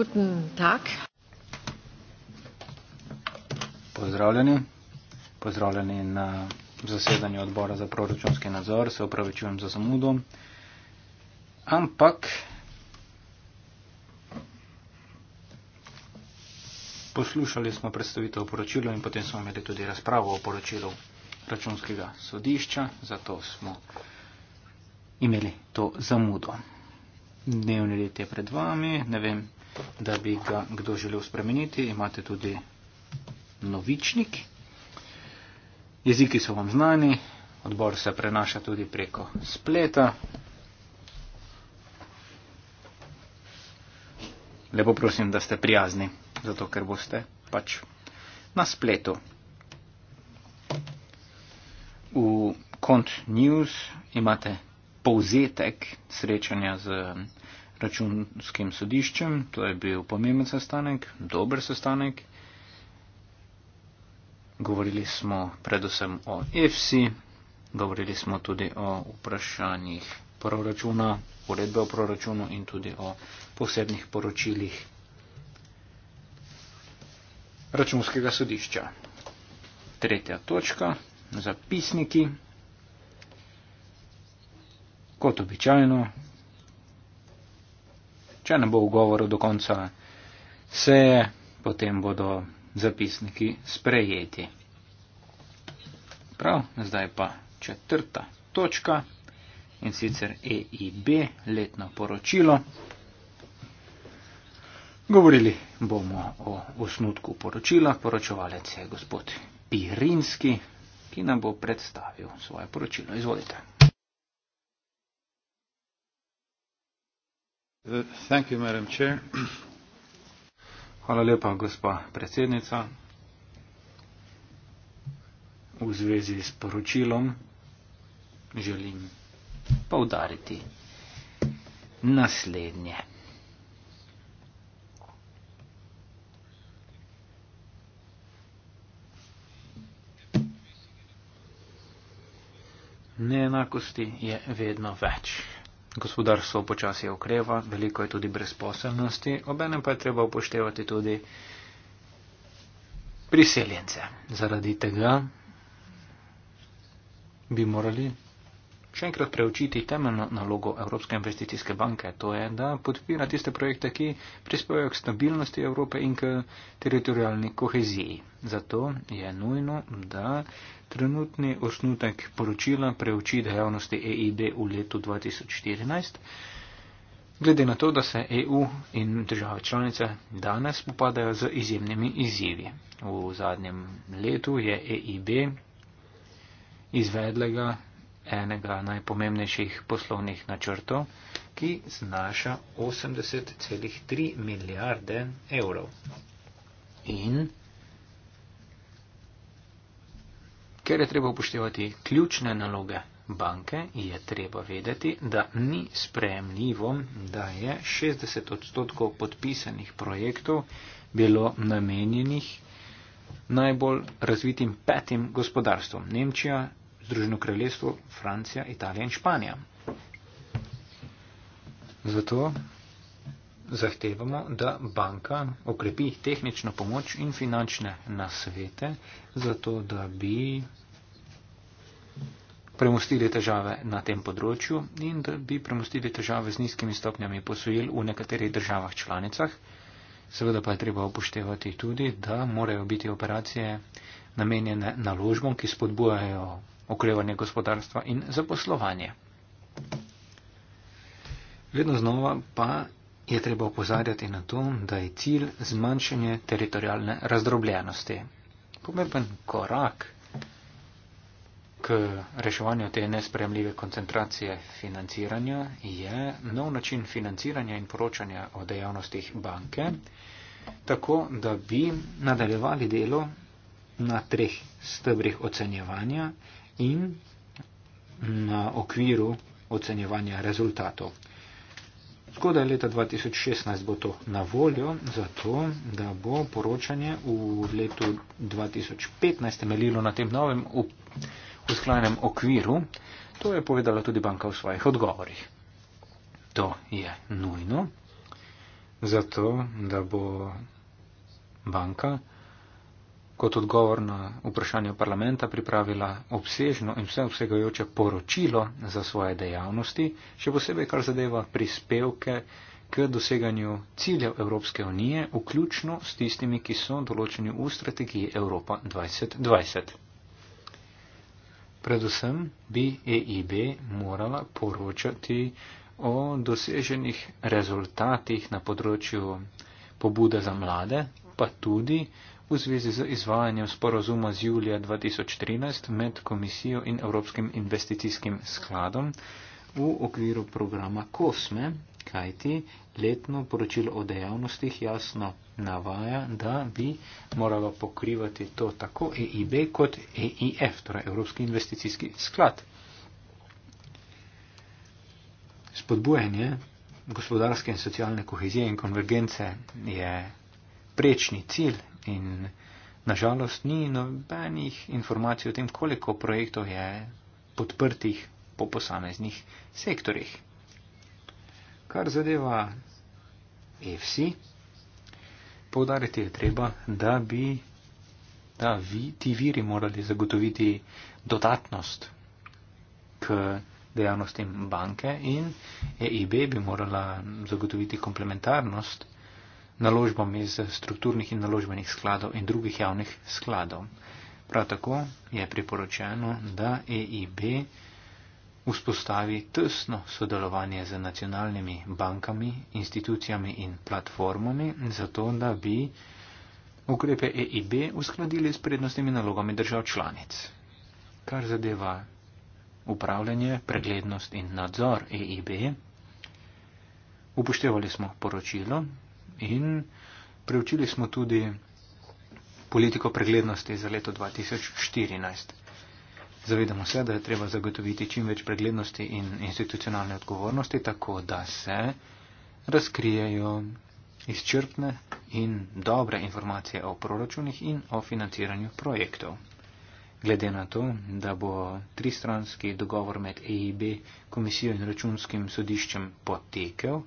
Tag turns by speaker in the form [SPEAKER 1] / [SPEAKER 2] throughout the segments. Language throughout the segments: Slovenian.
[SPEAKER 1] Guten Tag.
[SPEAKER 2] Pozdravljeni. Pozdravljeni na zasedanju odbora za proračunski nadzor. Se upravičujem za zamudo. Ampak poslušali smo predstavitev poročila in potem smo imeli tudi razpravo o poročilu računskega sodišča, zato smo imeli to zamudo. Dnevni red je pred vami, ne vem, da bi ga kdo želel spremeniti, imate tudi novičnik. Jeziki so vam znani, odbor se prenaša tudi preko spleta. Lepo prosim, da ste prijazni, zato ker boste pač na spletu. V kont news imate povzetek srečanja z računskim sodiščem. To je bil pomemben sestanek, dober sestanek. Govorili smo predvsem o EFSI, govorili smo tudi o vprašanjih proračuna, uredbe o proračunu in tudi o posebnih poročilih računskega sodišča. Tretja točka, zapisniki. Kot običajno, če ne bo v govoru do konca seje, potem bodo zapisniki sprejeti. Prav, zdaj pa četrta točka in sicer EIB, letno poročilo. Govorili bomo o osnutku poročila, poročevalec je gospod Pirinski, ki nam bo predstavil svoje poročilo. Izvolite. Hvala lepa, gospa predsednica. V zvezi s poročilom želim povdariti naslednje. Neenakosti je vedno več gospodarstvo počasi okreva, veliko je tudi brezposelnosti, obenem pa je treba upoštevati tudi priseljence. Zaradi tega bi morali še enkrat preučiti temeljno nalogo Evropske investicijske banke, to je, da podpira tiste projekte, ki prispevajo k stabilnosti Evrope in k teritorijalni koheziji. Zato je nujno, da trenutni osnutek poročila preuči dejavnosti EID v letu 2014. Glede na to, da se EU in države članice danes popadajo z izjemnimi izzivi. V zadnjem letu je EIB izvedla enega najpomembnejših poslovnih načrtov, ki znaša 80,3 milijarde evrov. In ker je treba upoštevati ključne naloge banke, je treba vedeti, da ni sprejemljivo, da je 60 odstotkov podpisanih projektov bilo namenjenih najbolj razvitim petim gospodarstvom. Nemčija, Združeno kraljestvo, Francija, Italija in Španija. Zato zahtevamo, da banka okrepi tehnično pomoč in finančne nasvete, zato da bi premustili težave na tem področju in da bi premustili težave z nizkimi stopnjami posojil v nekaterih državah članicah. Seveda pa je treba upoštevati tudi, da morajo biti operacije namenjene naložbom, ki spodbujajo okrevanje gospodarstva in zaposlovanje. Vedno znova pa je treba opozarjati na to, da je cilj zmanjšanje teritorijalne razdrobljenosti. Pomemben korak k reševanju te nespremljive koncentracije financiranja je nov način financiranja in poročanja o dejavnostih banke, tako da bi nadaljevali delo na treh stebrih ocenjevanja, in na okviru ocenjevanja rezultatov. Zgodaj leta 2016 bo to na voljo, zato da bo poročanje v letu 2015 temeljilo na tem novem usklajenem okviru. To je povedala tudi banka v svojih odgovorih. To je nujno, zato da bo banka kot odgovor na vprašanje parlamenta pripravila obsežno in vseobsegajoče poročilo za svoje dejavnosti, še posebej kar zadeva prispevke k doseganju ciljev Evropske unije, vključno s tistimi, ki so določeni v strategiji Evropa 2020. Predvsem bi EIB morala poročati o doseženih rezultatih na področju pobude za mlade, pa tudi v zvezi z izvajanjem sporozuma z julija 2013 med komisijo in Evropskim investicijskim skladom v okviru programa COSME, kajti letno poročilo o dejavnostih jasno navaja, da bi moralo pokrivati to tako EIB kot EIF, torej Evropski investicijski sklad. Spodbujanje gospodarske in socialne kohezije in konvergence je prečni cilj in nažalost ni nobenih informacij o tem, koliko projektov je podprtih po posameznih sektorjih. Kar zadeva EFSI, poudariti je treba, da bi da vi, ti viri morali zagotoviti dodatnost k dejavnostim banke in EIB bi morala zagotoviti komplementarnost naložbam iz strukturnih in naložbenih skladov in drugih javnih skladov. Prav tako je priporočeno, da EIB vzpostavi tesno sodelovanje z nacionalnimi bankami, institucijami in platformami, zato da bi ukrepe EIB uskladili s prednostnimi nalogami držav članic. Kar zadeva upravljanje, preglednost in nadzor EIB, upoštevali smo poročilo, in preučili smo tudi politiko preglednosti za leto 2014. Zavedamo se, da je treba zagotoviti čim več preglednosti in institucionalne odgovornosti, tako da se razkrijejo izčrpne in dobre informacije o proračunih in o financiranju projektov. Glede na to, da bo tristranski dogovor med EIB, komisijo in računskim sodiščem potekel,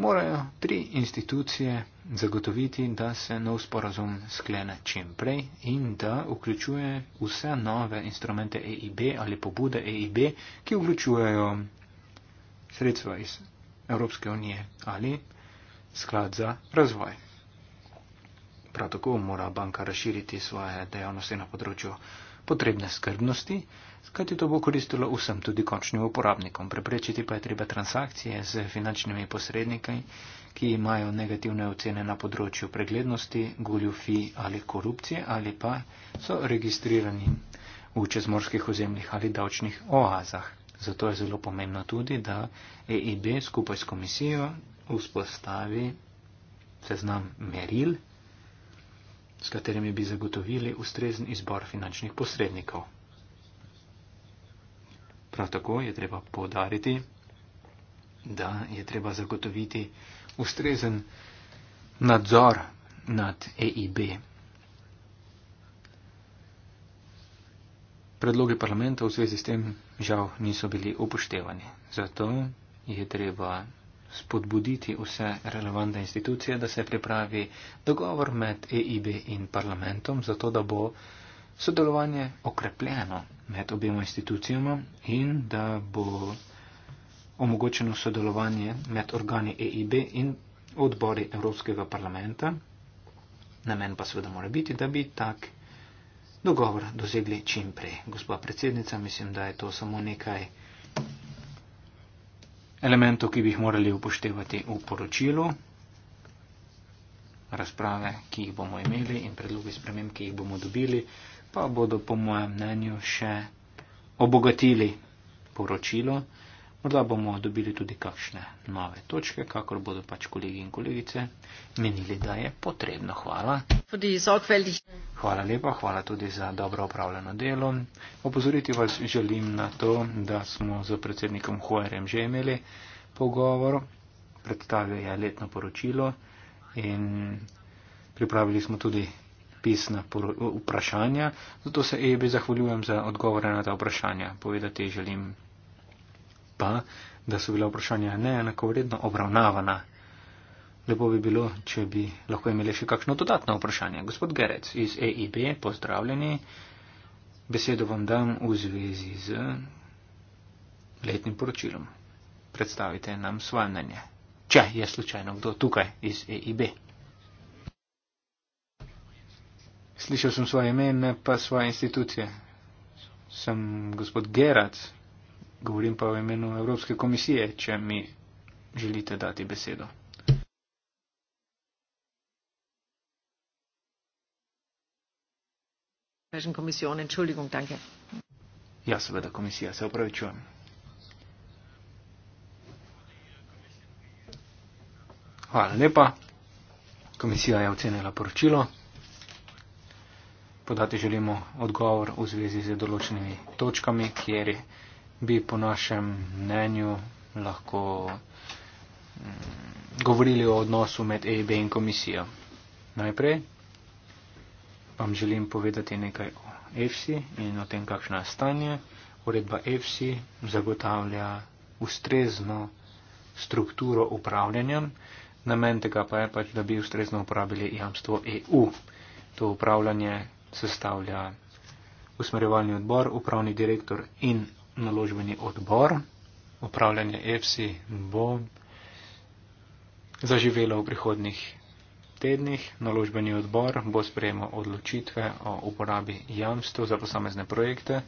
[SPEAKER 2] morajo tri institucije zagotoviti, da se nov sporazum sklene čim prej in da vključuje vse nove instrumente EIB ali pobude EIB, ki vključujejo sredstva iz Evropske unije ali sklad za razvoj. Prav tako mora banka razširiti svoje dejavnosti na področju potrebne skrbnosti, skrati to bo koristilo vsem, tudi končnim uporabnikom. Preprečiti pa je treba transakcije z finančnimi posredniki, ki imajo negativne ocene na področju preglednosti, goljufi ali korupcije ali pa so registrirani v čezmorskih ozemljih ali davčnih oazah. Zato je zelo pomembno tudi, da EIB skupaj s komisijo vzpostavi seznam meril, s katerimi bi zagotovili ustrezen izbor finančnih posrednikov. Prav tako je treba podariti, da je treba zagotoviti ustrezen nadzor nad EIB. Predloge parlamenta v zvezi s tem žal niso bili upoštevani. Zato je treba spodbuditi vse relevante institucije, da se pripravi dogovor med EIB in parlamentom, zato da bo sodelovanje okrepljeno med objema institucijama in da bo omogočeno sodelovanje med organi EIB in odbori Evropskega parlamenta. Namen pa seveda mora biti, da bi tak dogovor dosegli čim prej. Gospa predsednica, mislim, da je to samo nekaj elementov, ki bi jih morali upoštevati v poročilu razprave, ki jih bomo imeli in predlogi sprememb, ki jih bomo dobili pa bodo po mojem mnenju še obogatili poročilo. Morda bomo dobili tudi kakšne nove točke, kakor bodo pač kolegi in kolegice menili, da je potrebno. Hvala. Hvala lepa, hvala tudi za dobro upravljeno delo. Opozoriti vas želim na to, da smo z predsednikom Hoerjem že imeli pogovor, predstavil je letno poročilo in pripravili smo tudi pisna vprašanja, zato se Ebi zahvaljujem za odgovore na ta vprašanja. Povedati želim pa, da so bila vprašanja neenakovredno obravnavana. Lepo bi bilo, če bi lahko imeli še kakšno dodatno vprašanje. Gospod Gerec iz EIB, pozdravljeni. Besedo vam dam v zvezi z letnim poročilom. Predstavite nam svoje mnenje. Če je slučajno kdo tukaj iz EIB. Slišal sem svoje ime, ne pa svoje institucije. Sem gospod Gerac, govorim pa v imenu Evropske komisije, če mi želite dati besedo. Ja, seveda, komisija, se upravičujem. Hvala lepa. Komisija je ocenila poročilo podati želimo odgovor v zvezi z določenimi točkami, kjer bi po našem mnenju lahko mm, govorili o odnosu med EIB in komisijo. Najprej vam želim povedati nekaj o EFSI in o tem, kakšno je stanje. Uredba EFSI zagotavlja ustrezno strukturo upravljanja. Namen tega pa je pač, da bi ustrezno uporabili jamstvo EU. To upravljanje sestavlja usmerjevalni odbor, upravni direktor in naložbeni odbor. Upravljanje EFSI bo zaživelo v prihodnih tednih. Naložbeni odbor bo sprejemal odločitve o uporabi jamstv za posamezne projekte.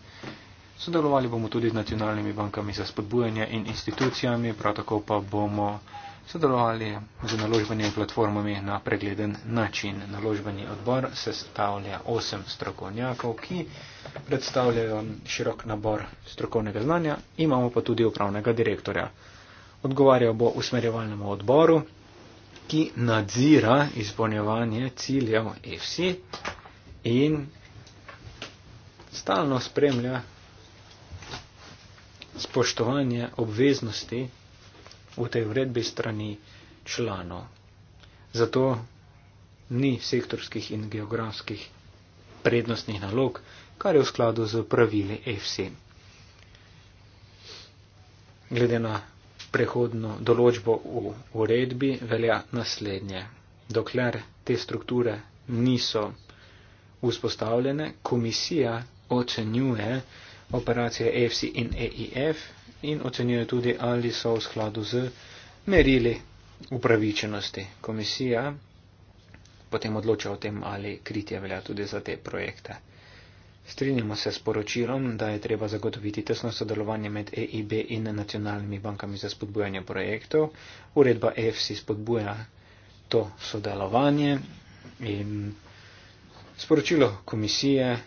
[SPEAKER 2] Sodelovali bomo tudi z nacionalnimi bankami za spodbujanje in institucijami, prav tako pa bomo sodelovali z naložbenimi platformami na pregleden način. Naložbeni odbor se stavlja osem strokovnjakov, ki predstavljajo širok nabor strokovnega znanja, imamo pa tudi upravnega direktorja. Odgovarjal bo usmerjevalnemu odboru, ki nadzira izpolnjevanje ciljev EFSI in stalno spremlja spoštovanje obveznosti v tej uredbi strani članov. Zato ni sektorskih in geografskih prednostnih nalog, kar je v skladu z pravili FC. Glede na prehodno določbo v uredbi velja naslednje. Dokler te strukture niso vzpostavljene, komisija ocenjuje, operacije EFSI in EIF in ocenjuje tudi, ali so v skladu z merili upravičenosti. Komisija potem odloča o tem, ali kritje velja tudi za te projekte. Strinjamo se s poročilom, da je treba zagotoviti tesno sodelovanje med EIB in nacionalnimi bankami za spodbujanje projektov. Uredba EFSI spodbuja to sodelovanje in sporočilo komisije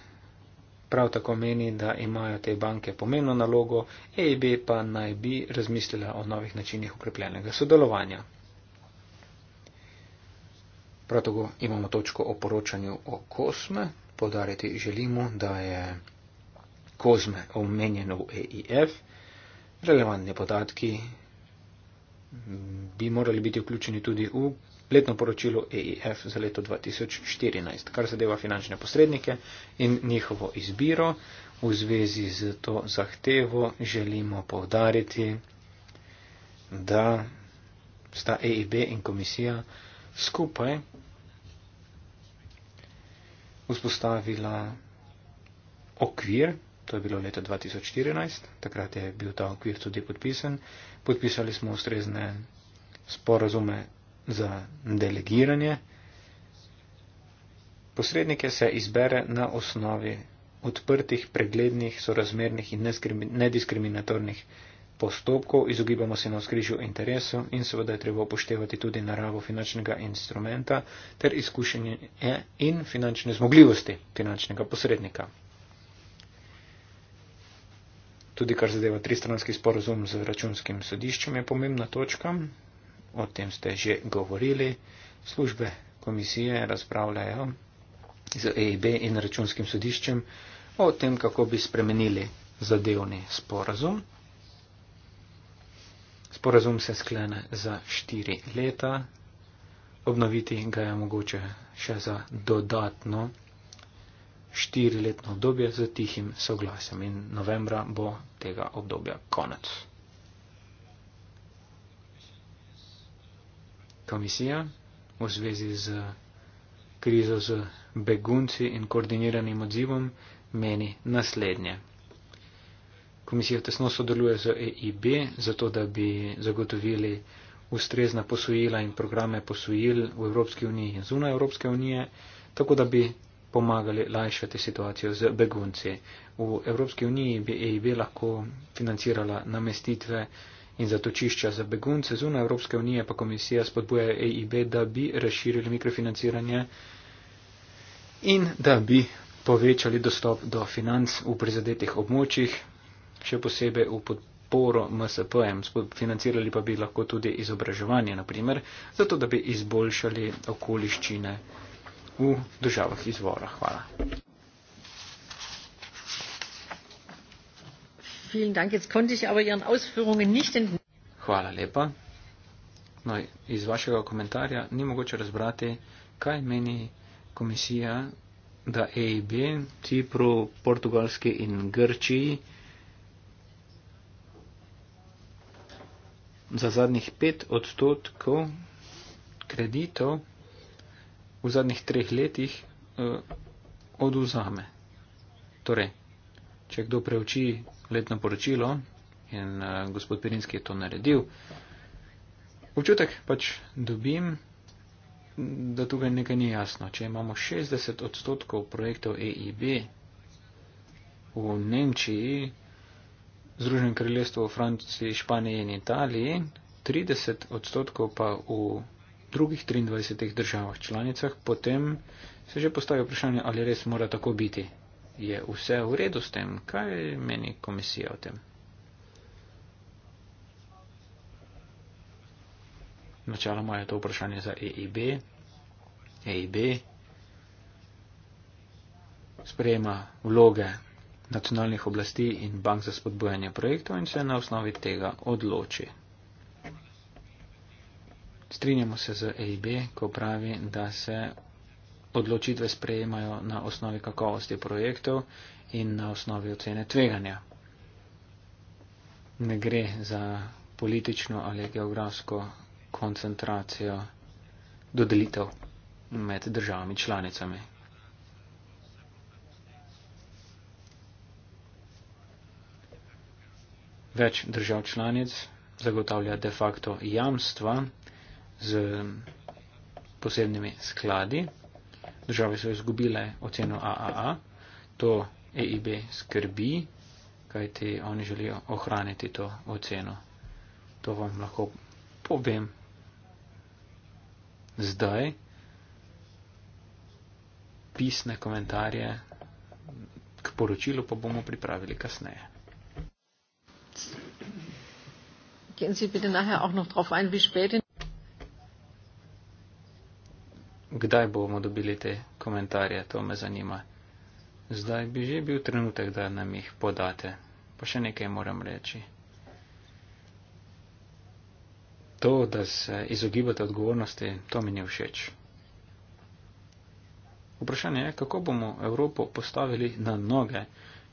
[SPEAKER 2] Prav tako meni, da imajo te banke pomembno nalogo, EIB pa naj bi razmislila o novih načinih ukrepljenega sodelovanja. Prav tako imamo točko o poročanju o kosme. Podariti želimo, da je kosme omenjeno v EIF. Relevantni podatki bi morali biti vključeni tudi v letno poročilo EIF za leto 2014, kar zadeva finančne posrednike in njihovo izbiro. V zvezi z to zahtevo želimo povdariti, da sta EIB in komisija skupaj vzpostavila okvir, to je bilo leto 2014, takrat je bil ta okvir tudi podpisan, podpisali smo ustrezne sporazume za delegiranje. Posrednike se izbere na osnovi odprtih, preglednih, sorazmernih in nediskriminatornih postopkov, izogibamo se na skrižju interesov in seveda je treba upoštevati tudi naravo finančnega instrumenta ter izkušenje in finančne zmogljivosti finančnega posrednika. Tudi kar zadeva tristranski sporozum z računskim sodiščem je pomembna točka, o tem ste že govorili. Službe komisije razpravljajo z EIB in računskim sodiščem o tem, kako bi spremenili zadevni sporazum. Sporazum se sklene za štiri leta, obnoviti ga je mogoče še za dodatno štiriletno obdobje z tihim soglasjem in novembra bo tega obdobja konec. komisija v zvezi z krizo z begunci in koordiniranim odzivom meni naslednje. Komisija tesno sodeluje z EIB, zato da bi zagotovili ustrezna posojila in programe posojil v Evropski uniji in zunaj Evropske unije, tako da bi pomagali lajšati situacijo z begunci. V Evropski uniji bi EIB lahko financirala namestitve in zatočišča za begunce zunaj Evropske unije, pa komisija spodbuja EIB, da bi razširili mikrofinanciranje in da bi povečali dostop do financ v prizadetih območjih, še posebej v podporu. Poro MSP-jem, financirali pa bi lahko tudi izobraževanje, naprimer, zato da bi izboljšali okoliščine v državah izvora. Hvala.
[SPEAKER 1] Vielen Dank. Jetzt konnte ich aber Ihren Ausführungen nicht entnehmen.
[SPEAKER 2] Hvala lepa. No, iz vašega komentarja ni mogoče razbrati, kaj meni komisija, da EIB, Cipru, Portugalski in Grčiji za zadnjih pet odstotkov kreditov v zadnjih treh letih eh, oduzame. Torej, če kdo preuči letno poročilo in uh, gospod Pirinski je to naredil. Občutek pač dobim, da tukaj nekaj ni jasno. Če imamo 60 odstotkov projektov EIB v Nemčiji, Združen kraljestvo v Franciji, Španiji in Italiji, 30 odstotkov pa v drugih 23 državah članicah, potem se že postavi vprašanje, ali res mora tako biti je vse v redu s tem, kaj meni komisija o tem. Načeloma je to vprašanje za EIB. EIB sprejema vloge nacionalnih oblasti in bank za spodbojanje projektov in se na osnovi tega odloči. Strinjamo se z EIB, ko pravi, da se odločitve sprejemajo na osnovi kakovosti projektov in na osnovi ocene tveganja. Ne gre za politično ali geografsko koncentracijo dodelitev med državami članicami. Več držav članic zagotavlja de facto jamstva z posebnimi skladi, države so izgubile oceno AAA, to EIB skrbi, kajti oni želijo ohraniti to oceno. To vam lahko povem zdaj. Pisne komentarje k poročilu pa bomo pripravili kasneje.
[SPEAKER 1] Gehen Sie bitte nachher auch noch drauf ein, wie spät in
[SPEAKER 2] kdaj bomo dobili te komentarje, to me zanima. Zdaj bi že bil trenutek, da nam jih podate. Pa še nekaj moram reči. To, da se izogibate odgovornosti, to mi ni všeč. Vprašanje je, kako bomo Evropo postavili na noge.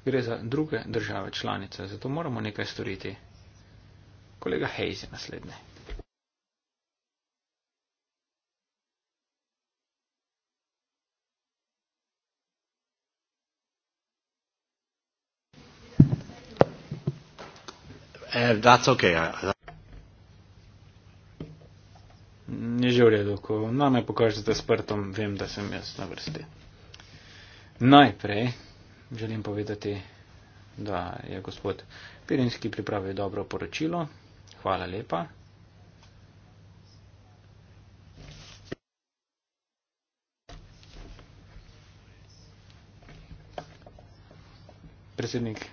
[SPEAKER 2] Gre za druge države članice, zato moramo nekaj storiti. Kolega Hayes je naslednji.
[SPEAKER 3] Uh, that's okay. I,
[SPEAKER 2] I... Ni že v redu, ko name pokažete s prtom, vem, da sem jaz na vrsti. Najprej želim povedati, da je gospod Pirinski pripravil dobro poročilo. Hvala lepa. Predsednik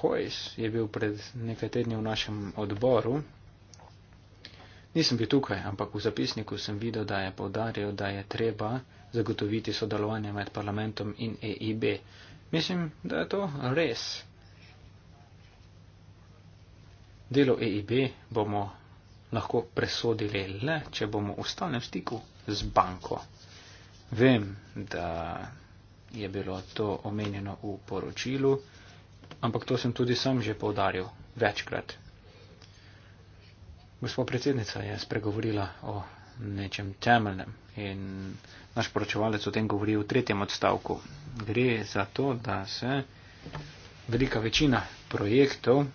[SPEAKER 2] Hojs je bil pred nekaj tedni v našem odboru. Nisem bil tukaj, ampak v zapisniku sem videl, da je povdarjal, da je treba zagotoviti sodelovanje med parlamentom in EIB. Mislim, da je to res. Delo EIB bomo lahko presodili le, če bomo v stalnem stiku z banko. Vem, da je bilo to omenjeno v poročilu ampak to sem tudi sam že povdaril večkrat. Gospod predsednica je spregovorila o nečem temeljnem in naš poročevalec o tem govori v tretjem odstavku. Gre za to, da se velika večina projektov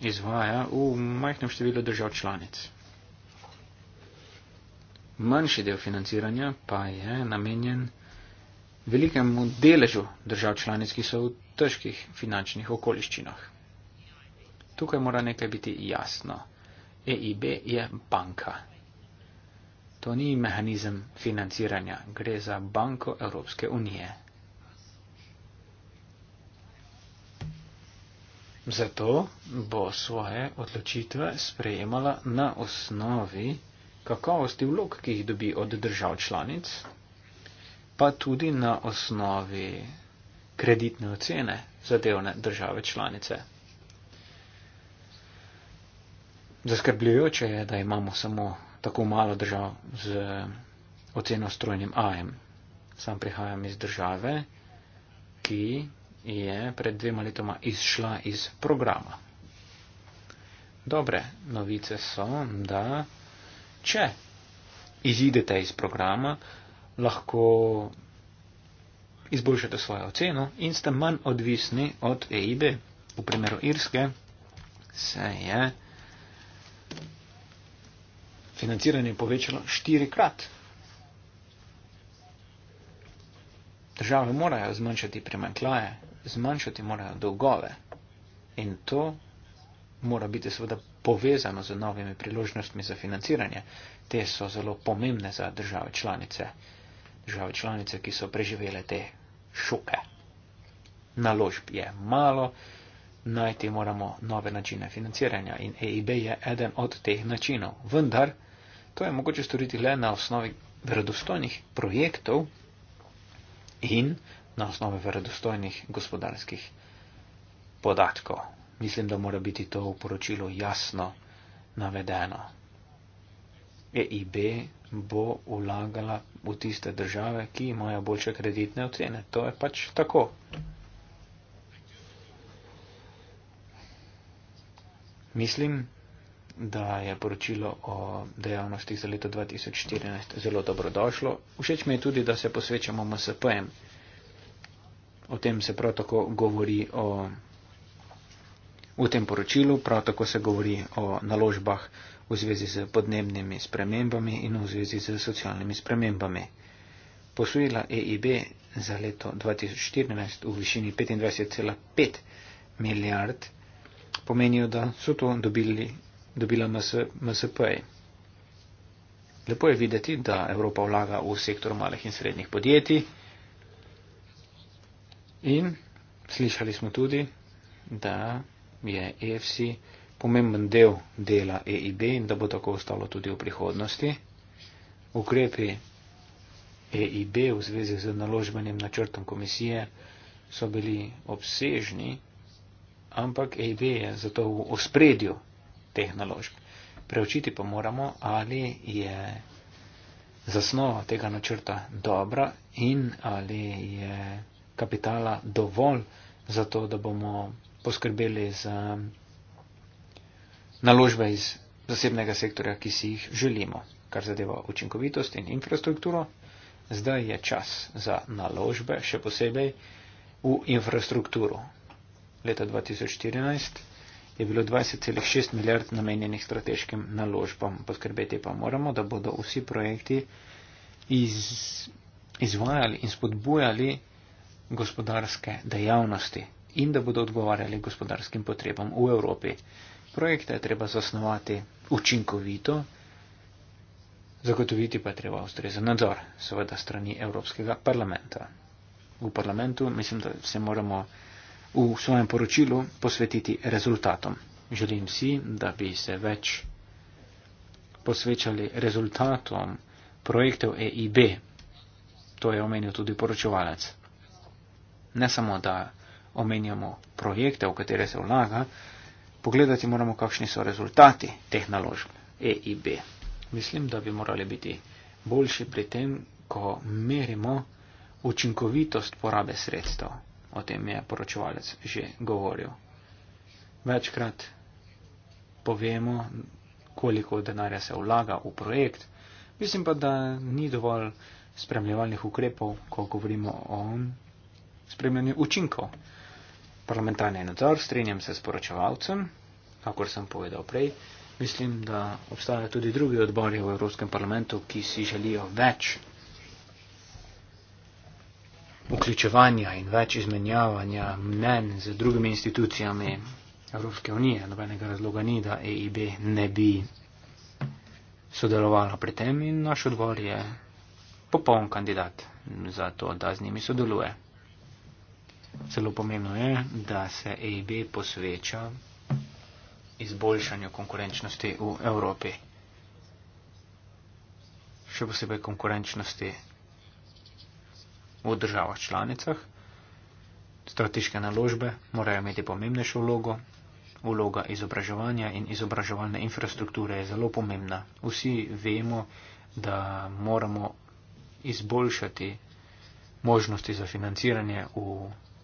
[SPEAKER 2] izvaja v majhnem številu držav članic. Manjši del financiranja pa je namenjen velikemu deležu držav članic, ki so v težkih finančnih okoliščinah. Tukaj mora nekaj biti jasno. EIB je banka. To ni mehanizem financiranja, gre za banko Evropske unije. Zato bo svoje odločitve sprejemala na osnovi kakovosti vlog, ki jih dobi od držav članic, pa tudi na osnovi kreditne ocene zadevne države članice. Zaskrbljujoče je, da imamo samo tako malo držav z oceno strojnim AM. Sam prihajam iz države, ki je pred dvema letoma izšla iz programa. Dobre novice so, da če izidete iz programa, lahko izboljšate svojo oceno in ste manj odvisni od EIB. V primeru Irske se je financiranje povečalo štirikrat. Države morajo zmanjšati premanjklaje, zmanjšati morajo dolgove in to mora biti seveda povezano z novimi priložnostmi za financiranje. Te so zelo pomembne za države članice držav članice, ki so preživele te šoke. Naložb je malo, najti moramo nove načine financiranja in EIB je eden od teh načinov. Vendar to je mogoče storiti le na osnovi verodostojnih projektov in na osnovi verodostojnih gospodarskih podatkov. Mislim, da mora biti to v poročilu jasno navedeno. EIB bo vlagala v tiste države, ki imajo boljše kreditne ocene. To je pač tako. Mislim, da je poročilo o dejavnosti za leto 2014 zelo dobro došlo. Všeč mi je tudi, da se posvečamo MSP-em. O tem se prav tako govori o, v tem poročilu, prav tako se govori o naložbah v zvezi z podnebnimi spremembami in v zvezi z socialnimi spremembami. Posojila EIB za leto 2014 v višini 25,5 milijard pomenijo, da so to dobili, dobila MS, MSP. Lepo je videti, da Evropa vlaga v sektor malih in srednjih podjetij in slišali smo tudi, da je EFSI pomemben del dela EIB in da bo tako ostalo tudi v prihodnosti. Ukrepi EIB v zvezi z naložbenim načrtom komisije so bili obsežni, ampak EIB je zato v ospredju teh naložb. Preučiti pa moramo, ali je zasnova tega načrta dobra in ali je kapitala dovolj za to, da bomo poskrbeli za naložbe iz zasebnega sektorja, ki si jih želimo, kar zadeva učinkovitost in infrastrukturo. Zdaj je čas za naložbe, še posebej v infrastrukturo. Leta 2014 je bilo 20,6 milijard namenjenih strateškim naložbam. Poskrbeti pa moramo, da bodo vsi projekti iz, izvajali in spodbujali gospodarske dejavnosti in da bodo odgovarjali gospodarskim potrebam v Evropi projekta je treba zasnovati učinkovito, zagotoviti pa treba ustrezen nadzor, seveda strani Evropskega parlamenta. V parlamentu mislim, da se moramo v svojem poročilu posvetiti rezultatom. Želim si, da bi se več posvečali rezultatom projektov EIB. To je omenil tudi poročevalec. Ne samo, da omenjamo projekte, v katere se vlaga, pogledati moramo, kakšni so rezultati teh naložb E in B. Mislim, da bi morali biti boljši pri tem, ko merimo učinkovitost porabe sredstev. O tem je poročevalec že govoril. Večkrat povemo, koliko denarja se vlaga v projekt, mislim pa, da ni dovolj spremljevalnih ukrepov, ko govorimo o spremljanju učinkov parlamentarni nadzor, strinjam se s poročevalcem, kako sem povedal prej. Mislim, da obstajajo tudi drugi odbori v Evropskem parlamentu, ki si želijo več vključevanja in več izmenjavanja mnen z drugimi institucijami Evropske unije. Nobenega razloga ni, da EIB ne bi sodelovala pri tem in naš odbor je popoln kandidat za to, da z njimi sodeluje. Celo pomembno je, da se EIB posveča izboljšanju konkurenčnosti v Evropi. Še posebej konkurenčnosti v državah članicah. Strateške naložbe morajo imeti pomembnejšo vlogo. Vloga izobraževanja in izobraževalne infrastrukture je zelo pomembna. Vsi vemo, da moramo izboljšati možnosti za financiranje v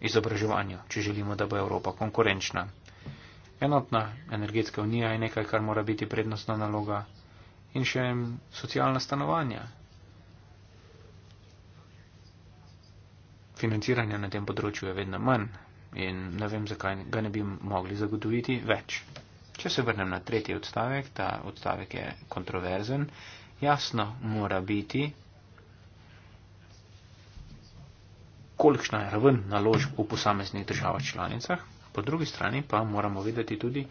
[SPEAKER 2] izobraževanju, če želimo, da bo Evropa konkurenčna. Enotna energetska unija je nekaj, kar mora biti prednostna naloga in še socialna stanovanja. Financiranja na tem področju je vedno manj in ne vem, zakaj ga ne bi mogli zagotoviti več. Če se vrnem na tretji odstavek, ta odstavek je kontroverzen, jasno mora biti, kolikšna je raven naložb v posameznih državah članicah, po drugi strani pa moramo videti tudi,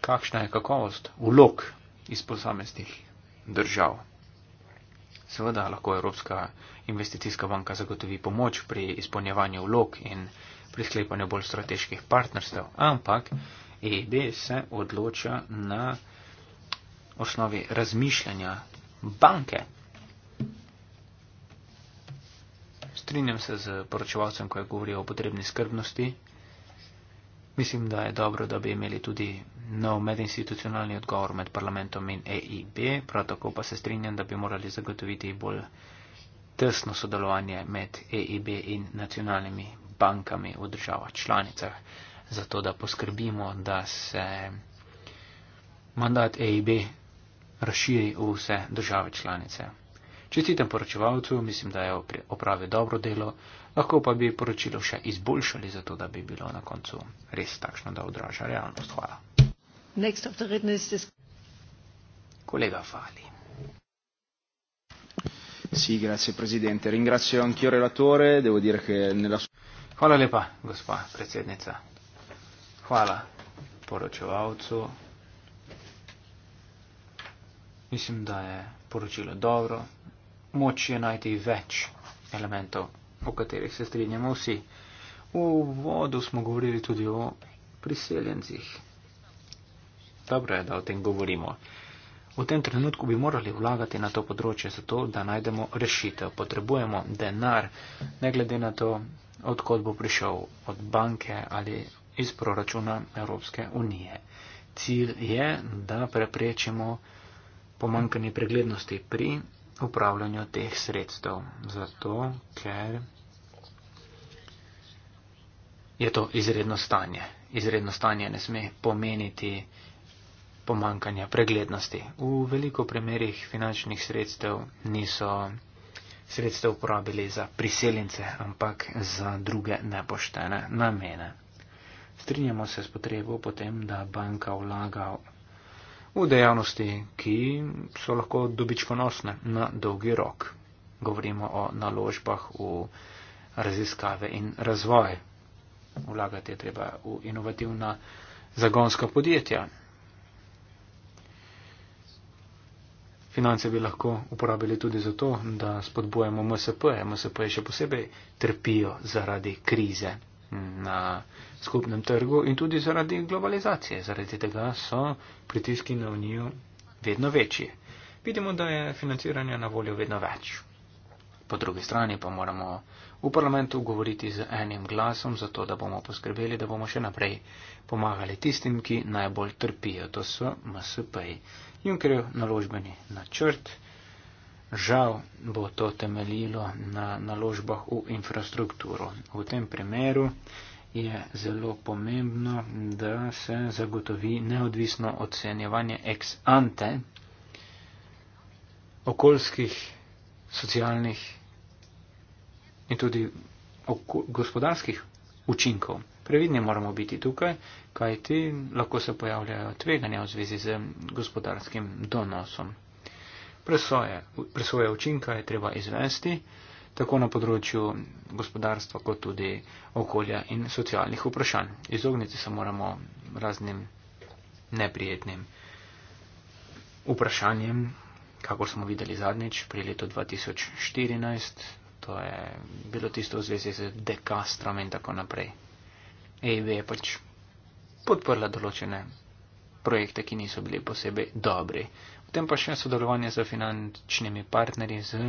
[SPEAKER 2] kakšna je kakovost vlog iz posameznih držav. Seveda lahko Evropska investicijska banka zagotovi pomoč pri izpolnjevanju vlog in pri sklepanju bolj strateških partnerstev, ampak EIB se odloča na osnovi razmišljanja banke, strinjam se z poročevalcem, ko je govoril o potrebni skrbnosti. Mislim, da je dobro, da bi imeli tudi nov medinstitucionalni odgovor med parlamentom in EIB, prav tako pa se strinjam, da bi morali zagotoviti bolj tesno sodelovanje med EIB in nacionalnimi bankami v državah članicah, zato da poskrbimo, da se mandat EIB razširi v vse države članice. Čestitam poročevalcu, mislim, da je opravil dobro delo, lahko pa bi poročilo še izboljšali, zato da bi bilo na koncu res takšno, da odraža realnost. Hvala. Is... Kolega Fali. Sì, grazie Presidente. Ringrazio anch'io il relatore. Devo dire che nella sua. Hvala lepa, gospa predsednica. Hvala poročevalcu. Mislim, da je poročilo dobro moč je najti več elementov, o katerih se strinjamo vsi. V vodu smo govorili tudi o priseljencih. Dobro je, da o tem govorimo. V tem trenutku bi morali vlagati na to področje, zato da najdemo rešitev. Potrebujemo denar, ne glede na to, odkot bo prišel, od banke ali iz proračuna Evropske unije. Cilj je, da preprečimo pomankanje preglednosti pri upravljanju teh sredstev. Zato, ker je to izredno stanje. Izredno stanje ne sme pomeniti pomankanja preglednosti. V veliko primerjih finančnih sredstev niso sredstev uporabili za priseljence, ampak za druge nepoštene namene. Strinjamo se s potrebo potem, da banka vlaga v dejavnosti, ki so lahko dobičkonosne na dolgi rok. Govorimo o naložbah v raziskave in razvoj. Vlagati je treba v inovativna zagonska podjetja. Finance bi lahko uporabili tudi za to, da spodbujemo MSP. -je. MSP -je še posebej trpijo zaradi krize na skupnem trgu in tudi zaradi globalizacije. Zaradi tega so pritiski na unijo vedno večji. Vidimo, da je financiranja na voljo vedno več. Po drugi strani pa moramo v parlamentu govoriti z enim glasom, zato da bomo poskrbeli, da bomo še naprej pomagali tistim, ki najbolj trpijo. To so MSP. Junkerjev naložbeni načrt. Žal bo to temeljilo na naložbah v infrastrukturo. V tem primeru je zelo pomembno, da se zagotovi neodvisno ocenjevanje ex ante okoljskih, socialnih in tudi gospodarskih učinkov. Previdni moramo biti tukaj, kajti lahko se pojavljajo tveganja v zvezi z gospodarskim donosom. Presoje, presoje učinka je treba izvesti tako na področju gospodarstva, kot tudi okolja in socialnih vprašanj. Izogniti se moramo raznim neprijetnim vprašanjem, kako smo videli zadnjič pri letu 2014, to je bilo tisto v zvezi z dekastrom in tako naprej. EIB je pač podprla določene projekte, ki niso bili posebej dobri. Potem pa še sodelovanje z finančnimi partnerji, z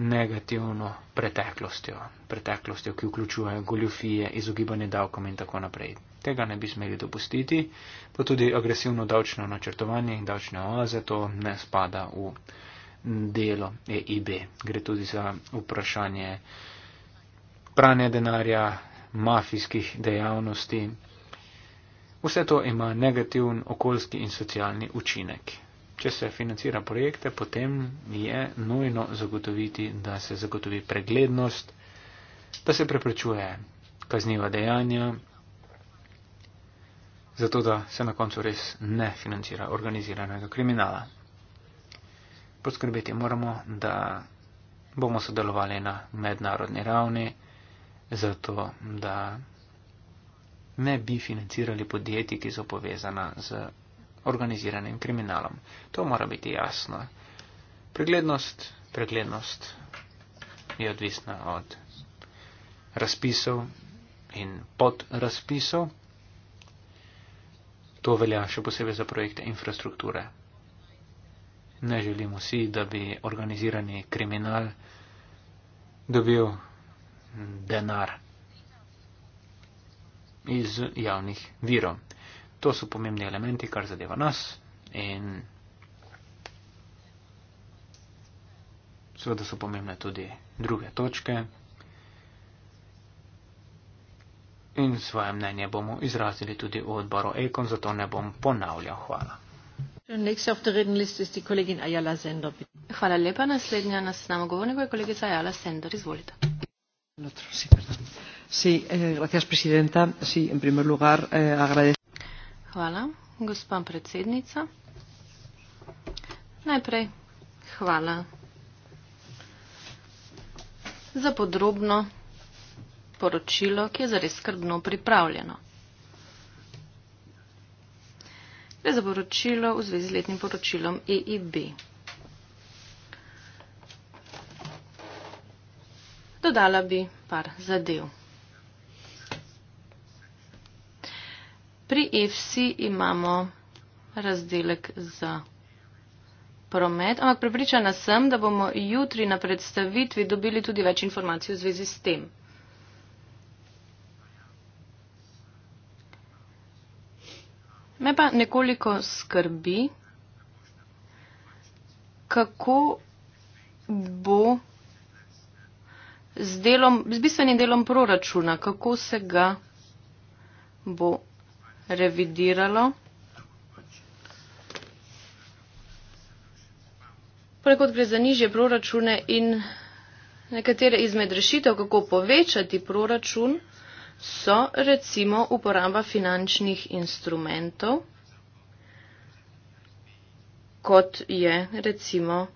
[SPEAKER 2] negativno preteklostjo, preteklostjo, ki vključuje goljofije, izogibanje davkom in tako naprej. Tega ne bi smeli dopustiti, pa tudi agresivno davčno načrtovanje in davčne oaze, to ne spada v delo EIB. Gre tudi za vprašanje pranja denarja, mafijskih dejavnosti. Vse to ima negativen okoljski in socialni učinek če se financira projekte, potem je nujno zagotoviti, da se zagotovi preglednost, da se preprečuje kazniva dejanja, zato da se na koncu res ne financira organiziranega kriminala. Poskrbeti moramo, da bomo sodelovali na mednarodni ravni, zato da ne bi financirali podjetij, ki so povezana z organiziranim kriminalom. To mora biti jasno. Preglednost, preglednost je odvisna od razpisov in pod razpisov. To velja še posebej za projekte infrastrukture. Ne želimo si, da bi organizirani kriminal dobil denar iz javnih virov to so pomembni elementi, kar zadeva nas in seveda so pomembne tudi druge točke in svoje mnenje bomo izrazili tudi v odboru Ekon, zato ne bom ponavljal. Hvala.
[SPEAKER 1] Hvala lepa. Naslednja nas s nama govornik je
[SPEAKER 4] kolegica Ajala Sender. Izvolite.
[SPEAKER 1] Sí, eh, gracias, Presidenta. Sí, en primer lugar, eh, agradezco.
[SPEAKER 4] Hvala, gospa predsednica. Najprej hvala za podrobno poročilo, ki je zares skrbno pripravljeno. Gre za poročilo v zvezi z letnim poročilom EIB. Dodala bi par zadev. Pri EFSI imamo razdelek za promet, ampak prepričana sem, da bomo jutri na predstavitvi dobili tudi več informacij v zvezi s tem. Me pa nekoliko skrbi, kako bo z, delom, z bistvenim delom proračuna, kako se ga bo revidiralo. Ponekod gre za nižje proračune in nekatere izmed rešitev, kako povečati proračun, so recimo uporaba finančnih instrumentov, kot je recimo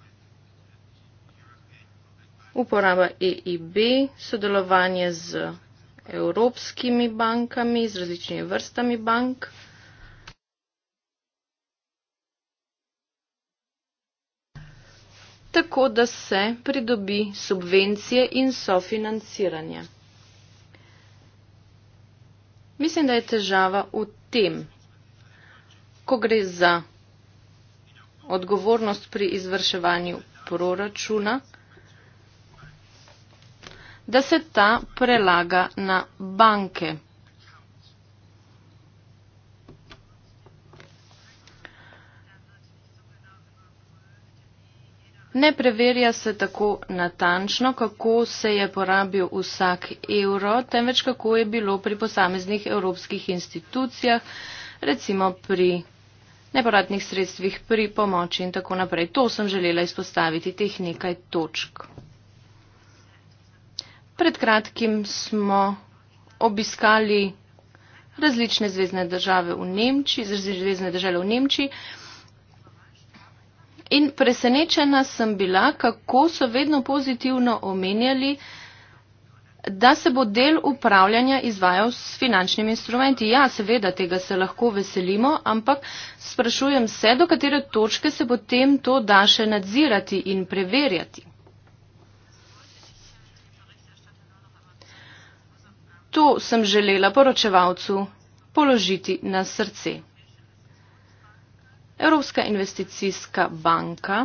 [SPEAKER 4] uporaba EIB, sodelovanje z evropskimi bankami, z različnimi vrstami bank. tako da se pridobi subvencije in sofinanciranje. Mislim, da je težava v tem, ko gre za odgovornost pri izvrševanju proračuna da se ta prelaga na banke. Ne preverja se tako natančno, kako se je porabil vsak evro, temveč kako je bilo pri posameznih evropskih institucijah, recimo pri neporadnih sredstvih, pri pomoči in tako naprej. To sem želela izpostaviti teh nekaj točk. Pred kratkim smo obiskali različne zvezdne države v Nemčiji, različne zvezdne države v Nemčiji. In presenečena sem bila, kako so vedno pozitivno omenjali, da se bo del upravljanja izvajal s finančnimi instrumenti. Ja, seveda, tega se lahko veselimo, ampak sprašujem se, do katere točke se bo tem to da še nadzirati in preverjati. to sem želela poročevalcu položiti na srce. Evropska investicijska banka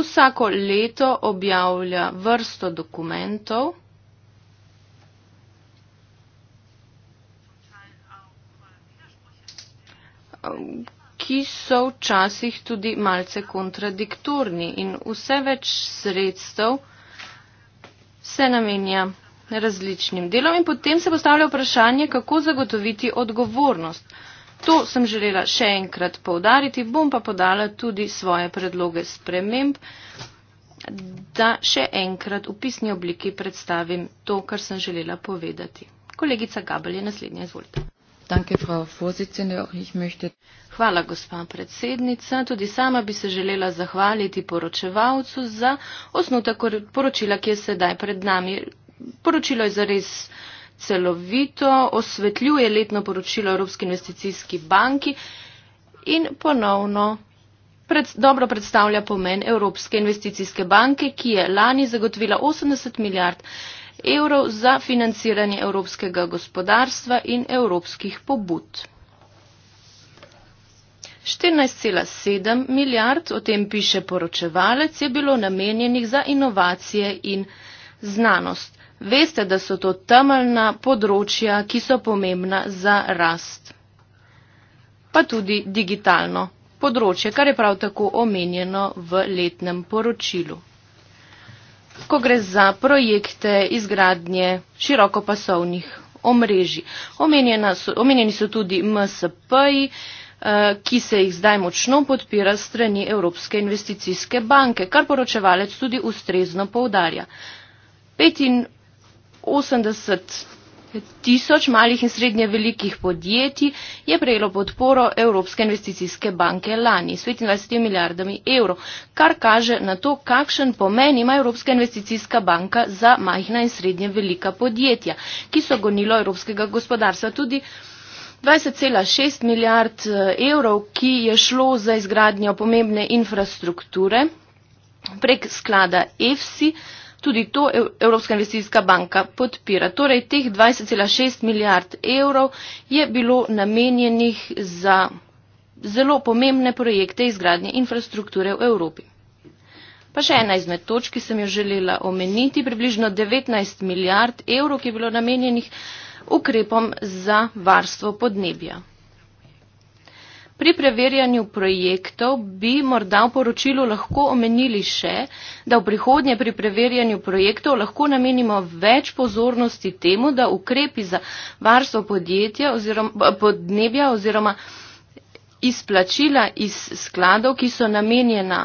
[SPEAKER 4] vsako leto objavlja vrsto dokumentov, ki so včasih tudi malce kontradiktorni in vse več sredstev, se namenja različnim delom in potem se postavlja vprašanje, kako zagotoviti odgovornost. To sem želela še enkrat povdariti, bom pa podala tudi svoje predloge sprememb, da še enkrat v pisni obliki predstavim to, kar sem želela povedati. Kolegica Gabel je naslednja, izvolite. Hvala, gospa predsednica. Tudi sama bi se želela zahvaliti poročevalcu za osnutek poročila, ki je sedaj pred nami. Poročilo je zares celovito, osvetljuje letno poročilo Evropske investicijske banki in ponovno. Pred, dobro predstavlja pomen Evropske investicijske banke, ki je lani zagotovila 80 milijard evrov za financiranje evropskega gospodarstva in evropskih pobud. 14,7 milijard, o tem piše poročevalec, je bilo namenjenih za inovacije in znanost. Veste, da so to temeljna področja, ki so pomembna za rast. Pa tudi digitalno področje, kar je prav tako omenjeno v letnem poročilu ko gre za projekte izgradnje širokopasovnih omrežij. So, omenjeni so tudi MSP-ji, eh, ki se jih zdaj močno podpira strani Evropske investicijske banke, kar poročevalec tudi ustrezno povdarja. 85 tisoč malih in srednje velikih podjetij je prejelo podporo Evropske investicijske banke lani s 25 milijardami evrov, kar kaže na to, kakšen pomen ima Evropska investicijska banka za majhna in srednje velika podjetja, ki so gonilo evropskega gospodarstva. Tudi 20,6 milijard eh, evrov, ki je šlo za izgradnjo pomembne infrastrukture prek sklada EFSI, Tudi to Evropska investicijska banka podpira. Torej, teh 20,6 milijard evrov je bilo namenjenih za zelo pomembne projekte izgradnje infrastrukture v Evropi. Pa še ena izmed točk, ki sem jo želela omeniti, približno 19 milijard evrov, ki je bilo namenjenih ukrepom za varstvo podnebja. Pri preverjanju projektov bi morda v poročilu lahko omenili še, da v prihodnje pri preverjanju projektov lahko namenimo več pozornosti temu, da ukrepi za varstvo podjetja oziroma eh, podnebja oziroma izplačila iz skladov, ki so namenjena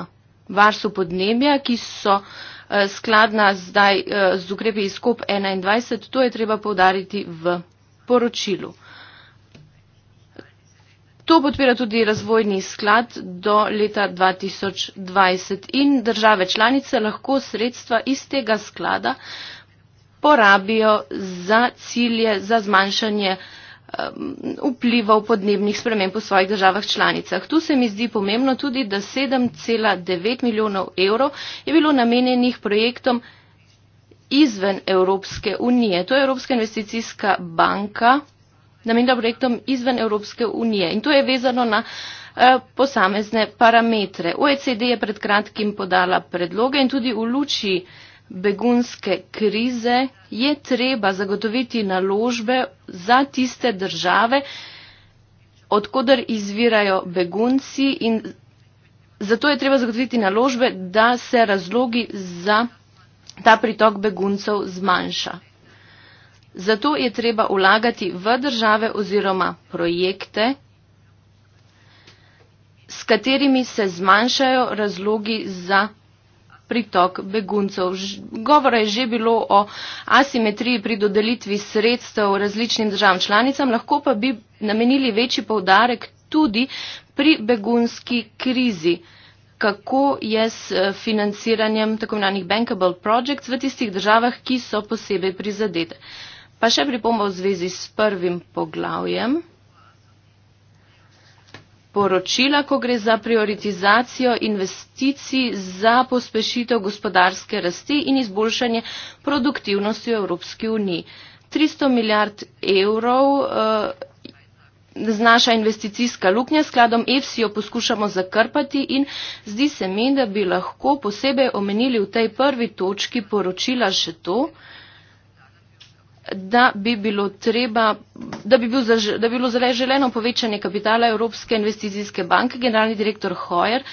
[SPEAKER 4] varstvu podnebja, ki so eh, skladna zdaj eh, z ukrepi iz COP21, to je treba povdariti v poročilu. To podpira tudi razvojni sklad do leta 2020 in države članice lahko sredstva iz tega sklada porabijo za cilje za zmanjšanje um, vplivov podnebnih sprememb v svojih državah članicah. Tu se mi zdi pomembno tudi, da 7,9 milijonov evrov je bilo namenjenih projektom izven Evropske unije. To je Evropska investicijska banka namenila projektom izven Evropske unije. In to je vezano na eh, posamezne parametre. OECD je pred kratkim podala predloge in tudi v luči begunske krize je treba zagotoviti naložbe za tiste države, odkudar izvirajo begunci in zato je treba zagotoviti naložbe, da se razlogi za ta pritok beguncev zmanjša. Zato je treba vlagati v države oziroma projekte, s katerimi se zmanjšajo razlogi za pritok beguncev. Govora je že bilo o asimetriji pri dodelitvi sredstev različnim državam članicam, lahko pa bi namenili večji povdarek tudi pri begunski krizi. Kako je s eh, financiranjem tako imenovanih bankable projects v tistih državah, ki so posebej prizadete? Pa še pripombo v zvezi s prvim poglavjem. Poročila, ko gre za prioritizacijo investicij za pospešitev gospodarske rasti in izboljšanje produktivnosti v Evropski uniji. 300 milijard evrov eh, znaša investicijska luknja, skladom EFSI jo poskušamo zakrpati in zdi se mi, da bi lahko posebej omenili v tej prvi točki poročila še to, eh, da bi bilo treba, da bi, bil zaž, da bi bilo zaželeno povečanje kapitala Evropske investicijske banke, generalni direktor Hoyer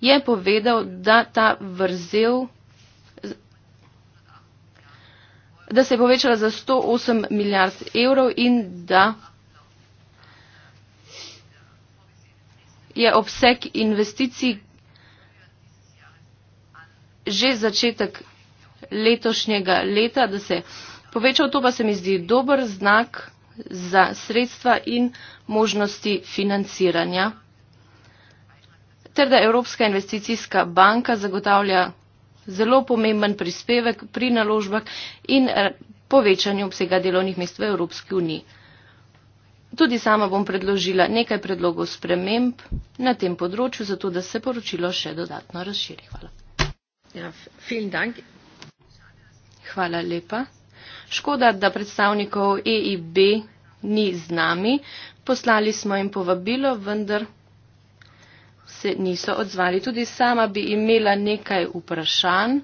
[SPEAKER 4] je povedal, da ta vrzel da se je povečala za 108 milijard evrov in da je obseg investicij že začetek letošnjega leta, da se Povečal to pa se mi zdi dober znak za sredstva in možnosti financiranja, ter da Evropska investicijska banka zagotavlja zelo pomemben prispevek pri naložbah in eh, povečanju obsega delovnih mest v Evropski uniji. Tudi sama bom predložila nekaj predlogov sprememb na tem področju, zato da se poročilo še dodatno razširi. Hvala. Ja, vielen Dank. Hvala lepa. Škoda, da predstavnikov EIB ni z nami. Poslali smo jim povabilo, vendar se niso odzvali. Tudi sama bi imela nekaj vprašanj.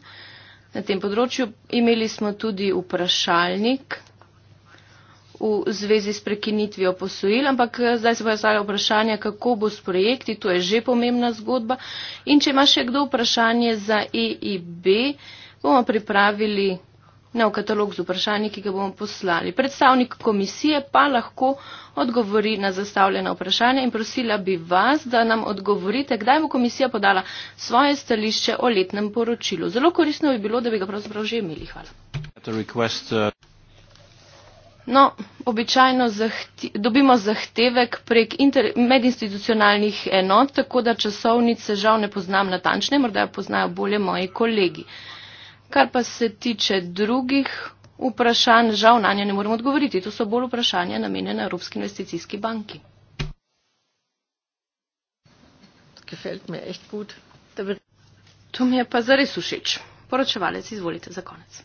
[SPEAKER 4] Na tem področju imeli smo tudi vprašalnik v zvezi s prekinitvijo posojil, ampak eh, zdaj se bojo stala vprašanja, kako bo s projekti, to je že pomembna zgodba. In če ima še kdo vprašanje za EIB, bomo pripravili nov katalog z vprašanji, ki ga bomo poslali. Predstavnik komisije pa lahko odgovori na zastavljena vprašanja in prosila bi vas, da nam odgovorite, kdaj bo komisija podala svoje stališče o letnem poročilu. Zelo korisno bi bilo, da bi ga pravzaprav že imeli. Hvala.
[SPEAKER 5] Uh,
[SPEAKER 4] no, običajno zahte, dobimo zahtevek prek inter, medinstitucionalnih enot, tako da časovnice žal ne poznam natančne, morda jo poznajo bolje moji kolegi. Kar pa se tiče drugih vprašanj, žal na nje ne moremo odgovoriti. To so bolj vprašanja namenjena Evropski investicijski banki. To mi je pa zares všeč. Poročevalec, izvolite za konec.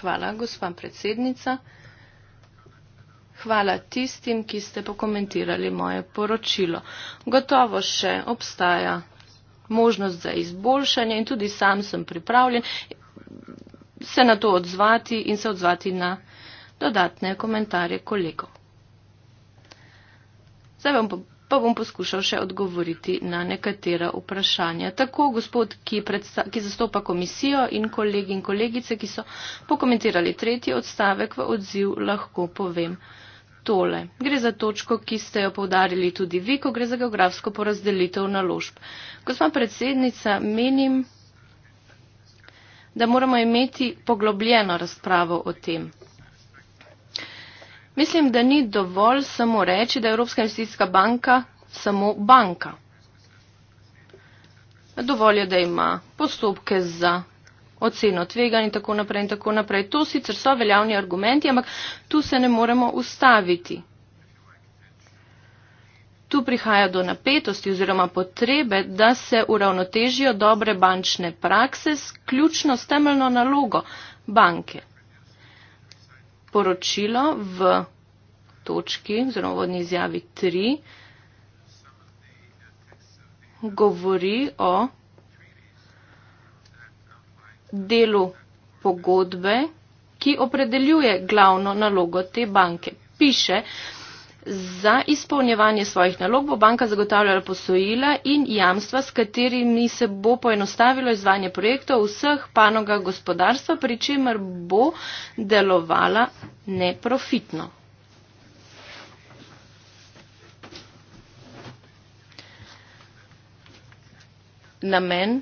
[SPEAKER 4] Hvala, gospa predsednica. Hvala tistim, ki ste pokomentirali moje poročilo. Gotovo še obstaja možnost za izboljšanje in tudi sam sem pripravljen se na to odzvati in se odzvati na dodatne komentarje kolegov. Zdaj bom, pa bom poskušal še odgovoriti na nekatera vprašanja. Tako gospod, ki, predsta, ki zastopa komisijo in kolegi in kolegice, ki so pokomentirali tretji odstavek v odziv, lahko povem tole. Gre za točko, ki ste jo povdarili tudi vi, ko gre za geografsko porazdelitev naložb. Gospa predsednica, menim, da moramo imeti poglobljeno razpravo o tem. Mislim, da ni dovolj samo reči, da je Evropska investicijska banka samo banka. Dovolj je, da ima postopke za oceno tvega in tako naprej in tako naprej. To sicer so veljavni argumenti, ampak tu se ne moremo ustaviti. Tu prihaja do napetosti oziroma potrebe, da se uravnotežijo dobre bančne prakse s ključno temeljno nalogo banke. Poročilo v točki oziroma vodni izjavi 3 govori o delu pogodbe, ki opredeljuje glavno nalogo te banke. Piše, za izpolnjevanje svojih nalog bo banka zagotavljala posojila in jamstva, s katerimi se bo poenostavilo izvanje projektov vseh panoga gospodarstva, pri čemer bo delovala neprofitno. Namen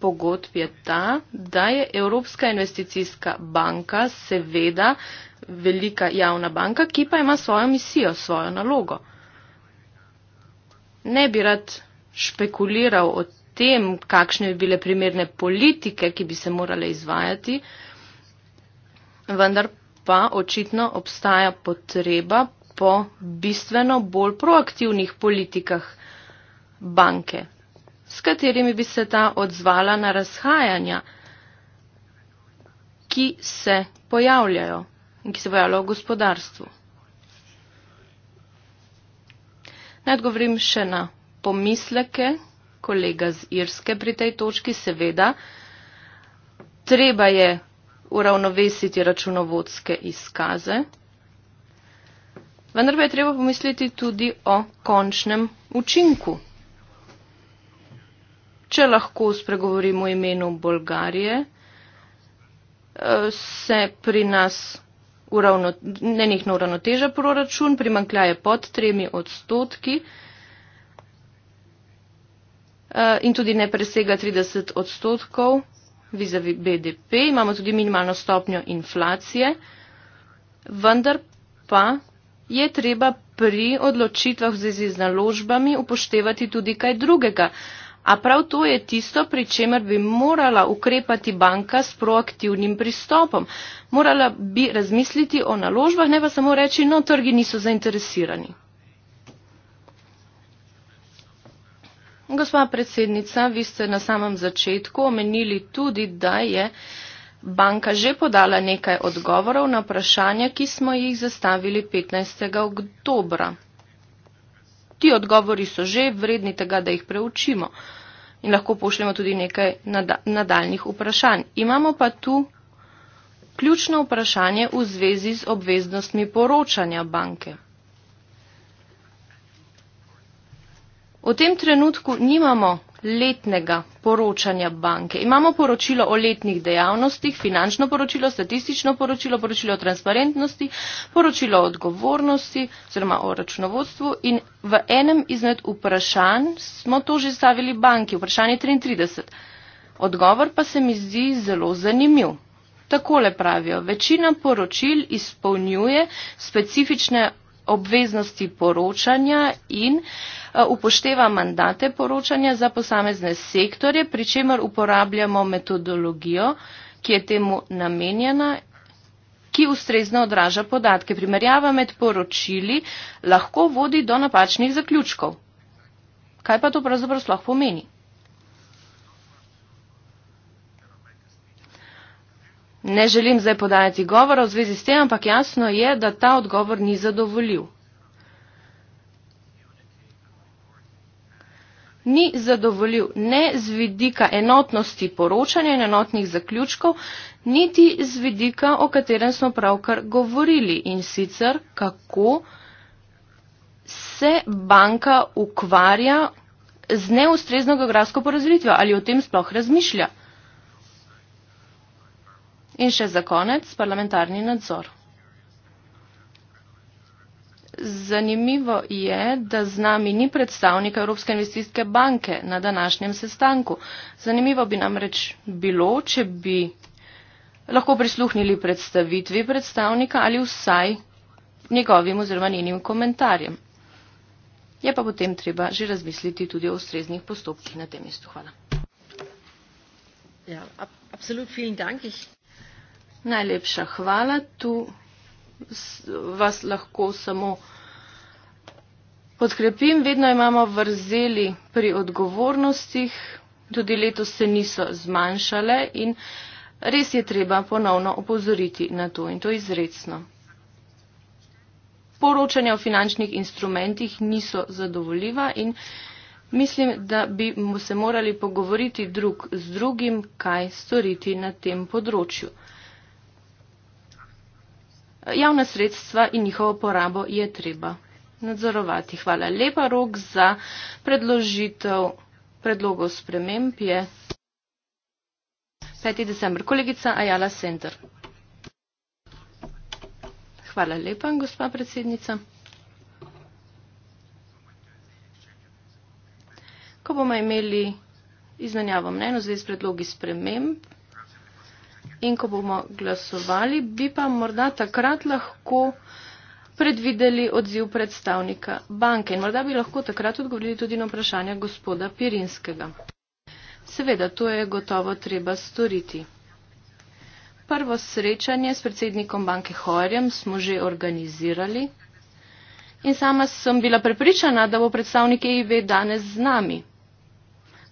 [SPEAKER 4] pogodb je ta, da je Evropska investicijska banka seveda velika javna banka, ki pa ima svojo misijo, svojo nalogo. Ne bi rad špekuliral o tem, kakšne bi bile primerne politike, ki bi se morale izvajati, vendar pa očitno obstaja potreba po bistveno bolj proaktivnih politikah banke s katerimi bi se ta odzvala na razhajanja, ki se pojavljajo in ki se pojavljajo v gospodarstvu. Naj odgovorim še na pomisleke kolega z Irske pri tej točki, seveda. Treba je uravnovesiti računovodske izkaze, vendar pa je treba pomisliti tudi o končnem učinku če lahko spregovorimo o imenu Bolgarije, eh, se pri nas uravno, nenihno uravnoteža proračun, primankljaje pod tremi odstotki eh, in tudi ne presega 30 odstotkov vizavi BDP. Imamo tudi minimalno stopnjo inflacije, vendar pa je treba pri odločitvah v zvezi z naložbami upoštevati tudi kaj drugega. A prav to je tisto, pri čemer bi morala ukrepati banka s proaktivnim pristopom. Morala bi razmisliti o naložbah, ne pa samo reči, no, trgi niso zainteresirani. Gospa predsednica, vi ste na samem začetku omenili tudi, da je banka že podala nekaj odgovorov na vprašanja, ki smo jih zastavili 15. oktobra. Ti odgovori so že vredni tega, da jih preučimo in lahko pošljemo tudi nekaj nadaljnih vprašanj. Imamo pa tu ključno vprašanje v zvezi z obveznostmi poročanja banke. V tem trenutku nimamo letnega poročanja banke. Imamo poročilo o letnih dejavnostih, finančno poročilo, statistično poročilo, poročilo o transparentnosti, poročilo o odgovornosti oziroma o računovodstvu in v enem izmed vprašanj smo to že stavili banki, vprašanje 33. Odgovor pa se mi zdi zelo zanimiv. Takole pravijo, večina poročil izpolnjuje specifične obveznosti poročanja in eh, upošteva mandate poročanja za posamezne sektorje, pri čemer uporabljamo metodologijo, ki je temu namenjena, ki ustrezno odraža podatke. Primerjava med poročili lahko vodi do napačnih zaključkov. Kaj pa to pravzaprav sploh pomeni? ne želim zdaj podajati govora v zvezi s tem, ampak jasno je, da ta odgovor ni zadovoljiv. Ni zadovoljiv ne z vidika enotnosti poročanja in enotnih zaključkov, niti z vidika, o katerem smo pravkar govorili in sicer kako se banka ukvarja z neustrezno geografsko porazdelitvijo ali o tem sploh razmišlja. In še za konec parlamentarni nadzor. Zanimivo je, da z nami ni predstavnika Evropske investicijske banke na današnjem sestanku. Zanimivo bi namreč bilo, če bi lahko prisluhnili predstavitvi predstavnika ali vsaj njegovim oziroma njenim komentarjem. Je pa potem treba že razmisliti tudi o ustreznih postopkih na tem mestu. Hvala. Ja, ab, absolut, Najlepša hvala. Tu vas lahko samo podkrepim. Vedno imamo vrzeli pri odgovornostih. Tudi leto se niso zmanjšale in res je treba ponovno opozoriti na to in to izredno. Poročanja o finančnih instrumentih niso zadovoljiva in mislim, da bi se morali pogovoriti drug z drugim, kaj storiti na tem področju javna sredstva in njihovo porabo je treba nadzorovati. Hvala lepa, rok za predložitev predlogov sprememb je 5. december. Kolegica Ajala Center. Hvala lepa, gospa predsednica. Ko bomo imeli izmenjavo mnenj v zvezi s predlogi sprememb, in ko bomo glasovali, bi pa morda takrat lahko predvideli odziv predstavnika banke in morda bi lahko takrat odgovorili tudi na vprašanje gospoda Pirinskega. Seveda, to je gotovo treba storiti. Prvo srečanje s predsednikom banke Horjem smo že organizirali in sama sem bila prepričana, da bo predstavnik EIV danes z nami.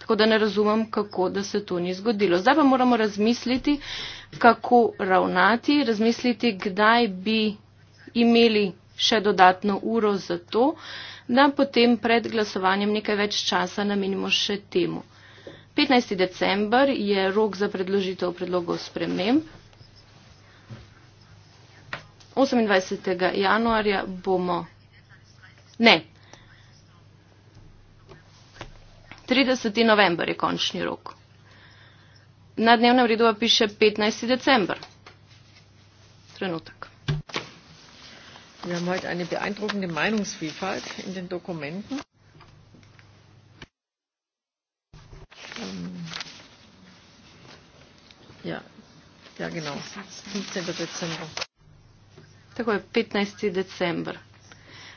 [SPEAKER 4] Tako da ne razumem, kako da se to ni zgodilo. Zdaj pa moramo razmisliti, kako ravnati, razmisliti, kdaj bi imeli še dodatno uro za to, da potem pred glasovanjem nekaj več časa namenimo še temu. 15. december je rok za predložitev predlogov sprememb. 28. januarja bomo. Ne, 30. november je končni rok. Na dnevnem redu piše 15. december.
[SPEAKER 1] Trenutek. Wir haben heute eine beeindruckende Meinungsvielfalt in den Dokumenten.
[SPEAKER 4] Ähm ja. ja, genau. 15. Dezember. Tako je 15. december.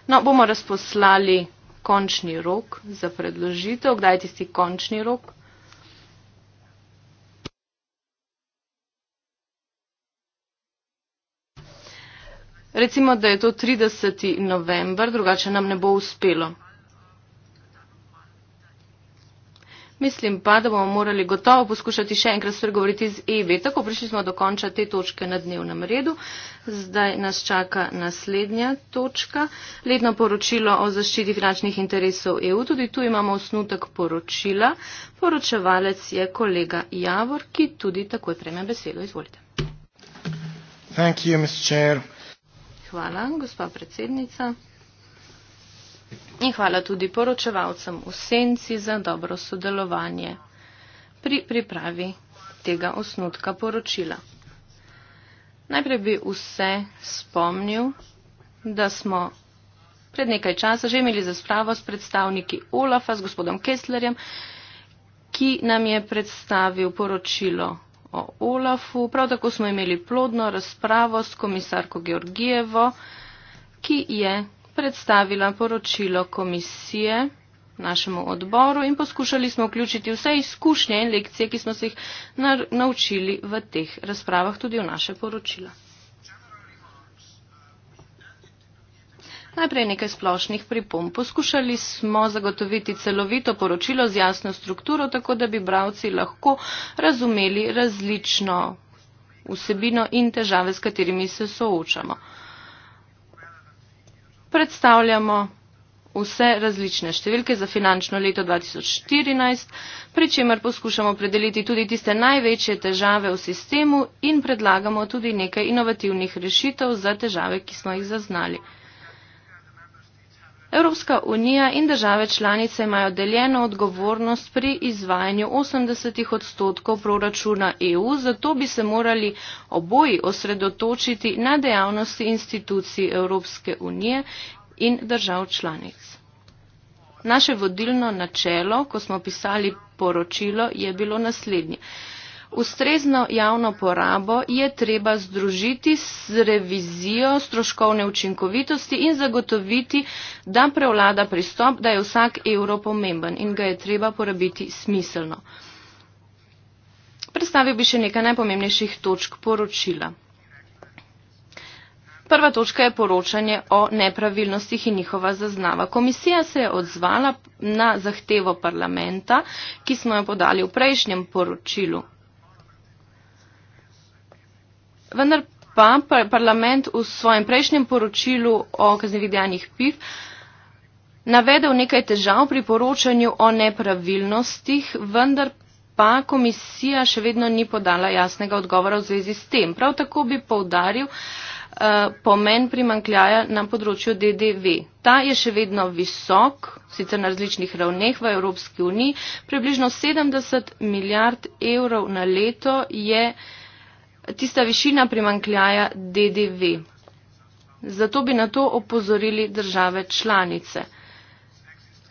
[SPEAKER 4] No, bomo razposlali končni rok za predložitev? Kdaj je tisti končni rok? Recimo, da je to 30. november, drugače nam ne bo uspelo. Mislim pa, da bomo morali gotovo poskušati še enkrat spregovoriti z Evi. Tako prišli smo do konca te točke na dnevnem redu. Zdaj nas čaka naslednja točka. Letno poročilo o zaščiti finančnih interesov EU. Tudi tu imamo osnutek poročila. Poročevalec je kolega Javor, ki tudi takoj preme besedo. Izvolite. Thank you, Hvala, gospa predsednica in hvala tudi poročevalcem v senci za dobro sodelovanje pri pripravi tega osnutka poročila. Najprej bi vse spomnil, da smo pred nekaj časa že imeli za spravo s predstavniki Olafa, s gospodom Kesslerjem, ki nam je predstavil poročilo o Olafu. Prav tako smo imeli plodno razpravo s komisarko Georgijevo, ki je predstavila poročilo komisije našemu odboru in poskušali smo vključiti vse izkušnje in lekcije, ki smo se jih naučili v teh razpravah tudi v naše poročila. Najprej nekaj splošnih pripomb. Poskušali smo zagotoviti celovito poročilo z jasno strukturo, tako da bi bravci lahko razumeli različno vsebino in težave, s katerimi se soočamo predstavljamo vse različne številke za finančno leto 2014, pri čemer poskušamo predeliti tudi tiste največje težave v sistemu in predlagamo tudi nekaj inovativnih rešitev za težave, ki smo jih zaznali. Evropska unija in države članice imajo deljeno odgovornost pri izvajanju 80 odstotkov proračuna EU, zato bi se morali oboji osredotočiti na dejavnosti institucij Evropske unije in držav članic. Naše vodilno načelo, ko smo pisali poročilo, je bilo naslednje. Ustrezno javno porabo je treba združiti z revizijo stroškovne učinkovitosti in zagotoviti, da prevlada pristop, da je vsak evro pomemben in ga je treba porabiti smiselno. Predstavil bi še nekaj najpomembnejših točk poročila. Prva točka je poročanje o nepravilnostih in njihova zaznava. Komisija se je odzvala na zahtevo parlamenta, ki smo jo podali v prejšnjem poročilu. Vendar pa parlament v svojem prejšnjem poročilu o kaznevih dejanjih PIF navedel nekaj težav pri poročanju o nepravilnostih, vendar pa komisija še vedno ni podala jasnega odgovora v zvezi s tem. Prav tako bi povdaril uh, eh, pomen primankljaja na področju DDV. Ta je še vedno visok, sicer na različnih ravneh v Evropski uniji, približno 70 milijard evrov na leto je uh, tista višina primankljaja DDV. Zato bi na to opozorili države članice.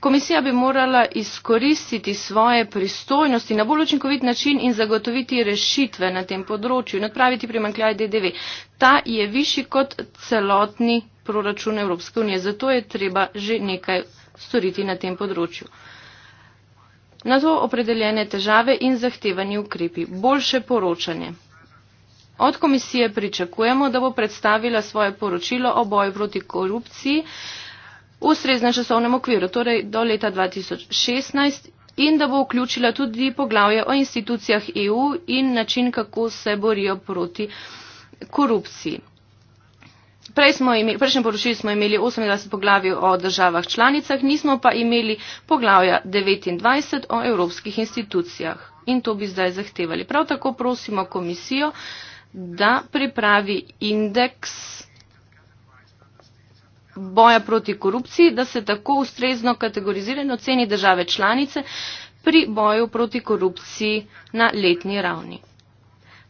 [SPEAKER 4] Komisija bi morala izkoristiti svoje pristojnosti na bolj učinkovit način in zagotoviti rešitve na tem področju in odpraviti primankljaj DDV. Ta je višji kot celotni proračun Evropske unije, zato je treba že nekaj storiti na tem področju. Na to opredeljene težave in zahtevani ukrepi. Boljše poročanje. Od komisije pričakujemo, da bo predstavila svoje poročilo o boju proti korupciji v sreznem časovnem okviru, torej do leta 2016 in da bo vključila tudi poglavje o institucijah EU in način, kako se borijo proti korupciji. Prej smo imeli, prejšnjem poročilu smo imeli 28 poglavij o državah članicah, nismo pa imeli poglavja 29 o evropskih institucijah. In to bi zdaj zahtevali. Prav tako prosimo komisijo, da pripravi indeks boja proti korupciji, da se tako ustrezno kategorizirano ceni države članice pri boju proti korupciji na letni ravni.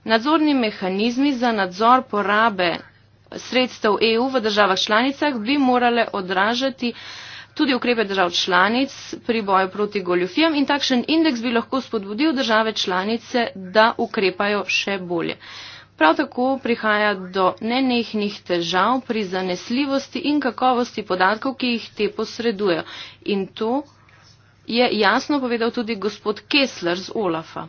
[SPEAKER 4] Nadzorni mehanizmi za nadzor porabe sredstev EU v državah članicah bi morale odražati tudi ukrepe držav članic pri boju proti goljufijam in takšen indeks bi lahko spodbudil države članice, da ukrepajo še bolje. Prav tako prihaja do nenehnih težav pri zanesljivosti in kakovosti podatkov, ki jih te posredujejo. In to je jasno povedal tudi gospod Kessler z Olafa.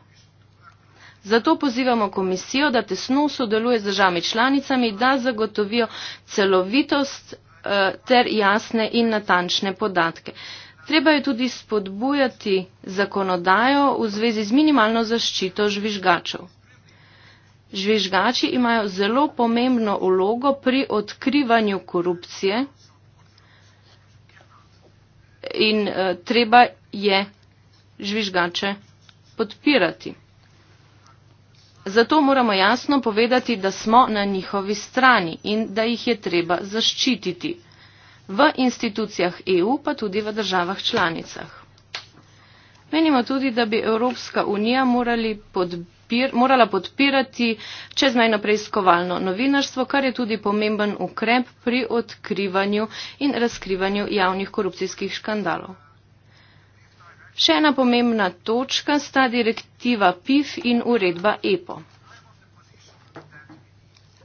[SPEAKER 4] Zato pozivamo komisijo, da tesno sodeluje z državami članicami, da zagotovijo celovitost eh, ter jasne in natančne podatke. Treba je tudi spodbujati zakonodajo v zvezi z minimalno zaščito žvižgačev. Žvižgači imajo zelo pomembno ulogo pri odkrivanju korupcije in uh, treba je žvižgače podpirati. Zato moramo jasno povedati, da smo na njihovi strani in da jih je treba zaščititi v institucijah EU, pa tudi v državah članicah. Menimo tudi, da bi Evropska unija morali podpirati podpir, morala podpirati čezmejno preiskovalno novinarstvo, kar je tudi pomemben ukrep pri odkrivanju in razkrivanju javnih korupcijskih škandalov. Še ena pomembna točka sta direktiva PIF in uredba EPO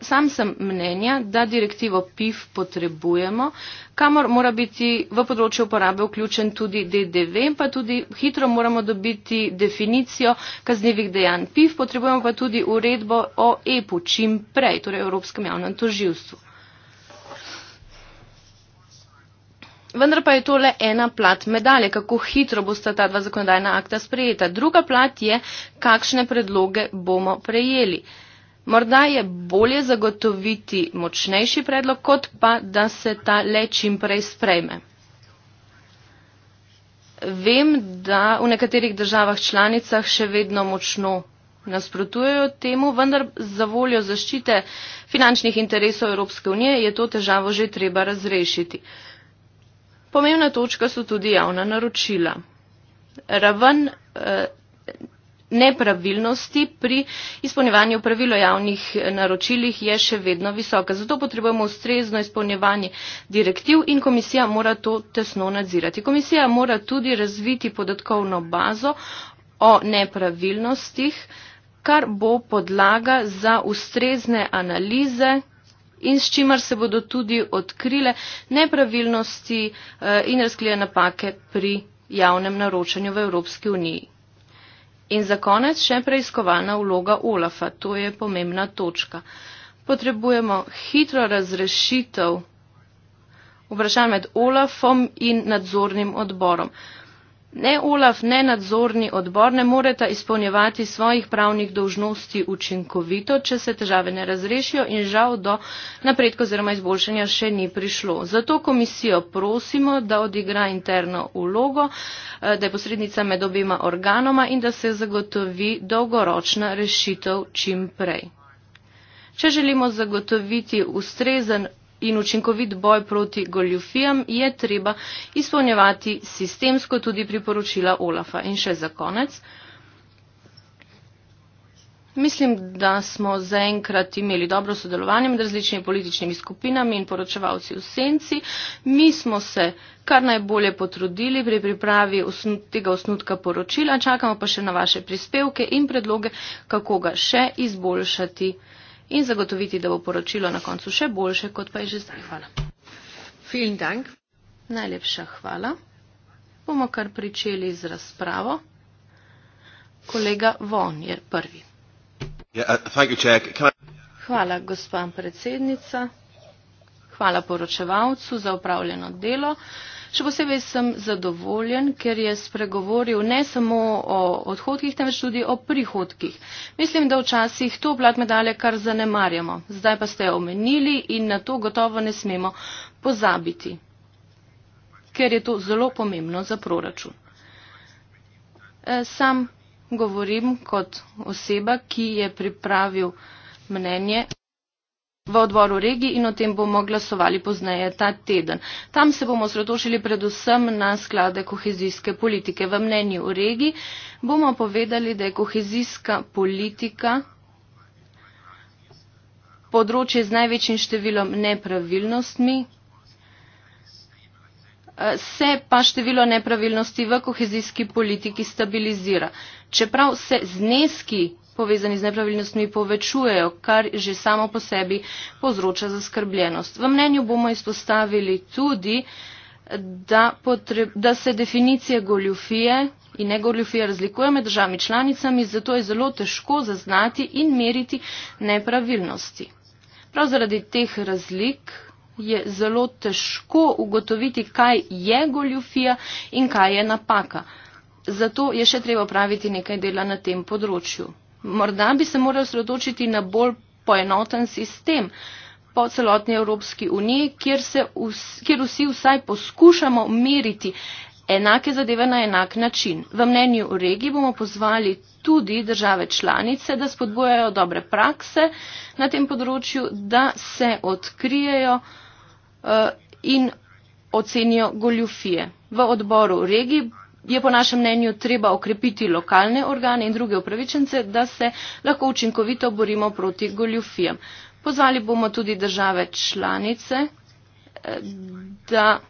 [SPEAKER 4] sam sem mnenja, da direktivo PIF potrebujemo, kamor mora biti v področju uporabe vključen tudi DDV, pa tudi hitro moramo dobiti definicijo kaznjivih dejanj PIF, potrebujemo pa tudi uredbo o EPU čim prej, torej Evropskem javnem toživstvu. Vendar pa je to le ena plat medalje, kako hitro bosta ta dva zakonodajna akta sprejeta. Druga plat je, kakšne predloge bomo prejeli morda je bolje zagotoviti močnejši predlog, kot pa, da se ta le čim prej sprejme. Vem, da v nekaterih državah članicah še vedno močno nasprotujejo temu, vendar za voljo zaščite finančnih interesov Evropske unije je to težavo že treba razrešiti. Pomembna točka so tudi javna naročila. Raven eh, nepravilnosti pri izpolnjevanju pravil o javnih naročilih je še vedno visoka. Zato potrebujemo ustrezno izpolnjevanje direktiv in komisija mora to tesno nadzirati. Komisija mora tudi razviti podatkovno bazo o nepravilnostih, kar bo podlaga za ustrezne analize in s čimer se bodo tudi odkrile nepravilnosti eh, in razkrile napake pri javnem naročanju v Evropski uniji. In za konec še preiskovalna vloga Olafa, to je pomembna točka. Potrebujemo hitro razrešitev vprašanj med Olafom in nadzornim odborom. Ne OLAF, ne nadzorni odbor ne moreta izpolnjevati svojih pravnih dolžnosti učinkovito, če se težave ne razrešijo in žal do napredka oziroma izboljšanja še ni prišlo. Zato komisijo prosimo, da odigra interno ulogo, eh, da je posrednica med obima organoma in da se zagotovi dolgoročna rešitev čim prej. Če želimo zagotoviti ustrezen in učinkovit boj proti goljufijam, je treba izpolnjevati sistemsko tudi priporočila Olafa. In še za konec. Mislim, da smo zaenkrat imeli dobro sodelovanje med različnimi političnimi skupinami in poročevalci v senci. Mi smo se kar najbolje potrudili pri pripravi tega osnutka poročila. Čakamo pa še na vaše prispevke in predloge, kako ga še izboljšati in zagotoviti, da bo poročilo na koncu še boljše, kot pa je že zdaj. Hvala. Najlepša hvala. Bomo kar pričeli z razpravo. Kolega Von je prvi.
[SPEAKER 5] Uh,
[SPEAKER 4] hvala, gospa predsednica. Hvala poročevalcu za upravljeno delo. Še posebej sem zadovoljen, ker je spregovoril ne samo o odhodkih, temveč tudi o prihodkih. Mislim, da včasih to plat medalje kar zanemarjamo. Zdaj pa ste jo omenili in na to gotovo ne smemo pozabiti, ker je to zelo pomembno za proračun. Eh, sam govorim kot oseba, ki je pripravil mnenje v odboru regij in o tem bomo glasovali pozneje ta teden. Tam se bomo sredošili predvsem na sklade kohezijske politike. V mnenju o regiji bomo povedali, da je kohezijska politika področje z največjim številom nepravilnostmi, se pa število nepravilnosti v kohezijski politiki stabilizira. Čeprav se zneski povezani z nepravilnostmi povečujejo, kar že samo po sebi povzroča zaskrbljenost. V mnenju bomo izpostavili tudi, da, potreb, da se definicije goljufije in ne goljufije razlikuje med državami članicami, zato je zelo težko zaznati in meriti nepravilnosti. Prav zaradi teh razlik je zelo težko ugotoviti, kaj je goljufija in kaj je napaka. Zato je še treba praviti nekaj dela na tem področju morda bi se morali sredočiti na bolj poenoten sistem po celotni Evropski uniji, kjer, se, kjer vsi vsaj poskušamo meriti enake zadeve na enak način. V mnenju o regiji bomo pozvali tudi države članice, da spodbujajo dobre prakse na tem področju, da se odkrijejo uh, in ocenijo goljufije. V odboru regiji je po našem mnenju treba okrepiti lokalne organe in druge upravičence, da se lahko učinkovito borimo proti goljufijam. Pozvali bomo tudi države članice, eh, da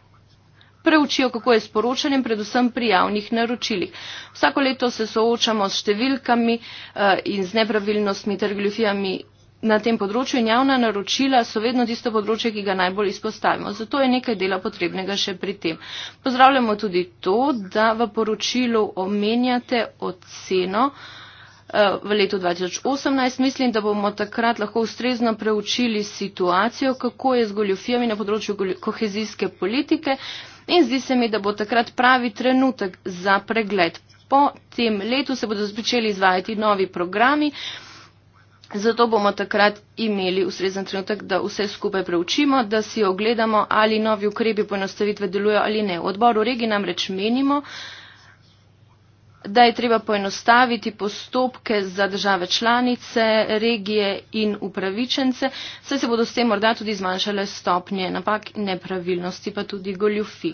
[SPEAKER 4] preučijo, kako je s poročanjem, predvsem pri javnih naročilih. Vsako leto se soočamo s številkami eh, in z nepravilnostmi ter goljufijami na tem področju in javna naročila so vedno tisto področje, ki ga najbolj izpostavimo. Zato je nekaj dela potrebnega še pri tem. Pozdravljamo tudi to, da v poročilu omenjate oceno eh, v letu 2018. Mislim, da bomo takrat lahko ustrezno preučili situacijo, kako je z goljofijami na področju kohezijske politike in zdi se mi, da bo takrat pravi trenutek za pregled. Po tem letu se bodo začeli izvajati novi programi. Zato bomo takrat imeli ustrezen trenutek, da vse skupaj preučimo, da si ogledamo, ali novi ukrepi poenostavitve delujejo ali ne. V odboru regi namreč menimo, da je treba poenostaviti postopke za države članice, regije in upravičence, saj se bodo s tem morda tudi zmanjšale stopnje napak in nepravilnosti, pa tudi goljufi.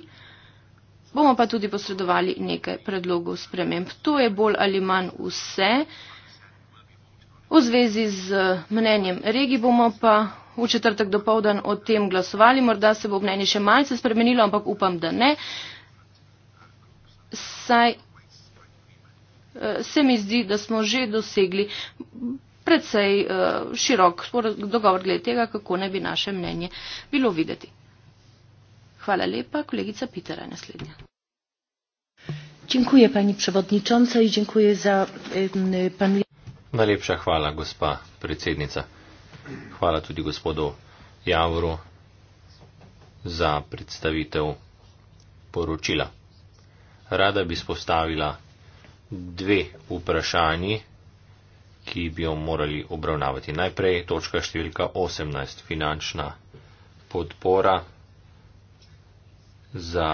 [SPEAKER 4] Bomo pa tudi posredovali nekaj predlogov sprememb. To je bolj ali manj vse. V zvezi z eh, mnenjem regij bomo pa v četrtek do povdan o tem glasovali. Morda se bo mnenje še malce spremenilo, ampak upam, da ne. Saj eh, se mi zdi, da smo že dosegli predvsej eh, širok dogovor glede tega, kako ne bi naše mnenje bilo videti. Hvala lepa, kolegica Pitera, naslednja. Dziękuję Pani Przewodniczącej, dziękuję za y, y, Panu.
[SPEAKER 5] Najlepša hvala, gospa predsednica. Hvala tudi gospodu Javru za predstavitev poročila. Rada bi spostavila dve vprašanji, ki bi jo morali obravnavati. Najprej točka številka 18, finančna podpora za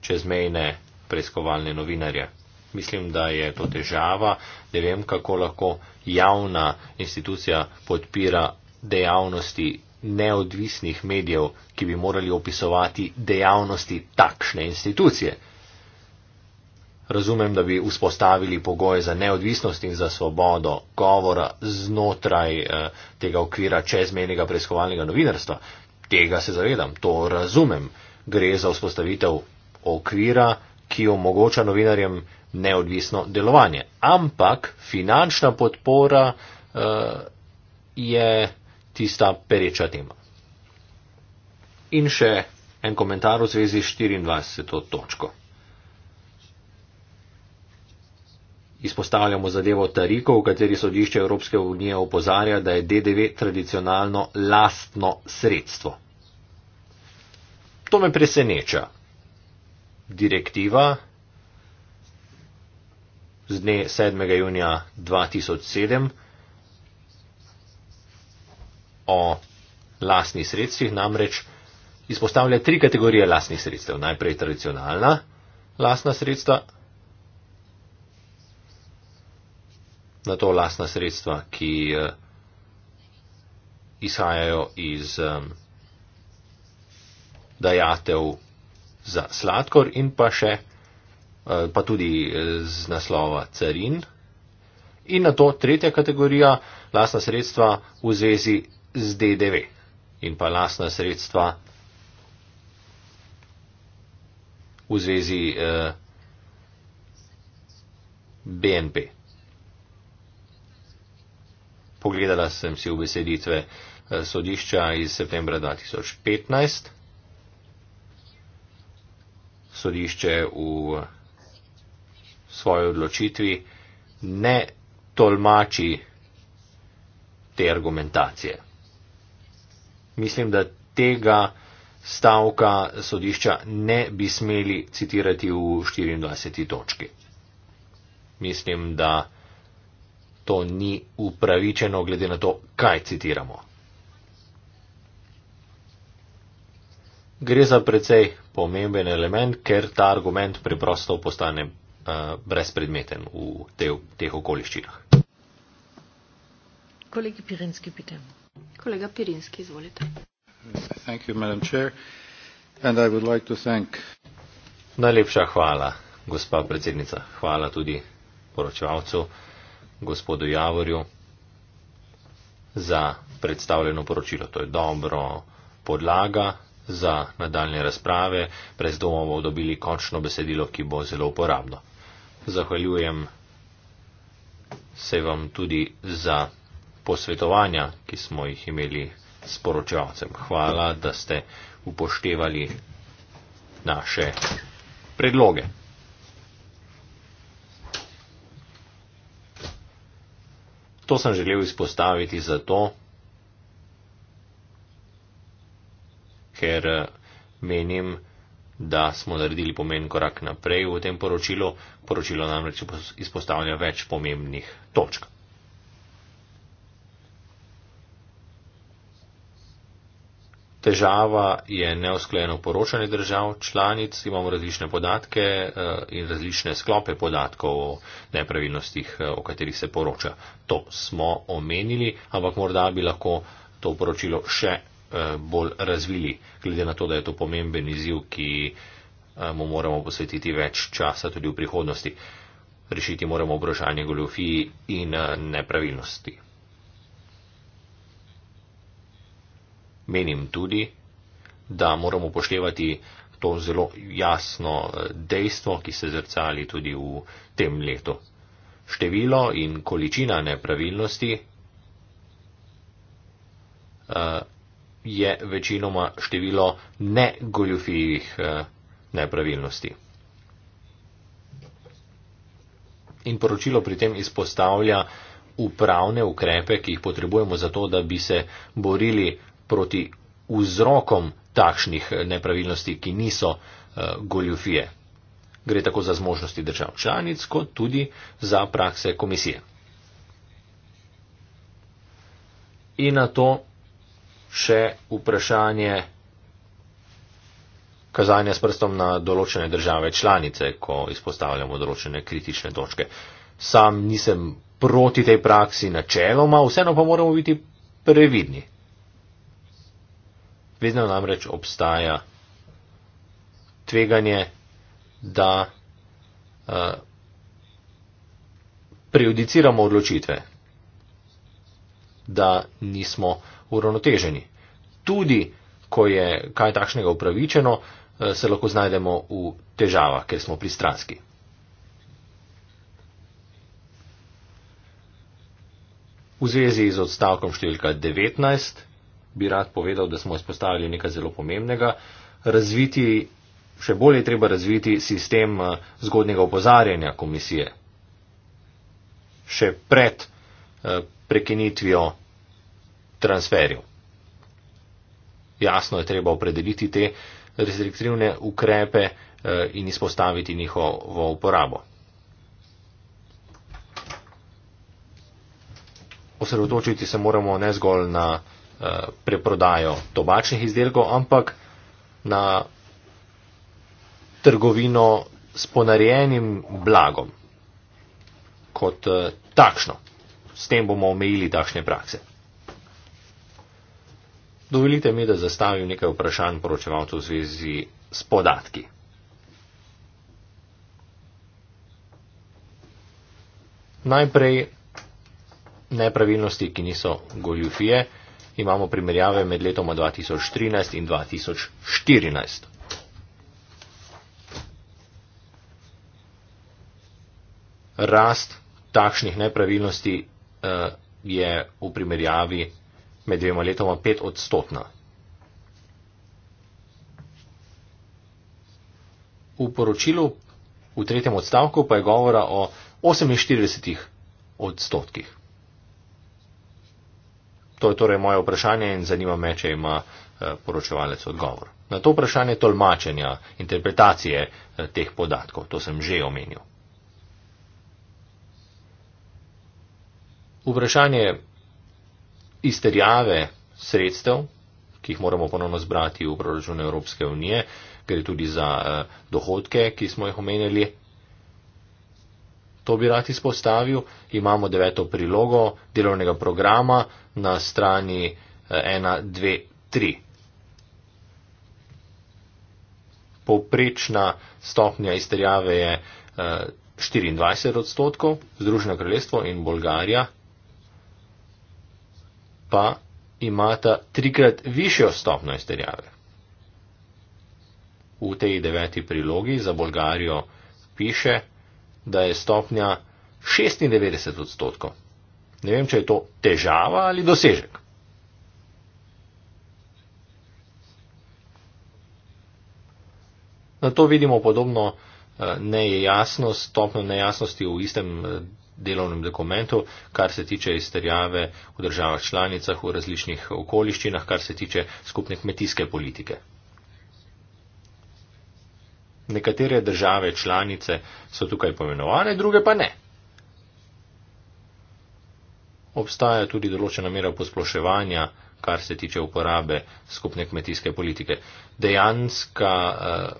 [SPEAKER 5] čezmejne preiskovalne novinarje mislim, da je to težava. Ne vem, kako lahko javna institucija podpira dejavnosti neodvisnih medijev, ki bi morali opisovati dejavnosti takšne institucije. Razumem, da bi vzpostavili pogoje za neodvisnost in za svobodo govora znotraj eh, tega okvira čezmenjega preiskovalnega novinarstva. Tega se zavedam, to razumem. Gre za vzpostavitev okvira, ki omogoča novinarjem neodvisno delovanje. Ampak finančna podpora uh, je tista pereča tema. In še en komentar v zvezi s 24. točko. Izpostavljamo zadevo Tariko, v kateri sodišče Evropske unije opozarja, da je DDV tradicionalno lastno sredstvo. To me preseneča direktiva z dne 7. junija 2007 o lasnih sredstvih namreč izpostavlja tri kategorije lasnih sredstev. Najprej tradicionalna lasna sredstva, na to lasna sredstva, ki eh, izhajajo iz eh, dajatev za sladkor in pa še, eh, pa tudi eh, z naslova carin. In na to tretja kategorija, lasna sredstva v zvezi z DDV in pa lasna sredstva v zvezi eh, BNP. Pogledala sem si v besedice eh, sodišča iz septembra 2015 sodišče v svoji odločitvi ne tolmači te argumentacije. Mislim, da tega stavka sodišča ne bi smeli citirati v 24. točki. Mislim, da to ni upravičeno glede na to, kaj citiramo. Gre za precej pomemben element, ker ta argument preprosto postane uh, brezpredmeten v te, teh okoliščinah.
[SPEAKER 1] Kolegi Pirinski, pite. Kolega
[SPEAKER 4] Pirinski, izvolite.
[SPEAKER 5] Thank you, madam chair, and I would like to thank. Najlepša hvala, gospa predsednica. Hvala tudi poročevalcu, gospodu Javorju, za predstavljeno poročilo. To je dobro podlaga Za nadaljne razprave brez doma bomo dobili končno besedilo, ki bo zelo uporabno. Zahvaljujem se vam tudi za posvetovanja, ki smo jih imeli s poročevalcem. Hvala, da ste upoštevali naše predloge. To sem želel izpostaviti zato, ker eh, menim, da smo naredili pomen korak naprej v tem poročilu. Poročilo namreč izpostavlja več pomembnih točk. Težava je neusklejeno poročanje držav članic, imamo različne podatke eh, in različne sklope podatkov o nepravilnostih, eh, o katerih se poroča. To smo omenili, ampak morda bi lahko to poročilo še Eh, bolj razvili, glede na to, da je to pomemben izziv, ki eh, mu moramo posvetiti več časa tudi v prihodnosti. Rešiti moramo obrožanje goljofij in eh, nepravilnosti. Menim tudi, da moramo poštevati to zelo jasno dejstvo, ki se zrcali tudi v tem letu. Število in količina nepravilnosti je večinoma število negoljufijih eh, nepravilnosti. In poročilo pri tem izpostavlja upravne ukrepe, ki jih potrebujemo za to, da bi se borili proti vzrokom takšnih eh, nepravilnosti, ki niso eh, goljufije. Gre tako za zmožnosti držav članic, kot tudi za prakse komisije. In na to še vprašanje kazanja s prstom na določene države članice, ko izpostavljamo določene kritične točke. Sam nisem proti tej praksi načeloma, vseeno pa moramo biti previdni. Vedno namreč obstaja tveganje, da uh, prejudiciramo odločitve, da nismo uravnoteženi. Tudi, ko je kaj takšnega upravičeno, eh, se lahko znajdemo v težavah, ker smo pristranski. V zvezi z odstavkom številka 19 bi rad povedal, da smo izpostavili nekaj zelo pomembnega. Razviti, še bolje je treba razviti sistem eh, zgodnjega opozarjanja komisije. Še pred eh, prekinitvijo transferjev. Jasno je treba opredeliti te restriktivne ukrepe eh, in izpostaviti njihovo uporabo. Osredotočiti se moramo ne zgolj na eh, preprodajo tobačnih izdelkov, ampak na trgovino s ponarejenim blagom kot eh, takšno. S tem bomo omejili takšne prakse. Dovolite mi, da zastavim nekaj vprašanj poročevalcev v zvezi s podatki. Najprej nepravilnosti, ki niso goljufije, imamo primerjave med letoma 2013 in 2014. Rast takšnih nepravilnosti uh, je v primerjavi med dvema letoma 5 odstotna. V poročilu v tretjem odstavku pa je govora o 48 odstotkih. To je torej moje vprašanje in zanima me, če ima eh, poročevalec odgovor. Na to vprašanje tolmačenja, interpretacije eh, teh podatkov, to sem že omenil. Vprašanje izterjave sredstev, ki jih moramo ponovno zbrati v proračun Evropske unije, gre tudi za eh, dohodke, ki smo jih omenjali. To bi rad izpostavil. Imamo deveto prilogo delovnega programa na strani 1, eh, 2, 3. Poprečna stopnja izterjave je 24 eh, odstotkov, Združeno kraljestvo in Bolgarija pa imata trikrat višjo stopno izterjave. V tej deveti prilogi za Bolgarijo piše, da je stopnja 96 odstotkov. Ne vem, če je to težava ali dosežek. Na to vidimo podobno eh, nejasnost, stopno nejasnosti v istem eh, delovnem dokumentu, kar se tiče izterjave v državah članicah v različnih okoliščinah, kar se tiče skupne kmetijske politike. Nekatere države članice so tukaj pomenovane, druge pa ne. Obstaja tudi določena mera posploševanja, kar se tiče uporabe skupne kmetijske politike. Dejanska eh,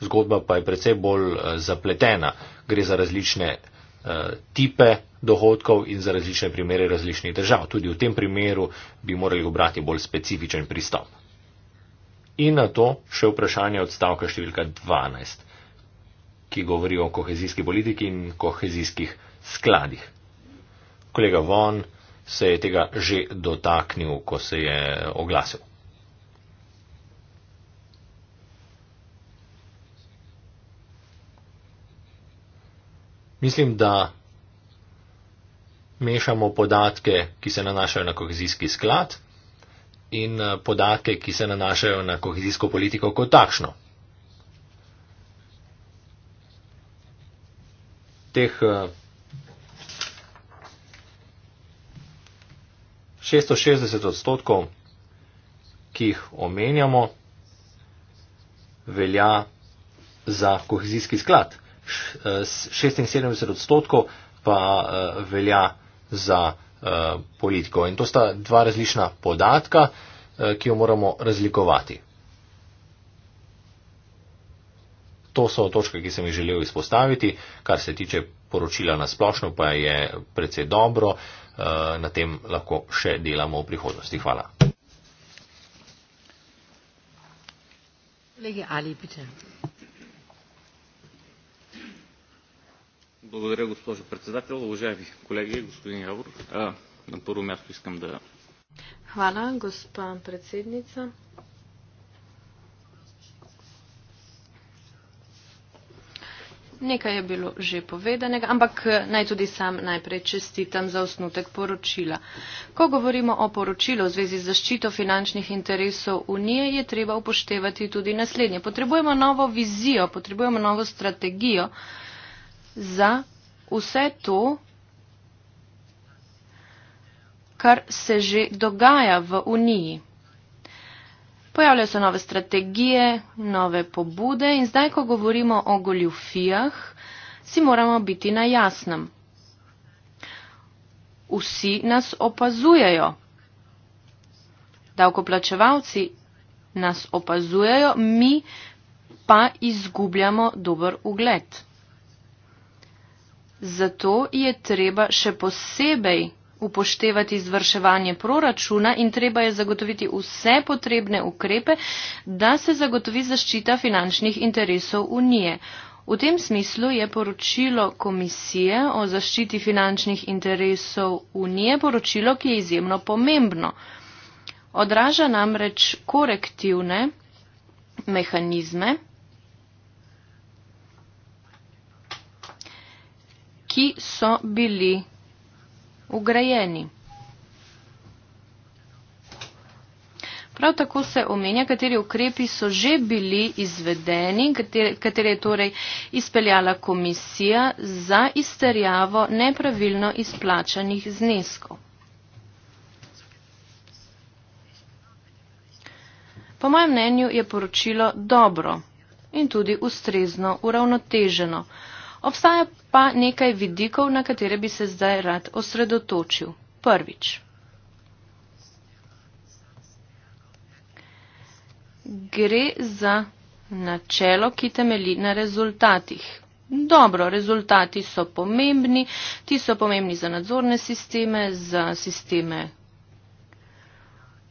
[SPEAKER 5] zgodba pa je precej bolj eh, zapletena. Gre za različne Eh, tipe dohodkov in za različne primere različnih držav. Tudi v tem primeru bi morali obrati bolj specifičen pristop. In na to še vprašanje odstavka številka 12, ki govori o kohezijski politiki in kohezijskih skladih. Kolega Von se je tega že dotaknil, ko se je oglasil. Mislim, da mešamo podatke, ki se nanašajo na kohezijski sklad in eh, podatke, ki se nanašajo na kohezijsko politiko kot takšno. Teh 660 eh, odstotkov, ki jih omenjamo, velja za kohezijski sklad. 76 odstotkov pa eh, velja za eh, politiko. In to sta dva različna podatka, eh, ki jo moramo razlikovati. To so točke, ki sem jih želel izpostaviti, kar se tiče poročila na splošno, pa je predvsej dobro, na tem lahko še delamo v prihodnosti. Hvala.
[SPEAKER 1] Lege Ali, bitte.
[SPEAKER 2] Благодаря, госпожо председател. Уважаеми колеги, господин Явор, а, на първо място искам да...
[SPEAKER 4] Хвала, господин председница. Nekaj je bilo že povedanega, ampak eh, naj tudi sam najprej čestitam za osnutek poročila. Ko govorimo o poročilu v zvezi z zaščito finančnih interesov Unije, je treba upoštevati tudi naslednje. Potrebujemo novo vizijo, potrebujemo novo strategijo, za vse to, kar se že dogaja v Uniji. Pojavljajo se nove strategije, nove pobude in zdaj, ko govorimo o goljufijah, si moramo biti na jasnem. Vsi nas opazujejo. Davkoplačevalci nas opazujejo, mi pa izgubljamo dober ugled. Zato je treba še posebej upoštevati izvrševanje proračuna in treba je zagotoviti vse potrebne ukrepe, da se zagotovi zaščita finančnih interesov Unije. V tem smislu je poročilo Komisije o zaščiti finančnih interesov Unije poročilo, ki je izjemno pomembno. Odraža namreč korektivne mehanizme, ki so bili ugrajeni. Prav tako se omenja, kateri ukrepi so že bili izvedeni, katere, katere je torej izpeljala komisija za izterjavo nepravilno izplačanih zneskov. Po mojem mnenju je poročilo dobro in tudi ustrezno uravnoteženo. Obstaja pa nekaj vidikov, na katere bi se zdaj rad osredotočil. Prvič. Gre za načelo, ki temeli na rezultatih. Dobro, rezultati so pomembni, ti so pomembni za nadzorne sisteme, za sisteme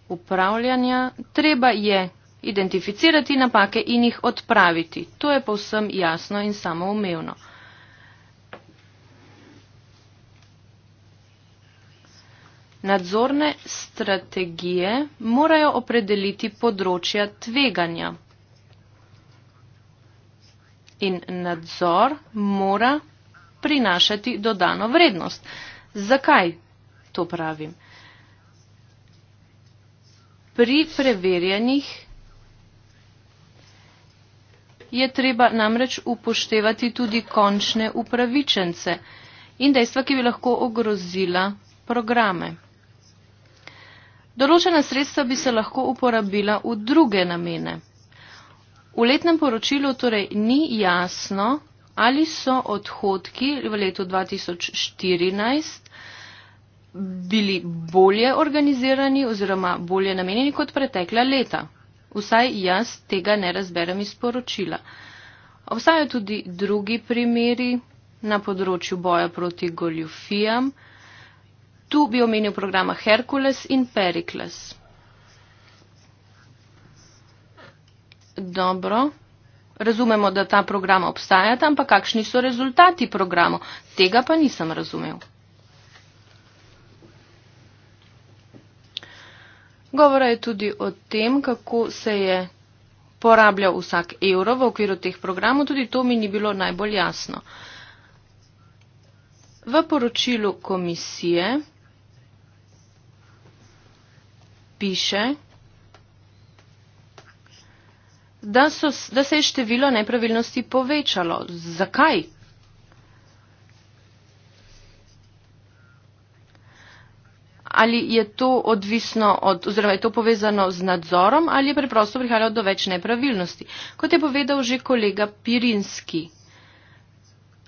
[SPEAKER 4] upravljanja. Treba je identificirati napake in jih odpraviti. To je povsem jasno in samoumevno. Nadzorne strategije morajo opredeliti področja tveganja in nadzor mora prinašati dodano vrednost. Zakaj to pravim? Pri preverjanjih je treba namreč upoštevati tudi končne upravičence in dejstva, ki bi lahko ogrozila programe. Določena sredstva bi se lahko uporabila v druge namene. V letnem poročilu torej ni jasno, ali so odhodki v letu 2014 bili bolje organizirani oziroma bolje namenjeni kot pretekla leta. Vsaj jaz tega ne razberem iz poročila. Obstajajo tudi drugi primeri na področju boja proti goljufijam. Tu bi omenil programa Herkules in Perikles. Dobro. Razumemo, da ta programa obstajata, ampak kakšni so rezultati programu? Tega pa nisem razumel. Govora je tudi o tem, kako se je porabljal vsak evro v okviru teh programov, tudi to mi ni bilo najbolj jasno. V poročilu komisije piše, da, so, da se je število nepravilnosti povečalo. Zakaj? Ali je to odvisno od, oziroma je to povezano z nadzorom ali je preprosto prihajalo do več nepravilnosti? Kot je povedal že kolega Pirinski,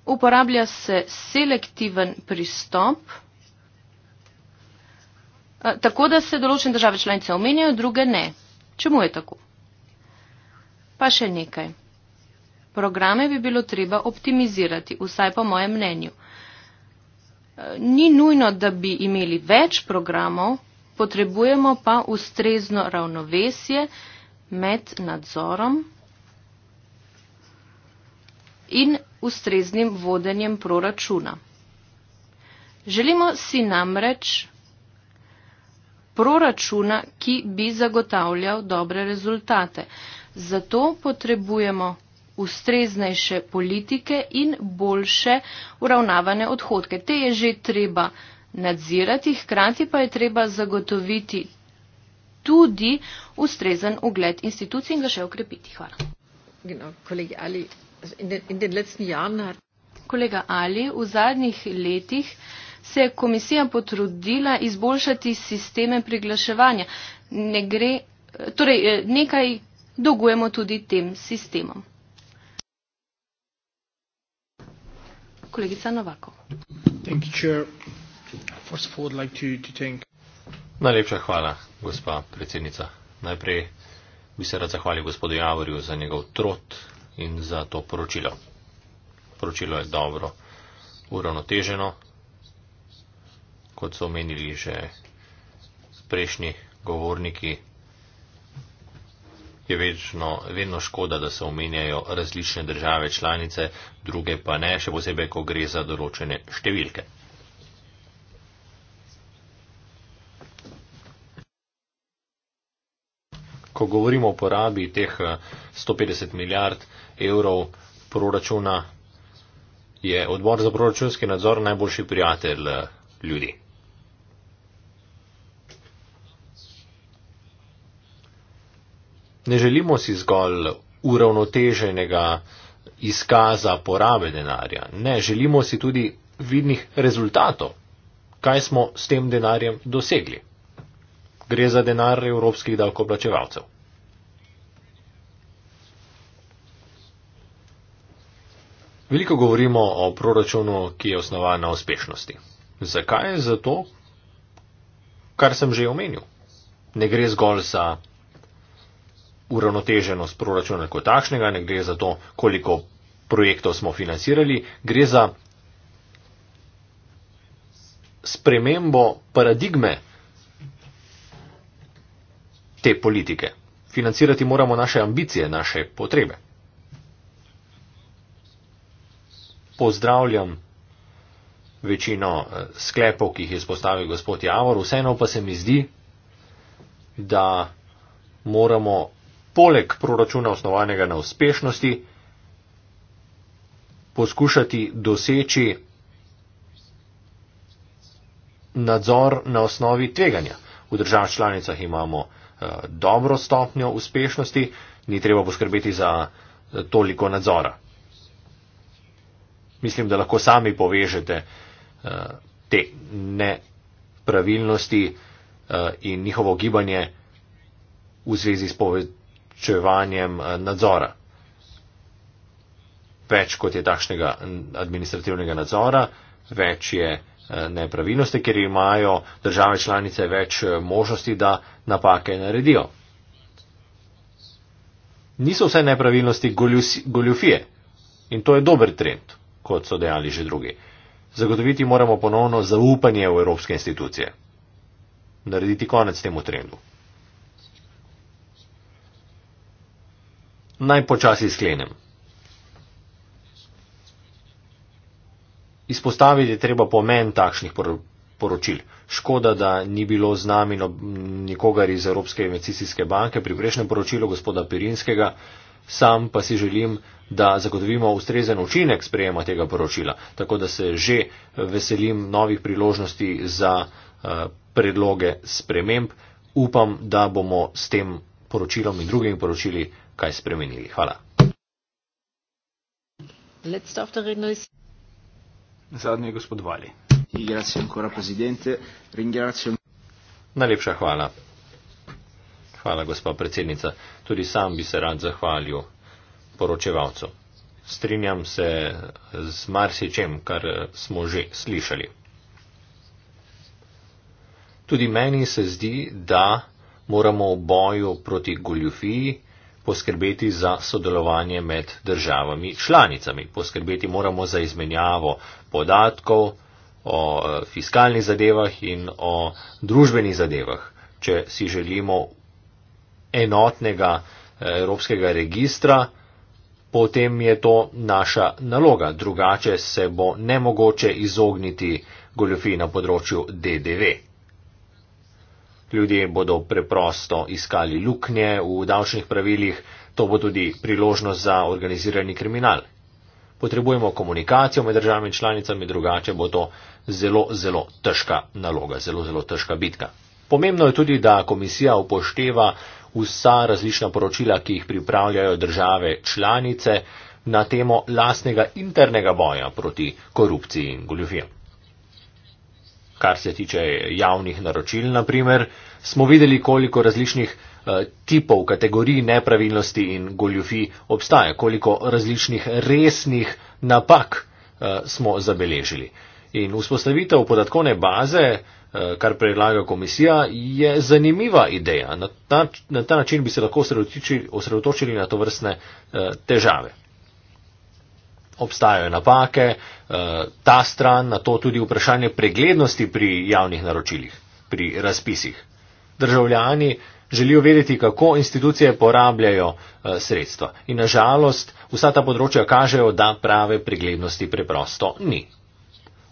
[SPEAKER 4] uporablja se selektiven pristop, Eh, tako da se določene države članice omenjajo, druge ne. Čemu je tako? Pa še nekaj. Programe bi bilo treba optimizirati, vsaj po mojem mnenju. Eh, ni nujno, da bi imeli več programov, potrebujemo pa ustrezno ravnovesje med nadzorom in ustreznim vodenjem proračuna. Želimo si namreč proračuna, ki bi zagotavljal dobre rezultate. Zato potrebujemo ustreznejše politike in boljše uravnavane odhodke. Te je že treba nadzirati, hkrati pa je treba zagotoviti tudi ustrezen ugled institucij in ga še okrepiti. Hvala. Kolega Ali, v zadnjih letih se je komisija potrudila izboljšati sisteme priglaševanja. Ne gre, torej eh, nekaj dolgujemo tudi tem sistemom. Kolegica Novakov.
[SPEAKER 3] Thank you, Chair. First of all, I'd like to, to thank.
[SPEAKER 5] Najlepša hvala, gospa predsednica. Najprej bi se rad zahvalil gospodu Javorju za njegov trot in za to poročilo. Poročilo je dobro uravnoteženo, kot so omenili že prejšnji govorniki, je večno, vedno škoda, da se omenjajo različne države članice, druge pa ne, še posebej, ko gre za določene številke. Ko govorimo o porabi teh 150 eh, milijard evrov proračuna, je odbor za proračunski nadzor najboljši prijatelj eh, ljudi. Ne želimo si zgolj uravnoteženega izkaza porabe denarja, ne želimo si tudi vidnih rezultatov, kaj smo s tem denarjem dosegli. Gre za denar evropskih davkoplačevalcev. Veliko govorimo o proračunu, ki je osnovan na uspešnosti. Zakaj? Zato, kar sem že omenil. Ne gre zgolj za uravnoteženost proračuna kot takšnega, ne gre za to, koliko projektov smo financirali, gre za spremembo paradigme te politike. Financirati moramo naše ambicije, naše potrebe. Pozdravljam večino eh, sklepov, ki jih je spostavil gospod Javor, vseeno pa se mi zdi, da moramo poleg proračuna osnovanega na uspešnosti, poskušati doseči nadzor na osnovi tveganja. V državah članicah imamo eh, dobro stopnjo uspešnosti, ni treba poskrbeti za eh, toliko nadzora. Mislim, da lahko sami povežete eh, te nepravilnosti eh, in njihovo gibanje v zvezi s povedanjem uničevanjem eh, nadzora. Več kot je takšnega administrativnega nadzora, več je eh, nepravilnosti, ker imajo države članice več eh, možnosti, da napake naredijo. Niso vse nepravilnosti goljufije in to je dober trend, kot so dejali že drugi. Zagotoviti moramo ponovno zaupanje v evropske institucije. Narediti konec temu trendu. Naj počasi sklenem. Izpostaviti je treba pomen takšnih poročil. Škoda, da ni bilo z nami no-, nikogar iz Evropske investicijske banke pri prejšnjem poročilu gospoda Pirinskega, sam pa si želim, da zagotovimo ustrezen učinek sprejema tega poročila, tako da se že veselim novih priložnosti za eh, predloge sprememb. Upam, da bomo s tem poročilom in drugimi poročili kaj spremenili. Hvala. Zadnji je gospod Vali. Najlepša hvala. Hvala, gospa predsednica. Tudi sam bi se rad zahvalil poročevalcu. Strinjam se z marsičem, kar smo že slišali. Tudi meni se zdi, da moramo v boju proti goljufiji poskrbeti za sodelovanje med državami članicami. Poskrbeti moramo za izmenjavo podatkov o eh, fiskalnih zadevah in o družbenih zadevah, če si želimo enotnega eh, evropskega registra potem je to naša naloga. Drugače se bo nemogoče izogniti goljofiji na področju DDV ljudje bodo preprosto iskali luknje v davčnih pravilih, to bo tudi priložnost za organizirani kriminal. Potrebujemo komunikacijo med državami in članicami, drugače bo to zelo, zelo težka naloga, zelo, zelo težka bitka. Pomembno je tudi, da komisija upošteva vsa različna poročila, ki jih pripravljajo države članice na temo lastnega internega boja proti korupciji in goljufijam kar se tiče javnih naročil, naprimer, smo videli, koliko različnih eh, tipov, kategorij nepravilnosti in goljufij obstaja, koliko različnih resnih napak eh, smo zabeležili. In vzpostavitev podatkovne baze, eh, kar predlaga komisija, je zanimiva ideja. Na ta, na ta način bi se lahko osredotočili na to vrstne težave obstajajo napake, eh, ta stran, na to tudi vprašanje preglednosti pri javnih naročilih, pri razpisih. Državljani želijo vedeti, kako institucije porabljajo eh, sredstva. In nažalost, vsa ta področja kažejo, da prave preglednosti preprosto ni.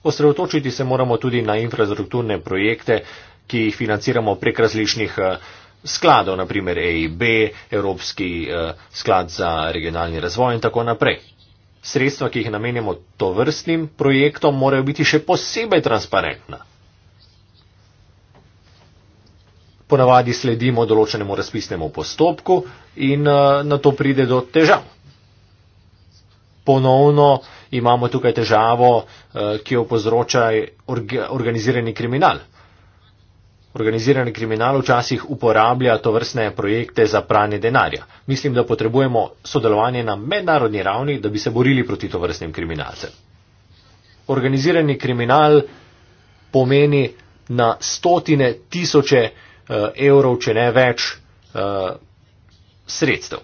[SPEAKER 5] Osredotočiti se moramo tudi na infrastrukturne projekte, ki jih financiramo prek različnih eh, skladov, naprimer EIB, Evropski sklad za regionalni razvoj in tako naprej sredstva, ki jih namenjamo tovrstnim projektom, morajo biti še posebej transparentna. Ponavadi sledimo določenemu razpisnemu postopku in eh, na to pride do težav. Ponovno imamo tukaj težavo, eh, ki jo povzroča organizirani kriminal organizirani kriminal včasih uporablja to vrstne projekte za pranje denarja. Mislim, da potrebujemo sodelovanje na mednarodni ravni, da bi se borili proti to vrstnim kriminalcem. Organizirani kriminal pomeni na stotine tisoče eh, evrov, če ne več, eh, sredstev.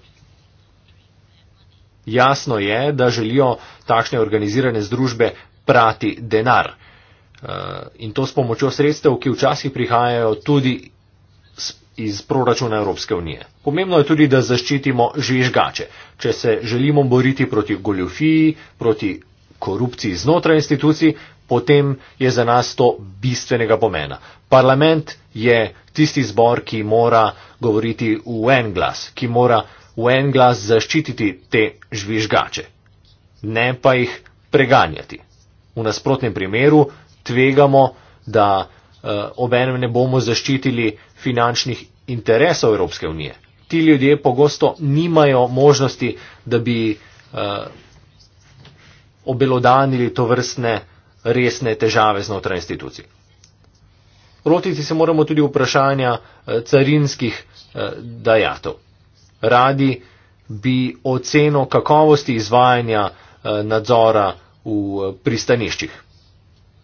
[SPEAKER 5] Jasno je, da želijo takšne organizirane združbe prati denar. Eh, in to s pomočjo sredstev, ki včasih prihajajo tudi iz proračuna Evropske unije. Pomembno je tudi, da zaščitimo žvižgače. Če se želimo boriti proti goljofiji, proti korupciji znotraj institucij, potem je za nas to bistvenega pomena. Parlament je tisti zbor, ki mora govoriti v en glas, ki mora v en glas zaščititi te žvižgače, ne pa jih preganjati. V nasprotnem primeru tvegamo, da uh, obenem ne bomo zaščitili finančnih interesov Evropske unije. Ti ljudje pogosto nimajo možnosti, da bi uh, obelodanili to vrstne resne težave znotraj institucij. Rotiti se moramo tudi vprašanja uh, carinskih uh, dajatov. Radi bi oceno kakovosti izvajanja uh, nadzora v uh, pristaniščih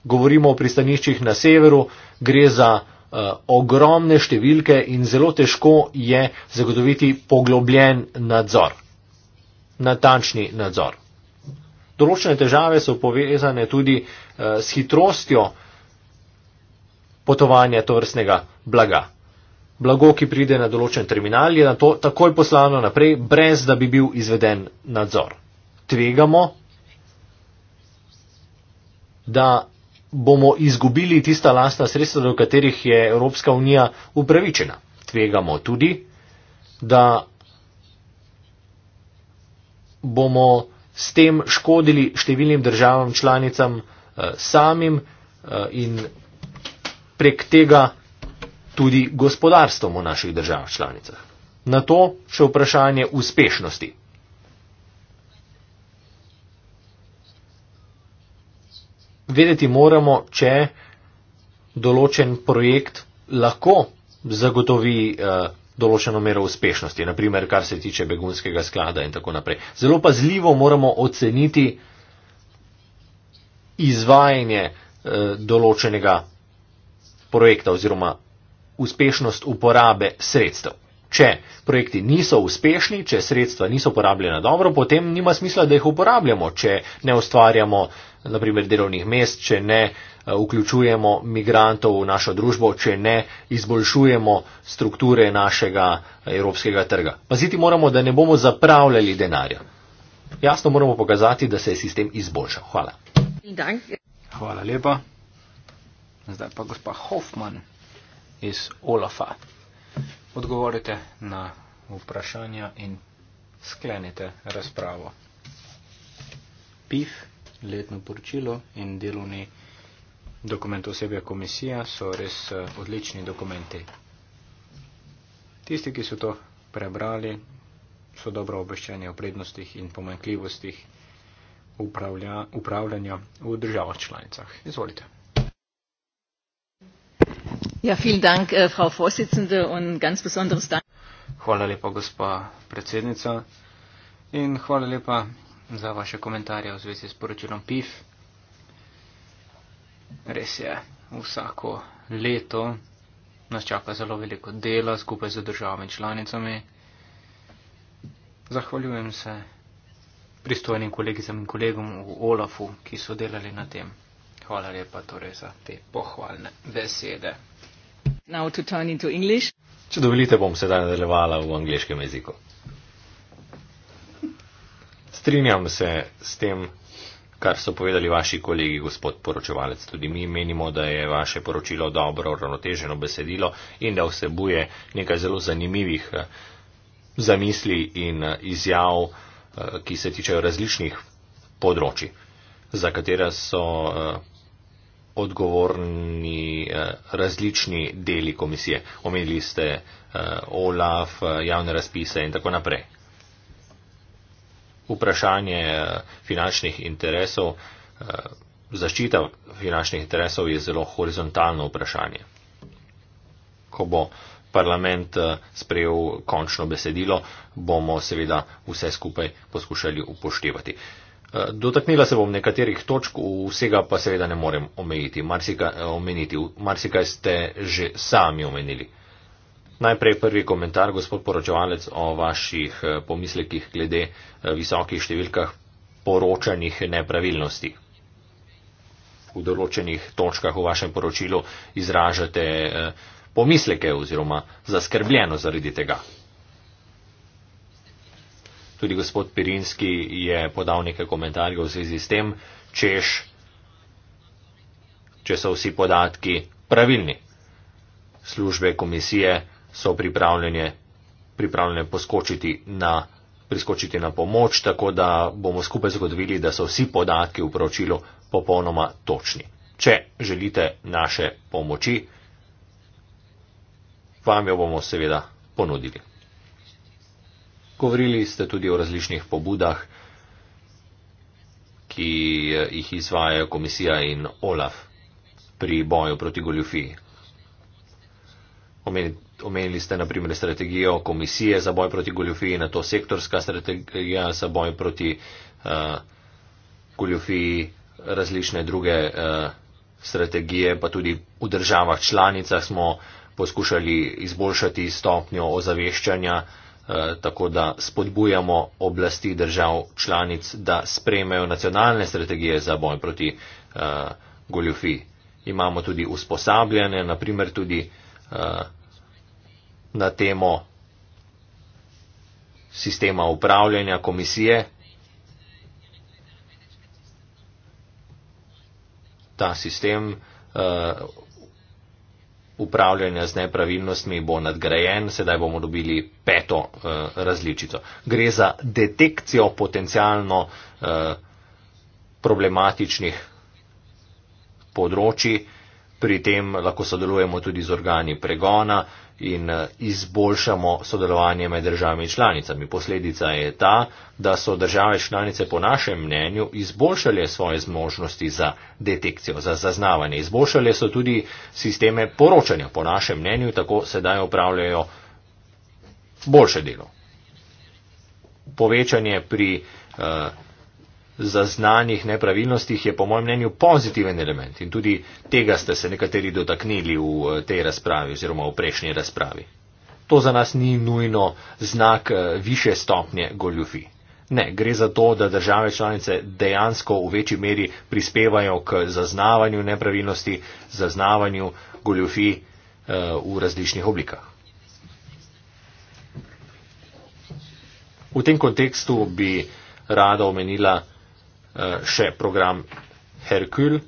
[SPEAKER 5] govorimo o pristaniščih na severu, gre za uh, ogromne številke in zelo težko je zagotoviti poglobljen nadzor, natančni nadzor. Določene težave so povezane tudi uh, s hitrostjo potovanja tovrstnega blaga. Blago, ki pride na določen terminal, je na to takoj poslano naprej, brez da bi bil izveden nadzor. Tvegamo, da bomo izgubili tista lastna sredstva, do katerih je Evropska unija upravičena. Tvegamo tudi, da bomo s tem škodili številnim državam članicam eh, samim eh, in prek tega tudi gospodarstvom v naših državah članicah. Na to še vprašanje uspešnosti. vedeti moramo, če določen projekt lahko zagotovi uh, določeno mero uspešnosti, naprimer kar se tiče begunskega sklada in tako naprej. Zelo pazljivo moramo oceniti izvajanje uh, določenega projekta oziroma uspešnost uporabe sredstev. Če projekti niso uspešni, če sredstva niso porabljena dobro, potem nima smisla, da jih uporabljamo, če ne ustvarjamo, naprimer, delovnih mest, če ne eh, vključujemo migrantov v našo družbo, če ne izboljšujemo strukture našega eh, evropskega trga. Paziti moramo, da ne bomo zapravljali denarja. Jasno moramo pokazati,
[SPEAKER 2] da se je sistem izboljšal. Hvala. Hvala lepa. Zdaj pa gospa Hoffman iz Olafa odgovorite na vprašanja in sklenite razpravo. PIF, letno poročilo in delovni dokument osebja komisija so res eh, odlični dokumenti. Tisti, ki so to prebrali, so dobro obveščeni o prednostih in pomankljivostih upravlja, upravljanja v državah članicah. Izvolite.
[SPEAKER 1] Ja, äh,
[SPEAKER 2] hvala lepa, gospa predsednica, in hvala lepa za vaše komentarje v zvezi s poročilom PIF. Res je, vsako leto nas čaka zelo veliko dela skupaj z državami članicami. Zahvaljujem se pristojnim kolegicam in kolegom v OLAF-u, ki so delali na tem. Hvala lepa torej za te pohvalne
[SPEAKER 1] besede now to turn into English.
[SPEAKER 5] Če dovolite, bom sedaj nadaljevala v angliškem jeziku. Strinjam se s tem, kar so povedali vaši kolegi, gospod poročevalec. Tudi mi menimo, da je vaše poročilo dobro, ravnoteženo besedilo in da vsebuje nekaj zelo zanimivih eh, zamisli in eh, izjav, eh, ki se tičejo različnih področji, za katera so odgovorni eh, različni deli komisije. Omenili ste eh, OLAF, eh, javne razpise in tako naprej. Vprašanje finančnih interesov, zaščita finančnih interesov je zelo horizontalno vprašanje. Ko bo parlament sprejel končno besedilo, bomo seveda vse skupaj poskušali upoštevati. Dotaknila se bom nekaterih točk, vsega pa seveda ne morem omejiti, marsika, eh, omeniti. Marsikaj ste že sami omenili. Najprej prvi komentar, gospod poročevalec, o vaših eh, pomislekih glede eh, visokih številkah poročanih nepravilnosti. V določenih točkah v vašem poročilu izražate pomisleke oziroma zaskrbljeno zaradi tega. Tudi gospod Pirinski je podal nekaj komentarjev v zvezi s tem, češ, če so vsi podatki pravilni. Službe komisije so pripravljene, pripravljene poskočiti na, priskočiti na pomoč, tako da bomo skupaj zagotovili, da so vsi podatki v poročilu popolnoma točni. Če želite naše pomoči, vam jo bomo seveda ponudili. Govorili ste tudi o različnih pobudah, ki jih izvajajo komisija in OLAF pri boju proti goljufiji. Omenili ste naprimer strategijo komisije za boj proti goljufiji, na to sektorska strategija za boj proti uh, goljufiji, različne druge uh, strategije, pa tudi v državah članicah smo poskušali izboljšati stopnjo ozaveščanja uh, Eh, tako da spodbujamo oblasti držav članic, da spremejo nacionalne strategije za boj proti uh, eh, goljufi. Imamo tudi usposabljanje, naprimer tudi uh, na temo sistema upravljanja komisije. Ta sistem uh, upravljanja z nepravilnostmi bo nadgrajen, sedaj bomo dobili peto eh, različico. Gre za detekcijo potencijalno eh, problematičnih področji, pri tem lahko sodelujemo tudi z organi pregona, in eh, izboljšamo sodelovanje med državami članicami. Posledica je ta, da so države članice po našem mnenju izboljšale svoje zmožnosti za detekcijo, za zaznavanje. Izboljšale so tudi sisteme poročanja po našem mnenju, tako sedaj upravljajo boljše delo. Povečanje pri uh, zaznanih nepravilnostih je po mojem mnenju pozitiven element in tudi tega ste se nekateri dotaknili v eh, tej razpravi oziroma v prejšnji razpravi. To za nas ni nujno znak eh, više stopnje goljufi. Ne, gre za to, da države članice dejansko v večji meri prispevajo k zaznavanju nepravilnosti, zaznavanju goljufi eh, v različnih oblikah. V tem kontekstu bi rada omenila Eh, še program Herkul,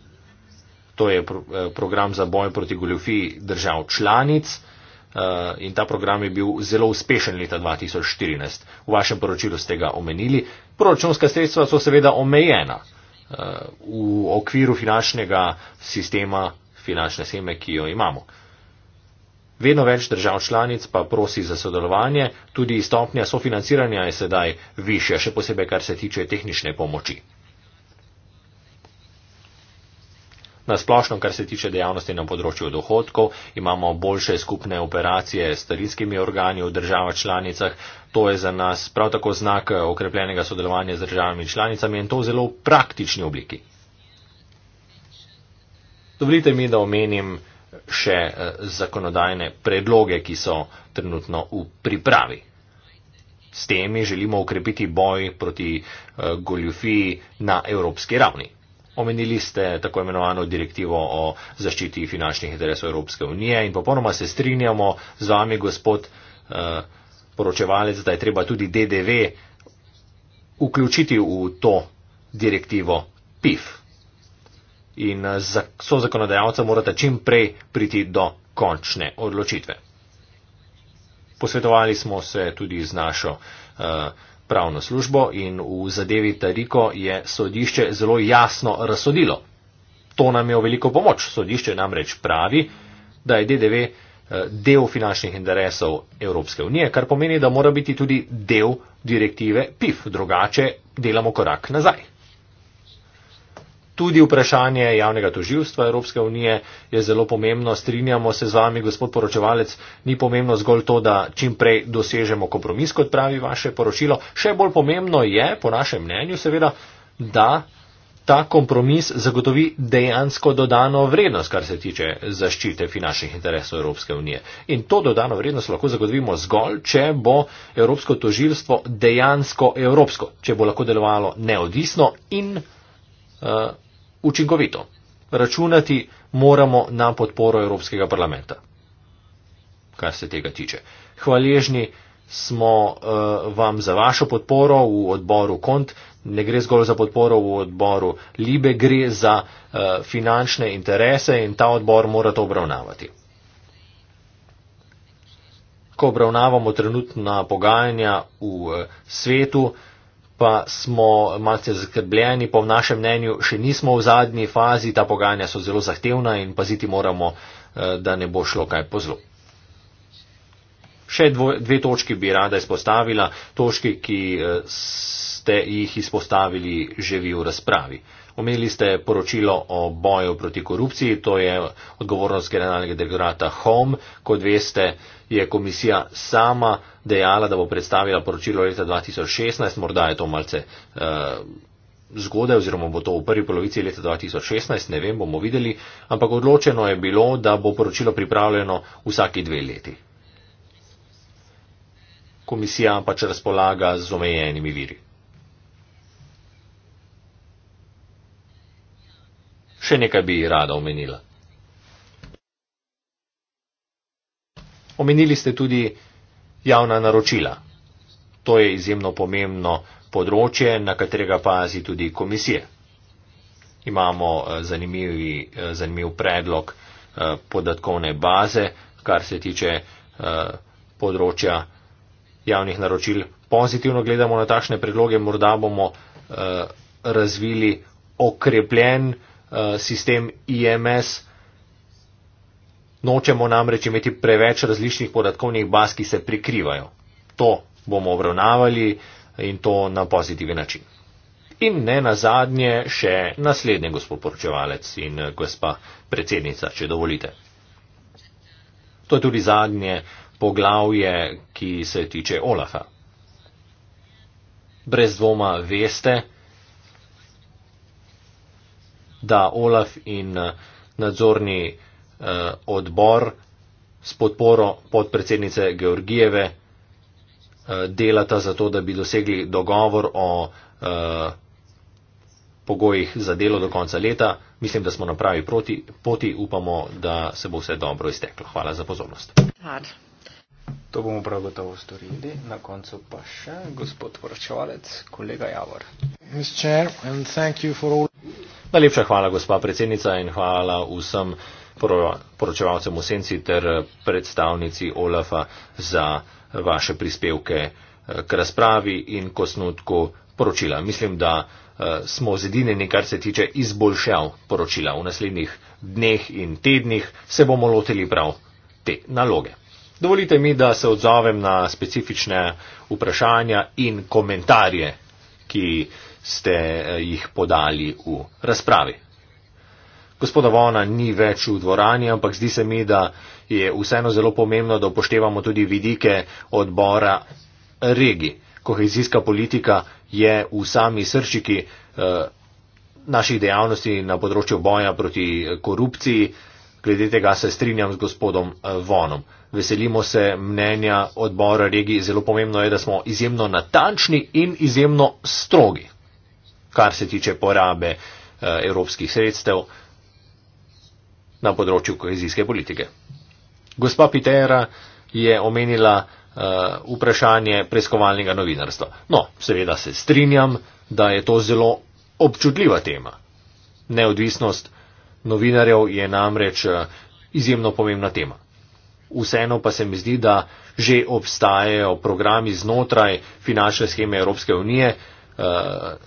[SPEAKER 5] to je eh, program za boj proti goljofiji držav članic eh, in ta program je bil zelo uspešen leta 2014. V vašem poročilu ste ga omenili. Proračunska sredstva so seveda omejena v okviru finančnega sistema, finančne seme, ki jo imamo. Vedno več držav članic pa prosi za sodelovanje, tudi stopnja sofinanciranja je sedaj višja, še posebej kar se tiče tehnične pomoči. Na splošno, kar se tiče dejavnosti na področju dohodkov, imamo boljše skupne operacije s starinskimi organi v državah članicah. To je za nas prav tako znak eh, okrepljenega sodelovanja z državami članicami in to v zelo praktični obliki. Dovolite mi, da omenim eh, še eh, zakonodajne predloge, ki so trenutno v pripravi. S temi želimo ukrepiti boj proti goljufiji na evropski ravni. Omenili ste tako imenovano direktivo o zaščiti finančnih interesov Evropske unije in popolnoma se strinjamo z vami, gospod eh, poročevalec, da je treba tudi DDV vključiti v to direktivo PIF. In eh, so zakonodajalca morata čim prej priti do končne odločitve. Posvetovali smo se tudi z našo eh, pravno službo in v zadevi Tariko je sodišče zelo jasno razsodilo. To nam je v veliko pomoč. Sodišče namreč pravi, da je DDV eh, del finančnih interesov Evropske unije, kar pomeni, da mora biti tudi del direktive PIF, drugače delamo korak nazaj. Tudi vprašanje javnega toživstva Evropske unije je zelo pomembno. Strinjamo se z vami, gospod poročevalec, ni pomembno zgolj to, da čim prej dosežemo kompromis, kot pravi vaše poročilo. Še bolj pomembno je, po našem mnenju seveda, da ta kompromis zagotovi dejansko dodano vrednost, kar se tiče zaščite finančnih interesov Evropske unije. In to dodano vrednost lahko zagotovimo zgolj, če bo Evropsko toživstvo dejansko evropsko, če bo lahko delovalo neodvisno in. Eh, učinkovito. Računati moramo na podporo Evropskega parlamenta. Kar se tega tiče. Hvaležni smo uh, vam za vašo podporo v odboru KONT. Ne gre zgolj za podporo v odboru LIBE, gre za uh, finančne interese in ta odbor mora to obravnavati. Ko obravnavamo trenutna pogajanja v uh, svetu, uh, pa smo malce zaskrbljeni, po našem mnenju še nismo v zadnji fazi, ta pogajanja so zelo zahtevna in paziti moramo, eh, da ne bo šlo kaj po zlu. Še dve točki bi rada izpostavila, točki, ki eh, ste jih izpostavili že vi v razpravi. Omenili ste poročilo o boju proti korupciji, to je odgovornost generalnega delegata Home, kot veste, je komisija sama dejala, da bo predstavila poročilo leta 2016, morda je to malce uh, zgodaj oziroma bo to v prvi polovici leta 2016, ne vem, bomo videli, ampak odločeno je bilo, da bo poročilo pripravljeno vsaki dve leti. Komisija pač razpolaga z omejenimi viri. Še nekaj bi rada omenila. Omenili ste tudi javna naročila. To je izjemno pomembno področje, na katerega pazi tudi komisije. Imamo eh, eh, zanimiv predlog eh, podatkovne baze, kar se tiče področja javnih naročil. Pozitivno gledamo na takšne predloge, morda bomo razvili okrepljen sistem IMS, Nočemo namreč imeti preveč različnih podatkovnih baz, ki se prikrivajo. To bomo obravnavali in to na pozitiven način. In ne na zadnje še naslednji gospod poročevalec in eh, gospa predsednica, če dovolite. To je tudi zadnje poglavje, ki se tiče Olaha. Brez dvoma veste, da Olaf in eh, nadzorni Eh, odbor s podporo podpredsednice Georgijeve eh, delata za to, da bi dosegli dogovor o eh, pogojih za delo do konca leta. Mislim, da smo na pravi proti, poti, upamo, da se bo vse dobro izteklo. Hvala za pozornost.
[SPEAKER 2] Hvala. To bomo prav gotovo storili. Na koncu pa še gospod vrčevalec, kolega Javor.
[SPEAKER 6] Chair,
[SPEAKER 5] all... Najlepša hvala, gospa predsednica, in hvala vsem poročevalcem v senci ter eh, predstavnici Olafa za eh, vaše prispevke eh, k razpravi in k osnutku poročila. Mislim, da smo zedinjeni, kar se tiče izboljšav poročila. V naslednjih dneh in tednih se bomo lotili prav te naloge. Dovolite mi, da se odzovem na specifične vprašanja in komentarje, ki ste jih podali v razpravi gospoda Vona ni več v dvorani, ampak zdi se mi, da je vseeno zelo pomembno, da upoštevamo tudi vidike odbora regi. Kohezijska politika je v sami srčiki eh, naših dejavnosti na področju boja proti eh, korupciji. Glede tega se strinjam z gospodom eh, Vonom. Veselimo se mnenja odbora regi. Zelo pomembno je, da smo izjemno natančni in izjemno strogi, kar se tiče porabe evropskih sredstev, na področju kohezijske politike. Gospa Pitera je omenila uh, vprašanje preiskovalnega novinarstva. No, seveda se strinjam, da je to zelo občutljiva tema. Neodvisnost novinarjev je namreč uh, izjemno pomembna tema. Vseeno pa se mi zdi, da že obstajajo programi znotraj finančne scheme Evropske unije, uh,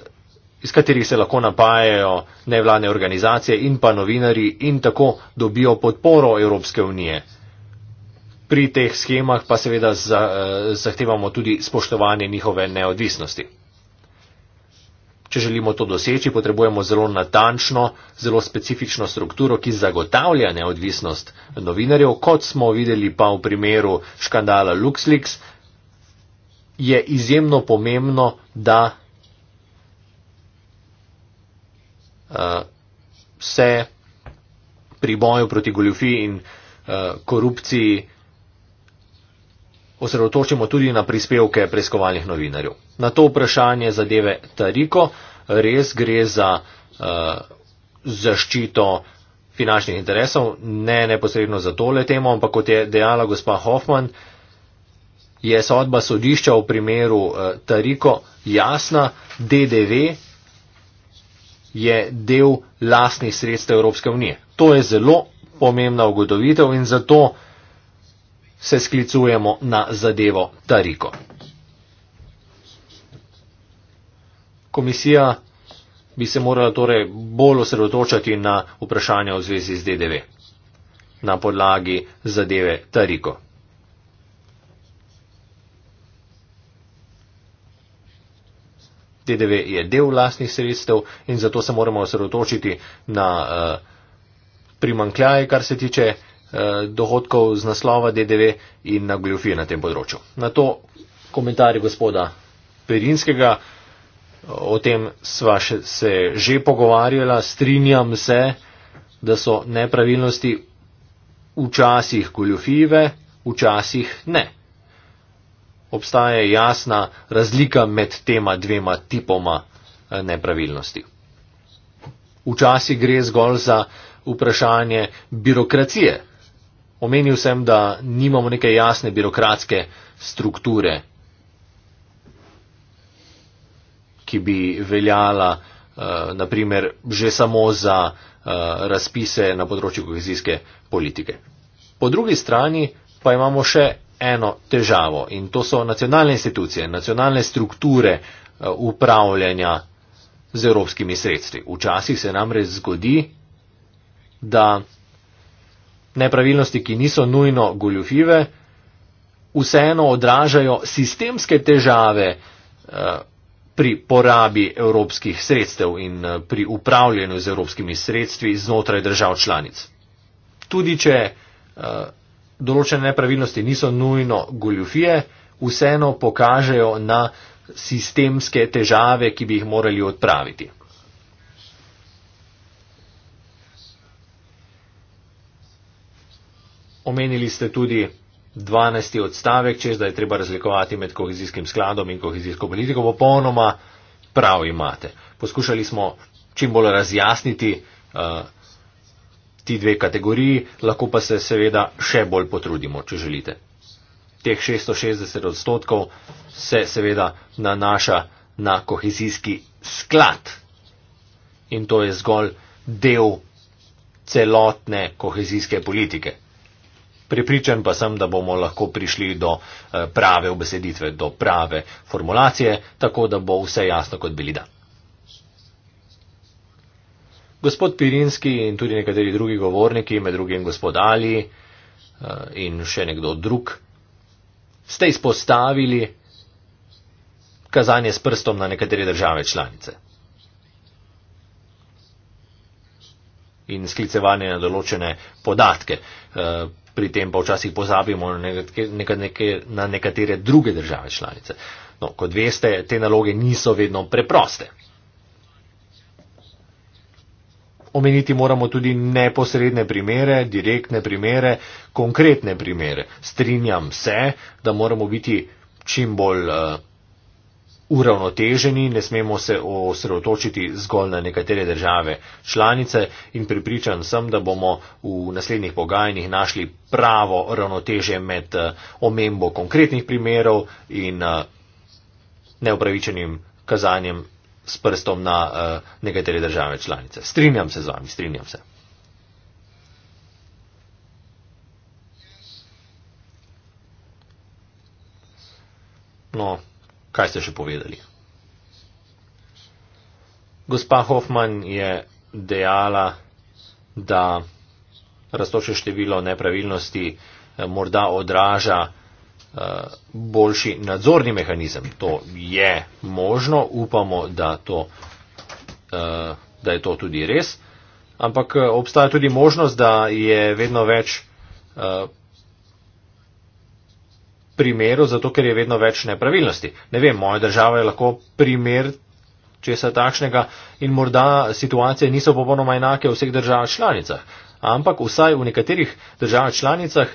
[SPEAKER 5] iz katerih se lahko napajajo nevladne organizacije in pa novinari in tako dobijo podporo Evropske unije. Pri teh schemah pa seveda eh, zahtevamo tudi spoštovanje njihove neodvisnosti. Če želimo to doseči, potrebujemo zelo natančno, zelo specifično strukturo, ki zagotavlja neodvisnost novinarjev, kot smo videli pa v primeru škandala LuxLeaks, je izjemno pomembno, da uh, eh, se pri boju proti goljufiji in uh, korupciji osredotočimo tudi na prispevke preiskovalnih novinarjev. Na to vprašanje zadeve Tariko res gre za uh, zaščito finančnih interesov, ne neposredno za tole temo, ampak kot je dejala gospa Hoffman, je sodba sodišča v primeru uh, Tariko jasna, DDV je del lastnih sredstev Evropske unije. To je zelo pomembna ugotovitev in zato se sklicujemo na zadevo Tariko. Komisija bi se morala torej bolj osredotočati na vprašanja v zvezi z DDV na podlagi zadeve Tariko. DDV je del vlastnih sredstev in zato se moramo osredotočiti na eh, primankljaje, kar se tiče eh, dohodkov z naslova DDV in na goljofije na tem področju. Na to komentarje gospoda Perinskega, o tem sva se že pogovarjala, strinjam se, da so nepravilnosti včasih goljofijeve, včasih ne obstaja jasna razlika med tema dvema tipoma eh, nepravilnosti. Včasih gre zgolj za vprašanje birokracije. Omenil sem, da nimamo neke jasne birokratske strukture, ki bi veljala eh, naprimer že samo za eh, razpise na področju kohezijske politike. Po drugi strani pa imamo še eno težavo in to so nacionalne institucije, nacionalne strukture eh, upravljanja z evropskimi sredstvi. Včasih se nam res zgodi, da nepravilnosti, ki niso nujno goljufive, vseeno odražajo sistemske težave eh, pri porabi evropskih sredstev in eh, pri upravljanju z evropskimi sredstvi znotraj držav članic. Tudi če določene nepravilnosti niso nujno goljufije, vseeno pokažejo na sistemske težave, ki bi jih morali odpraviti. Omenili ste tudi 12. odstavek, čez da je treba razlikovati med kohezijskim skladom in kohezijsko politiko. Popolnoma prav imate. Poskušali smo čim bolj razjasniti uh, ti dve kategoriji, lahko pa se seveda še bolj potrudimo, če želite. Teh 660 odstotkov se seveda nanaša na kohezijski sklad in to je zgolj del celotne kohezijske politike. Pripričan pa sem, da bomo lahko prišli do eh, prave obeseditve, do prave formulacije, tako da bo vse jasno kot bili dan gospod Pirinski in tudi nekateri drugi govorniki, med drugim gospod Ali eh, in še nekdo drug, ste izpostavili kazanje s prstom na nekatere države članice. In sklicevanje na določene podatke. Eh, pri tem pa včasih pozabimo na nekatere druge države članice. No, kot veste, te naloge niso vedno preproste. omeniti moramo tudi neposredne primere, direktne primere, konkretne primere. Strinjam se, da moramo biti čim bolj eh, uravnoteženi, ne smemo se osredotočiti zgolj na nekatere države članice in pripričan sem, da bomo v naslednjih pogajanjih našli pravo ravnoteže med eh, omembo konkretnih primerov in eh, neupravičenim kazanjem s prstom na uh, nekatere države članice. Strinjam se z vami, strinjam se. No, kaj ste še povedali? Gospa Hoffman je dejala, da raztoče število nepravilnosti eh, morda odraža uh, Eh, boljši nadzorni mehanizem. To je možno, upamo, da, to, eh, da je to tudi res, ampak eh, obstaja tudi možnost, da je vedno več primerov, zato ker je vedno več nepravilnosti. Ne vem, moja država je lahko primer česa takšnega in morda situacije niso popolnoma enake v vseh državah članicah, ampak vsaj v nekaterih državah članicah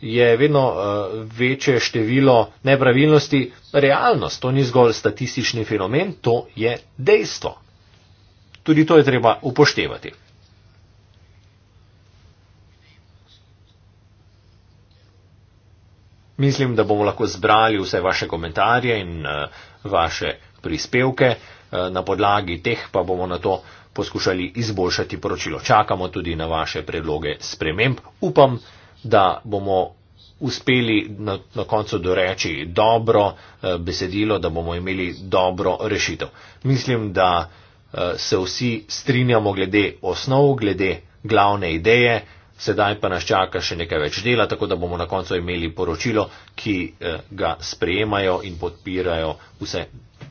[SPEAKER 5] je vedno eh, večje število nepravilnosti realnost. To ni zgolj statistični fenomen, to je dejstvo. Tudi to je treba upoštevati. Mislim, da bomo lahko zbrali vse vaše komentarje in eh, vaše prispevke. Eh, na podlagi teh pa bomo na to poskušali izboljšati poročilo. Čakamo tudi na vaše predloge sprememb. Upam, da bomo uspeli na, na koncu doreči dobro eh, besedilo, da bomo imeli dobro rešitev. Mislim, da eh, se vsi strinjamo glede osnov, glede glavne ideje, sedaj pa nas čaka še nekaj več dela, tako da bomo na koncu imeli poročilo, ki eh, ga sprejemajo in podpirajo vse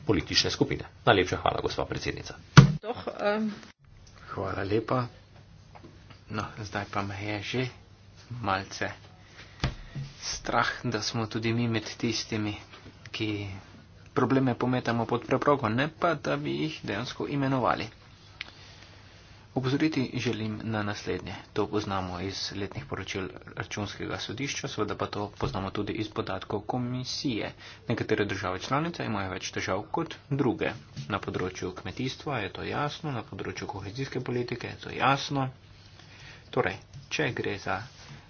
[SPEAKER 5] politične skupine. Najlepša hvala, gospa predsednica.
[SPEAKER 1] Toh, um... Eh.
[SPEAKER 2] Hvala lepa. No, zdaj pa me je že malce strah, da smo tudi mi med tistimi, ki probleme pometamo pod preprogo, ne pa da bi jih dejansko imenovali. Obzoriti želim na naslednje. To poznamo iz letnih poročil računskega sodišča, seveda pa to poznamo tudi iz podatkov komisije. Nekatere države članice imajo več težav kot druge. Na področju kmetijstva je to jasno, na področju kohezijske politike je to jasno. Torej, če gre za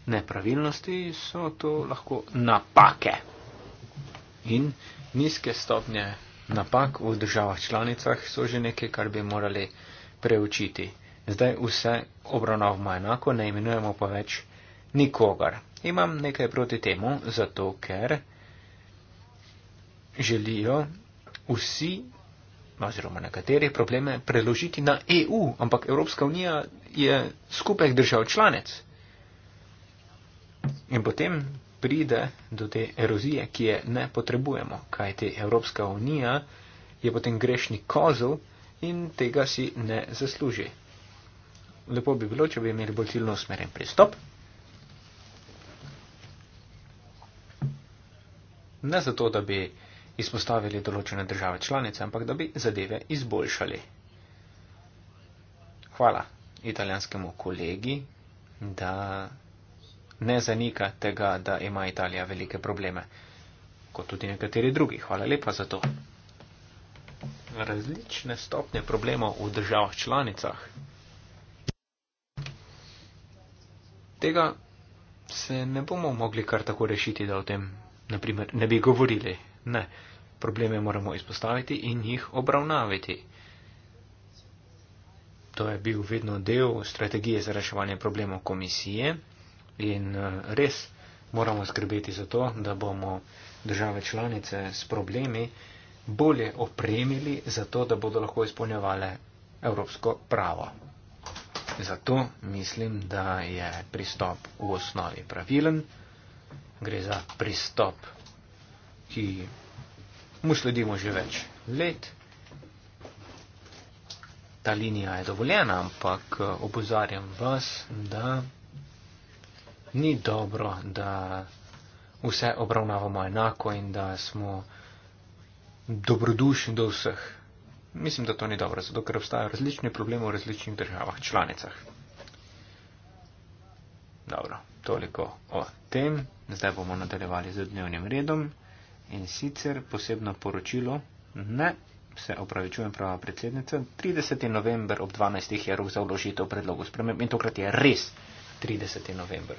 [SPEAKER 2] nepravilnosti, so to lahko napake. In nizke stopnje napak v državah članicah so že nekaj, kar bi morali preučiti. Zdaj vse obravnavamo enako, ne imenujemo pa več nikogar. Imam nekaj proti temu, zato ker želijo vsi, oziroma nekateri, probleme preložiti na EU, ampak Evropska unija je skupek držav članic. In potem pride do te erozije, ki je ne potrebujemo, kaj te Evropska unija je potem grešni kozel in tega si ne zasluži. Lepo bi bilo, če bi imeli bolj ciljno usmerjen pristop. Ne zato, da bi izpostavili določene države članice, ampak da bi zadeve izboljšali. Hvala italijanskemu kolegi, da ne zanika tega, da ima Italija velike probleme, kot tudi nekateri drugi. Hvala lepa za to. Različne stopnje problemov v državah članicah. Tega se ne bomo mogli kar tako rešiti, da o tem naprimer, ne bi govorili. Ne, probleme moramo izpostaviti in jih obravnaviti. To je bil vedno del strategije za reševanje problemov komisije, In eh, res moramo skrbeti za to, da bomo države članice s problemi bolje opremili za to, da bodo lahko izpolnjevale evropsko pravo. Zato mislim, da je pristop v osnovi pravilen. Gre za pristop, ki mu sledimo že več let. Ta linija je dovoljena, ampak eh, opozarjam vas, da ni dobro, da vse obravnavamo enako in da smo dobrodušni do vseh. Mislim, da to ni dobro, zato ker obstajajo različni problemi v različnih državah, članicah. Dobro, toliko o tem. Zdaj bomo nadaljevali z dnevnim redom in sicer posebno poročilo. Ne, se opravičujem, prava predsednica. 30. november ob 12. je rok za vložitev predlogu spremembe in tokrat je res 30. november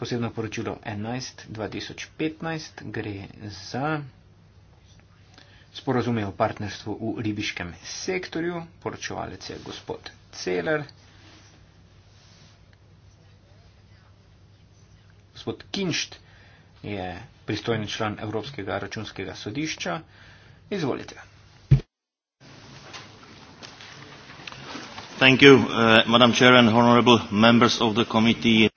[SPEAKER 2] posebno poročilo 11.2015 gre za sporozume o partnerstvu v ribiškem sektorju, poročevalec je gospod Celer. Gospod Kinšt je pristojni član Evropskega računskega sodišča. Izvolite.
[SPEAKER 3] Thank you, uh, Madam Chair and honorable members of the committee.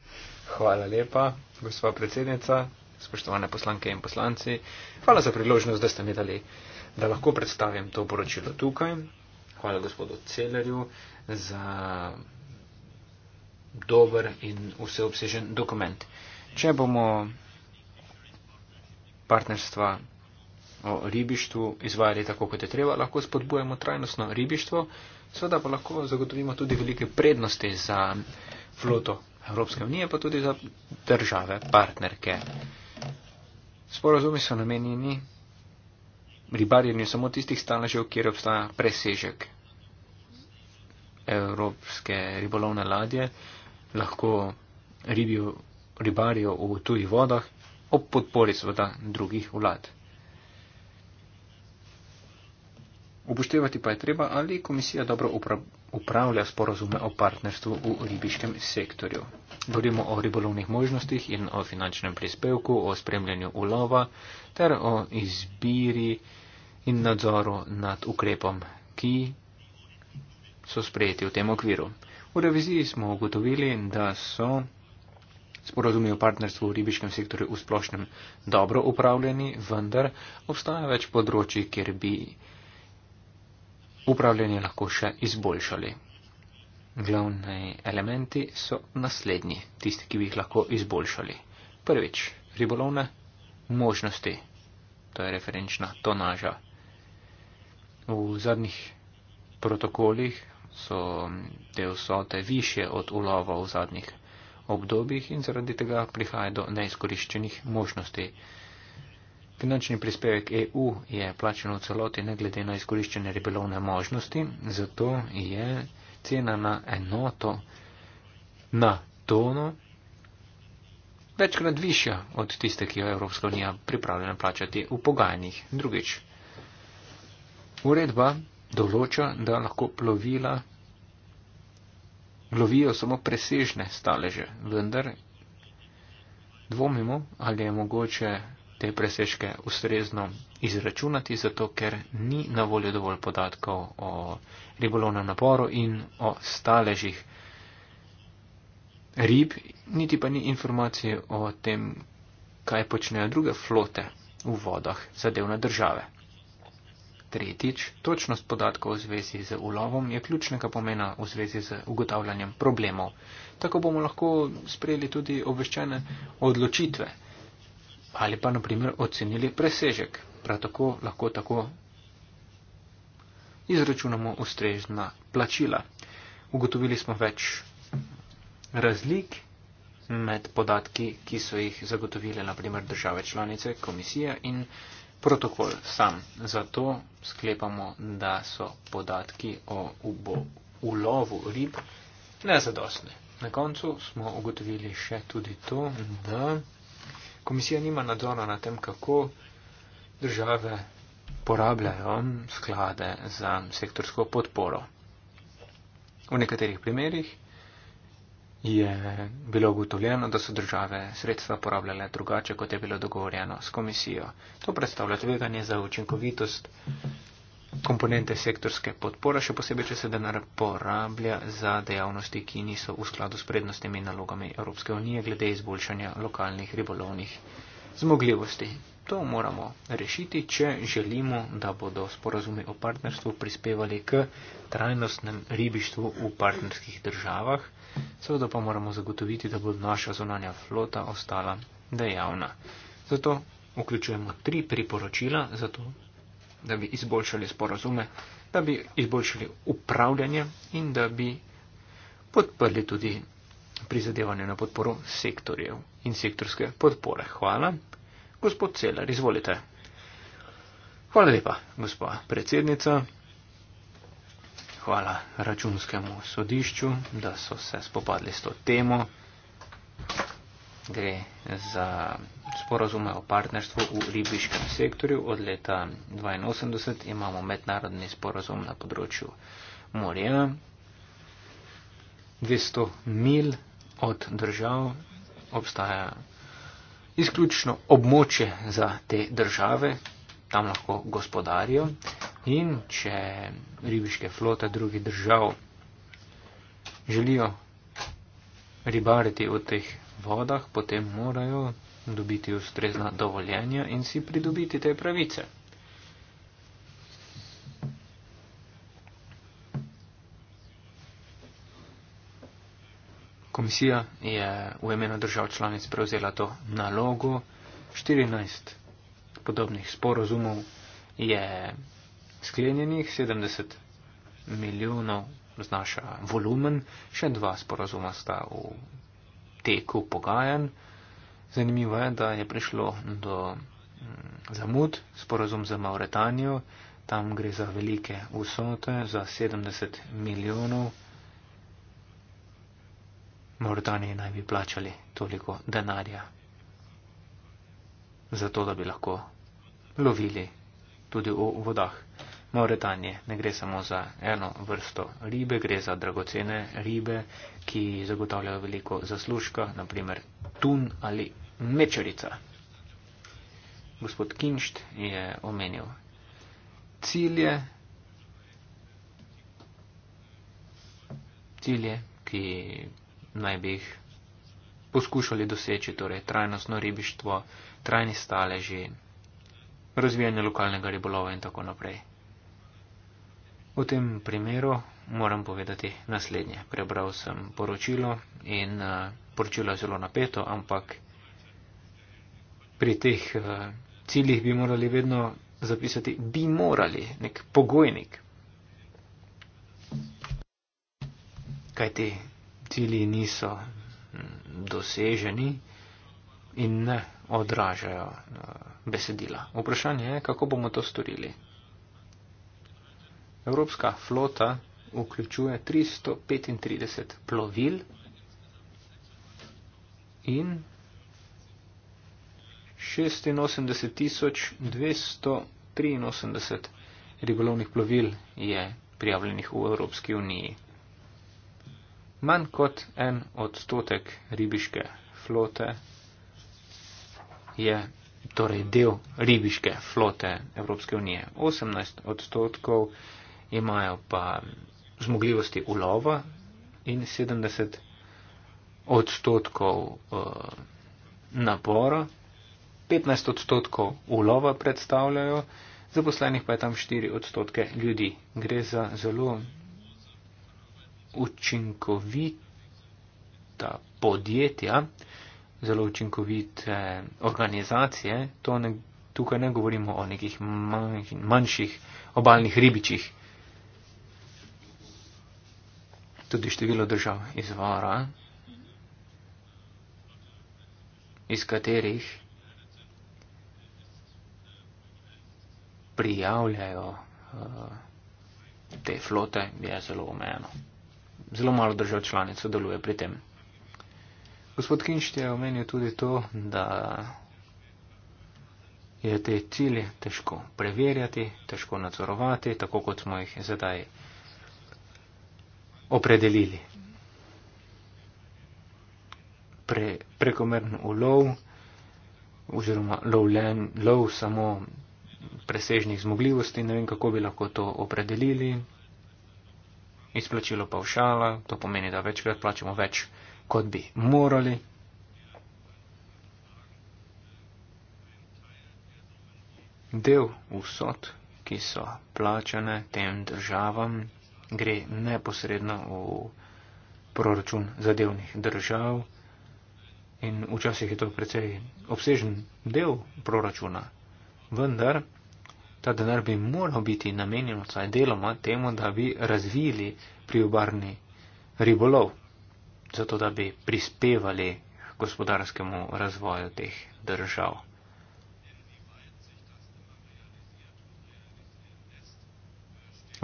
[SPEAKER 2] Hvala lepa, gospa predsednica, spoštovane poslanke in poslanci. Hvala za priložnost, da ste mi dali, da lahko predstavim to poročilo tukaj. Hvala gospodu Celerju za dober in vseobsežen dokument. Če bomo partnerstva o ribištvu izvajali tako, kot je treba, lahko spodbujamo trajnostno ribištvo, seveda pa lahko zagotovimo tudi velike prednosti za floto Evropske unije, pa tudi za države, partnerke. Sporazumi so namenjeni ribarjenju samo tistih staležev, kjer obstaja presežek. Evropske ribolovne ladje lahko ribijo, ribarijo v tujih vodah, ob podpori seveda drugih vlad. Upoštevati pa je treba, ali komisija dobro upravlja upravlja sporozume o partnerstvu v ribiškem sektorju. Govorimo o ribolovnih možnostih in o finančnem prispevku, o spremljanju ulova ter o izbiri in nadzoru nad ukrepom, ki so sprejeti v tem okviru. V reviziji smo ugotovili, da so sporozumi o partnerstvu v ribiškem sektorju v splošnem dobro upravljeni, vendar obstaja več področji, kjer bi upravljanje lahko še izboljšali. Glavni elementi so naslednji, tisti, ki bi jih lahko izboljšali. Prvič, ribolovne možnosti, to je referenčna tonaža. V zadnjih protokolih so te vsote više od ulova v zadnjih obdobjih in zaradi tega prihaja do neizkoriščenih možnosti. Finančni prispevek EU je plačen v celoti, ne glede na izkoriščene ribelovne možnosti, zato je cena na enoto na tono večkrat višja od tiste, ki jo Evropska unija pripravljena plačati v pogajanjih. Drugič, uredba določa, da lahko plovila lovijo samo presežne staleže, vendar dvomimo, ali je mogoče te presežke ustrezno izračunati, zato ker ni na voljo dovolj podatkov o ribolovnem naporu in o staležih rib, niti pa ni informacij o tem, kaj počnejo druge flote v vodah zadevne države. Tretjič, točnost podatkov v zvezi z ulovom je ključnega pomena v zvezi z ugotavljanjem problemov. Tako bomo lahko sprejeli tudi obveščene odločitve ali pa naprimer ocenili presežek. Prav tako lahko tako izračunamo ustrežna plačila. Ugotovili smo več razlik med podatki, ki so jih zagotovile naprimer države članice, komisija in protokol sam. Zato sklepamo, da so podatki o ubo, ulovu rib nezadostne. Na koncu smo ugotovili še tudi to, da komisija nima nadzora na tem, kako države porabljajo sklade za sektorsko podporo. V nekaterih primerjih je bilo ugotovljeno, da so države sredstva porabljale drugače, kot je bilo dogovorjeno s komisijo. To predstavlja tveganje za učinkovitost komponente sektorske podpore, še posebej, če se denar porablja za dejavnosti, ki niso v skladu s prednostnimi nalogami Evropske unije glede izboljšanja lokalnih ribolovnih zmogljivosti. To moramo rešiti, če želimo, da bodo sporazumi o partnerstvu prispevali k trajnostnem ribištvu v partnerskih državah. Seveda pa moramo zagotoviti, da bo naša zonanja flota ostala dejavna. Zato vključujemo tri priporočila, zato da bi izboljšali sporozume, da bi izboljšali upravljanje in da bi podprli tudi prizadevanje na podporu sektorjev in sektorske podpore. Hvala. Gospod Celer, izvolite. Hvala lepa, gospa predsednica. Hvala računskemu sodišču, da so se spopadli s to temo gre za sporozume o partnerstvu v ribiškem sektorju. Od leta 1982 imamo mednarodni sporozum na področju morja. 200 mil od držav obstaja izključno območje za te države, tam lahko gospodarijo in če ribiške flote drugih držav želijo ribariti v teh vodah, potem morajo dobiti ustrezna dovoljenja in si pridobiti te pravice. Komisija je v imenu držav članic prevzela to nalogo. 14 podobnih sporozumov je sklenjenih, 70 milijonov znaša volumen, še dva sporozuma sta v teku pogajanj. Zanimivo je, da je prišlo do mm, zamud, sporozum za Mauretanijo, tam gre za velike vsote, za 70 milijonov. Mauretaniji naj bi plačali toliko denarja, zato da bi lahko lovili tudi v vodah. Mauretanije ne gre samo za eno vrsto ribe, gre za dragocene ribe, ki zagotavljajo veliko zaslužka, naprimer tun ali mečerica. Gospod Kinšt je omenil cilje, cilje ki naj bi jih poskušali doseči, torej trajnostno ribištvo, trajni staleži, razvijanje lokalnega ribolova in tako naprej. V tem primeru moram povedati naslednje. Prebral sem poročilo in eh, poročilo je zelo napeto, ampak pri teh eh, ciljih bi morali vedno zapisati, bi morali, nek pogojnik. Kaj ti cilji niso mm, doseženi in ne odražajo eh, besedila. Vprašanje je, kako bomo to storili. Evropska flota vključuje 335 plovil in 86.283 ribolovnih plovil je prijavljenih v Evropski uniji. Manj kot en odstotek ribiške flote je torej del ribiške flote Evropske unije. 18 odstotkov imajo pa zmogljivosti ulova in 70 odstotkov uh, napora, 15 odstotkov ulova predstavljajo, zaposlenih pa je tam 4 odstotke ljudi. Gre za zelo učinkovita podjetja, zelo učinkovite organizacije. Ne, tukaj ne govorimo o nekih manjših obalnih ribičih. tudi število držav izvora, iz katerih prijavljajo eh, te flote, je zelo omejeno. Zelo malo držav članic sodeluje pri tem. Gospod Kinšt je omenil tudi to, da je te cilje težko preverjati, težko nadzorovati, tako kot smo jih zdaj opredelili. Pre, prekomern ulov oziroma lovljen lov samo presežnih zmogljivosti, ne vem, kako bi lahko to opredelili. Izplačilo pavšala, to pomeni, da večkrat plačamo več, kot bi morali. Del vsot, ki so plačane tem državam, gre neposredno v proračun zadevnih držav in včasih je to precej obsežen del proračuna. Vendar ta denar bi moral biti namenjen vsaj deloma temu, da bi razvili priobarni ribolov, zato da bi prispevali gospodarskemu razvoju teh držav.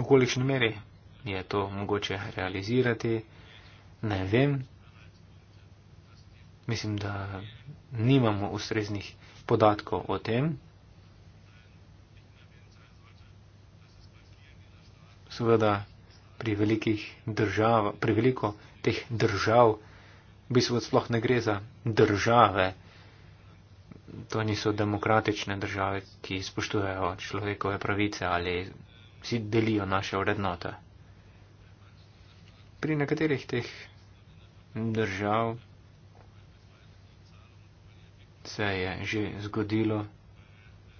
[SPEAKER 2] V kolikšni meri je to mogoče realizirati, ne vem. Mislim, da nimamo ustreznih podatkov o tem. Seveda, pri velikih držav, pri veliko teh držav, v bistvu sploh ne gre za države, to niso demokratične države, ki spoštujejo človekove pravice ali si delijo naše vrednote pri nekaterih teh držav se je že zgodilo,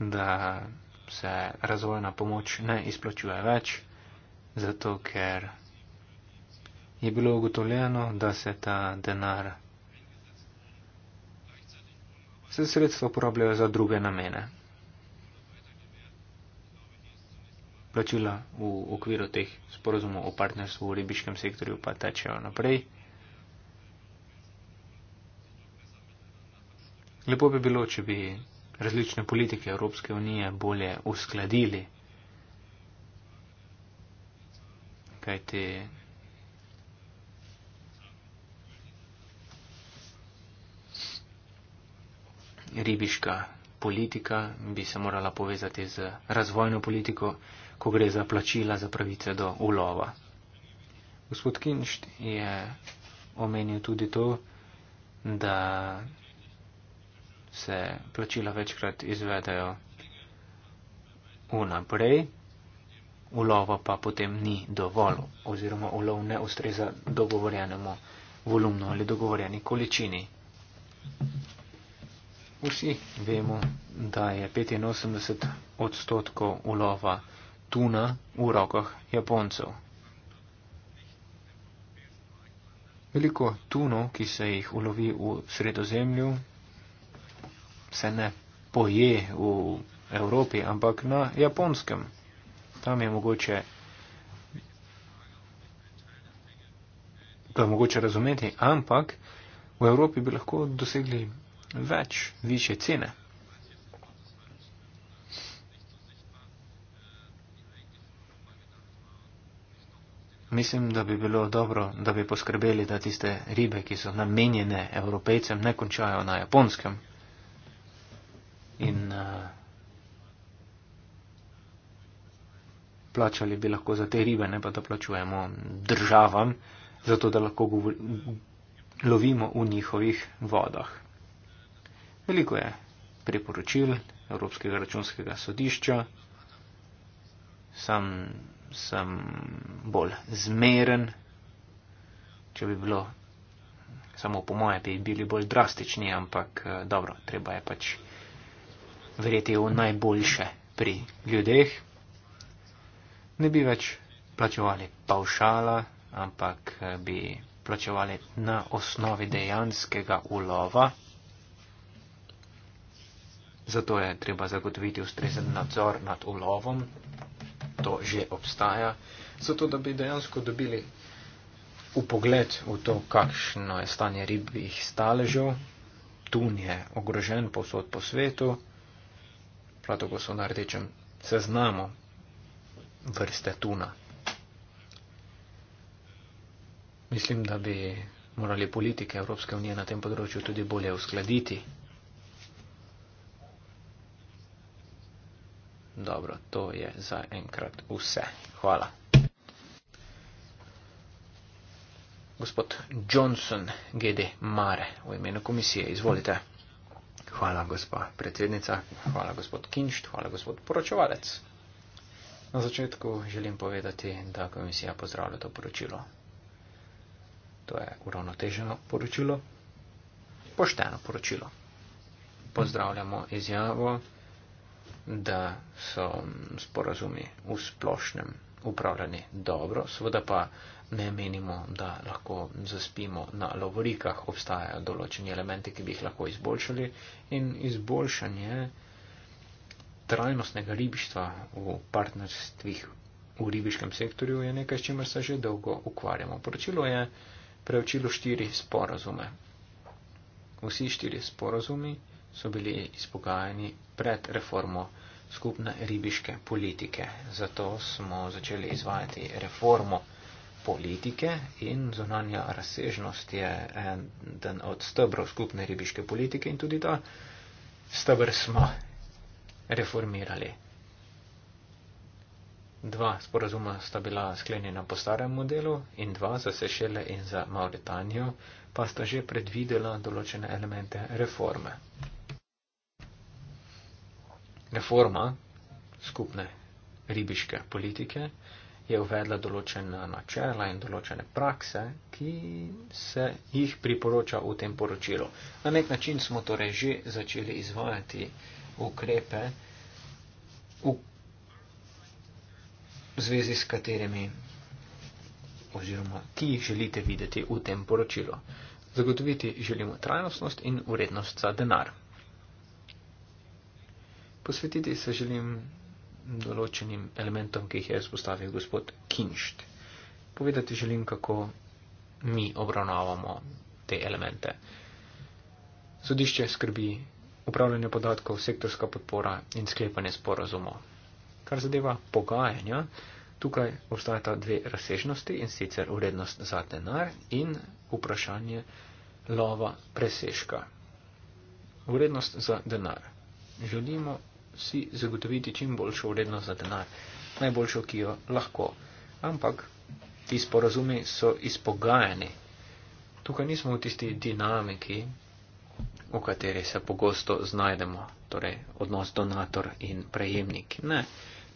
[SPEAKER 2] da se razvojna pomoč ne izplačuje več, zato ker je bilo ugotovljeno, da se ta denar, se sredstva uporabljajo za druge namene. plačila v okviru teh sporozumov o partnerstvu v ribiškem sektorju pa tečejo naprej. Lepo bi bilo, če bi različne politike Evropske unije bolje uskladili, kajti. Ribiška politika bi se morala povezati z razvojno politiko ko gre za plačila za pravice do ulova. Gospod Kinšt je omenil tudi to, da se plačila večkrat izvedajo vnaprej, ulova pa potem ni dovolj oziroma ulov ne ustreza dogovorjenemu volumnu ali dogovorjeni količini. Vsi vemo, da je 85 odstotkov ulova tuna v rokah Japoncev. Veliko tunov, ki se jih ulovi v sredozemlju, se ne poje v Evropi, ampak na Japonskem. Tam je mogoče, to je mogoče razumeti, ampak v Evropi bi lahko dosegli več, više cene. mislim, da bi bilo dobro, da bi poskrbeli, da tiste ribe, ki so namenjene evropejcem, ne končajo na japonskem. In uh, plačali bi lahko za te ribe, ne pa da plačujemo državam, zato da lahko govori, lovimo v njihovih vodah. Veliko je priporočil Evropskega računskega sodišča. Sam sem bolj zmeren, če bi bilo samo po moje, bi bili bolj drastični, ampak eh, dobro, treba je pač verjeti v najboljše pri ljudeh. Ne bi več plačevali paušala, ampak eh, bi plačevali na osnovi dejanskega ulova. Zato je treba zagotoviti ustrezen nadzor nad ulovom, to že obstaja, zato da bi dejansko dobili upogled v to, kakšno je stanje ribjih staležev. Tun je ogrožen povsod po svetu, prav tako so na rdečem seznamu vrste tuna. Mislim, da bi morali politike Evropske unije na tem področju tudi bolje uskladiti. Dobro, to je za enkrat vse. Hvala. Gospod Johnson, GD Mare, v imenu komisije, izvolite. Hvala, gospa predsednica. Hvala, gospod Kinšt. Hvala, gospod poročevalec. Na začetku želim povedati, da komisija pozdravlja to poročilo. To je uravnoteženo poročilo, pošteno poročilo. Pozdravljamo izjavo da so sporazumi v splošnem upravljani dobro, seveda pa ne menimo, da lahko zaspimo na lovorikah, obstajajo določeni elementi, ki bi jih lahko izboljšali in izboljšanje trajnostnega ribištva v partnerstvih v ribiškem sektorju je nekaj, s čimer se že dolgo ukvarjamo. Poročilo je preučilo štiri sporazume. Vsi štiri sporazumi so bili izpogajani pred reformo skupne ribiške politike. Zato smo začeli izvajati reformo politike in zonanja razsežnost je eden od stebrov skupne ribiške politike in tudi ta stebr smo reformirali. Dva sporazuma sta bila sklenjena po starem modelu in dva za Sešele in za Mauritanijo pa sta že predvidela določene elemente reforme reforma skupne ribiške politike je uvedla določena načela in določene prakse, ki se jih priporoča v tem poročilu. Na nek način smo torej že začeli izvajati ukrepe, v zvezi s katerimi oziroma ki jih želite videti v tem poročilu. Zagotoviti želimo trajnostnost in urednost za denar. Posvetiti se želim določenim elementom, ki jih je izpostavil gospod Kinšt. Povedati želim, kako mi obravnavamo te elemente. Sodišče skrbi upravljanje podatkov, sektorska podpora in sklepanje sporozumov. Kar zadeva pogajanja, tukaj obstajata dve razsežnosti in sicer urednost za denar in vprašanje lova preseška. Urednost za denar. Želimo si zagotoviti čim boljšo vrednost za denar, najboljšo, ki jo lahko. Ampak ti sporazumi so izpogajani. Tukaj nismo v tisti dinamiki, v kateri se pogosto znajdemo, torej odnos donator in prejemnik. Ne,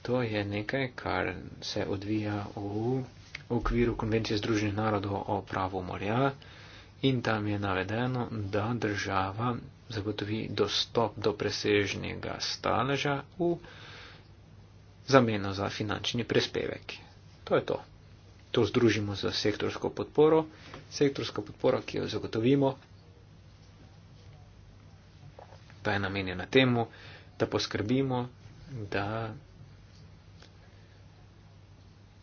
[SPEAKER 2] to je nekaj, kar se odvija v okviru konvencije Združenih narodov o pravu morja in tam je navedeno, da država zagotovi dostop do presežnega staleža v zameno za finančni prispevek. To je to. To združimo z sektorsko podporo, sektorsko podporo, ki jo zagotovimo, pa je namenjena temu, da poskrbimo, da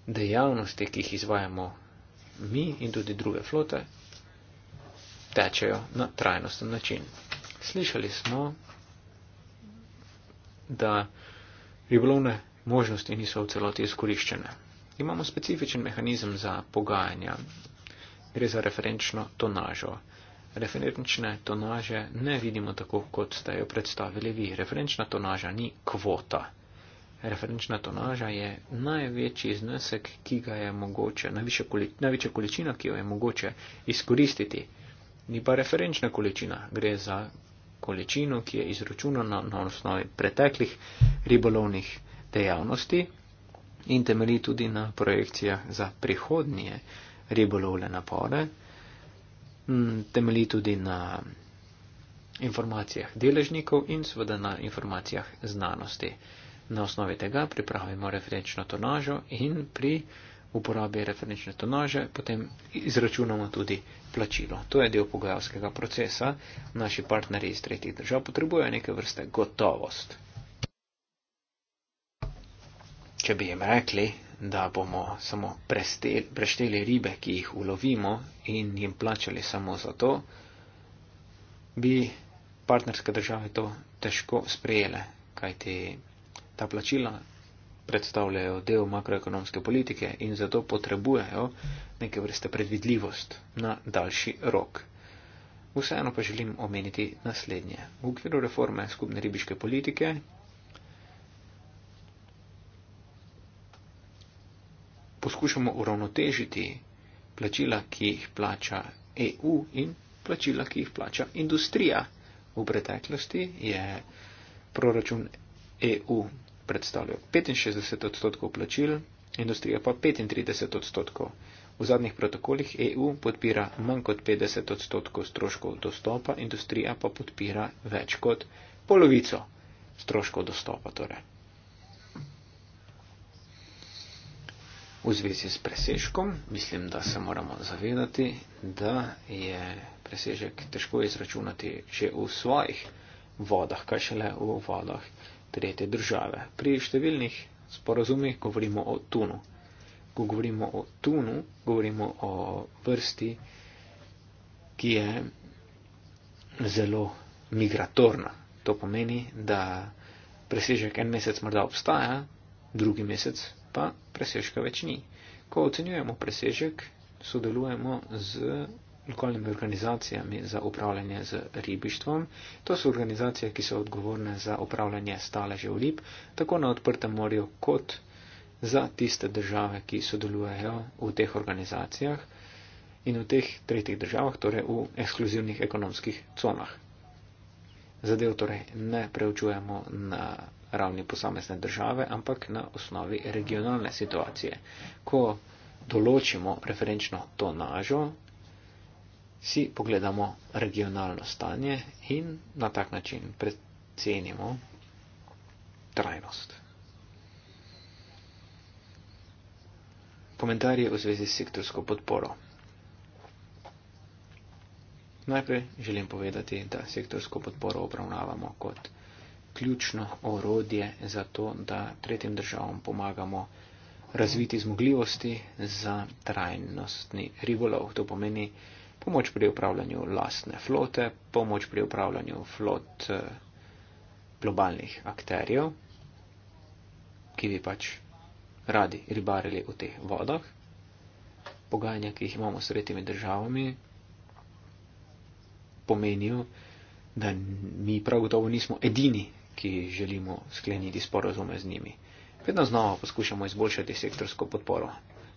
[SPEAKER 2] dejavnosti, ki jih izvajamo mi in tudi druge flote, tečejo na trajnosten način. Slišali smo, da ribolovne možnosti niso v celoti izkoriščene. Imamo specifičen mehanizem za pogajanja. Gre za referenčno tonažo. Referenčne tonaže ne vidimo tako, kot ste jo predstavili vi. Referenčna tonaža ni kvota. Referenčna tonaža je največji znesek, ki ga je mogoče, največja, količina, največja količina, ki jo je mogoče izkoristiti. Ni pa referenčna količina, gre za količino, ki je izračunana na osnovi preteklih ribolovnih dejavnosti in temelji tudi na projekcijah za prihodnje ribolovne napore, temelji tudi na informacijah deležnikov in seveda na informacijah znanosti. Na osnovi tega pripravimo referenčno tonažo in pri uporabi referenčne tonaže, potem izračunamo tudi plačilo. To je del pogajalskega procesa. Naši partnerji iz tretjih držav potrebujejo neke vrste gotovost. Če bi jim rekli, da bomo samo prešteli ribe, ki jih ulovimo in jim plačali samo za to, bi partnerske države to težko sprejele, kajti ta plačila predstavljajo del makroekonomske politike in zato potrebujejo neke vrste predvidljivost na daljši rok. Vseeno pa želim omeniti naslednje. V okviru reforme skupne ribiške politike poskušamo uravnotežiti plačila, ki jih plača EU in plačila, ki jih plača industrija. V preteklosti je proračun EU predstavljajo 65 odstotkov plačil, industrija pa 35 odstotkov. V zadnjih protokolih EU podpira manj kot 50 odstotkov stroškov dostopa, industrija pa podpira več kot polovico stroškov dostopa. Torej. V zvezi s presežkom mislim, da se moramo zavedati, da je presežek težko izračunati že v svojih vodah, kaj šele v vodah tretje države. Pri številnih sporazumih govorimo o tunu. Ko govorimo o tunu, govorimo o vrsti, ki je zelo migratorna. To pomeni, da presežek en mesec morda obstaja, drugi mesec pa presežka več ni. Ko ocenjujemo presežek, sodelujemo z lokalnimi organizacijami za upravljanje z ribištvom. To so organizacije, ki so odgovorne za upravljanje staležev rib, tako na odprtem morju, kot za tiste države, ki sodelujejo v teh organizacijah in v teh tretjih državah, torej v ekskluzivnih ekonomskih conah. Zadev torej ne preučujemo na ravni posamezne države, ampak na osnovi regionalne situacije. Ko določimo referenčno tonažo, si pogledamo regionalno stanje in na tak način predcenimo trajnost. Komentarje v zvezi s sektorsko podporo. Najprej želim povedati, da sektorsko podporo obravnavamo kot ključno orodje za to, da tretjim državam pomagamo razviti zmogljivosti za trajnostni ribolov. To pomeni, da pomoč pri upravljanju lastne flote, pomoč pri upravljanju flot eh, globalnih akterjev, ki bi pač radi ribarili v teh vodah, pogajanja, ki jih imamo s tretjimi državami, pomenijo, da mi prav gotovo nismo edini, ki želimo skleniti sporozume z njimi. Vedno znova poskušamo izboljšati sektorsko podporo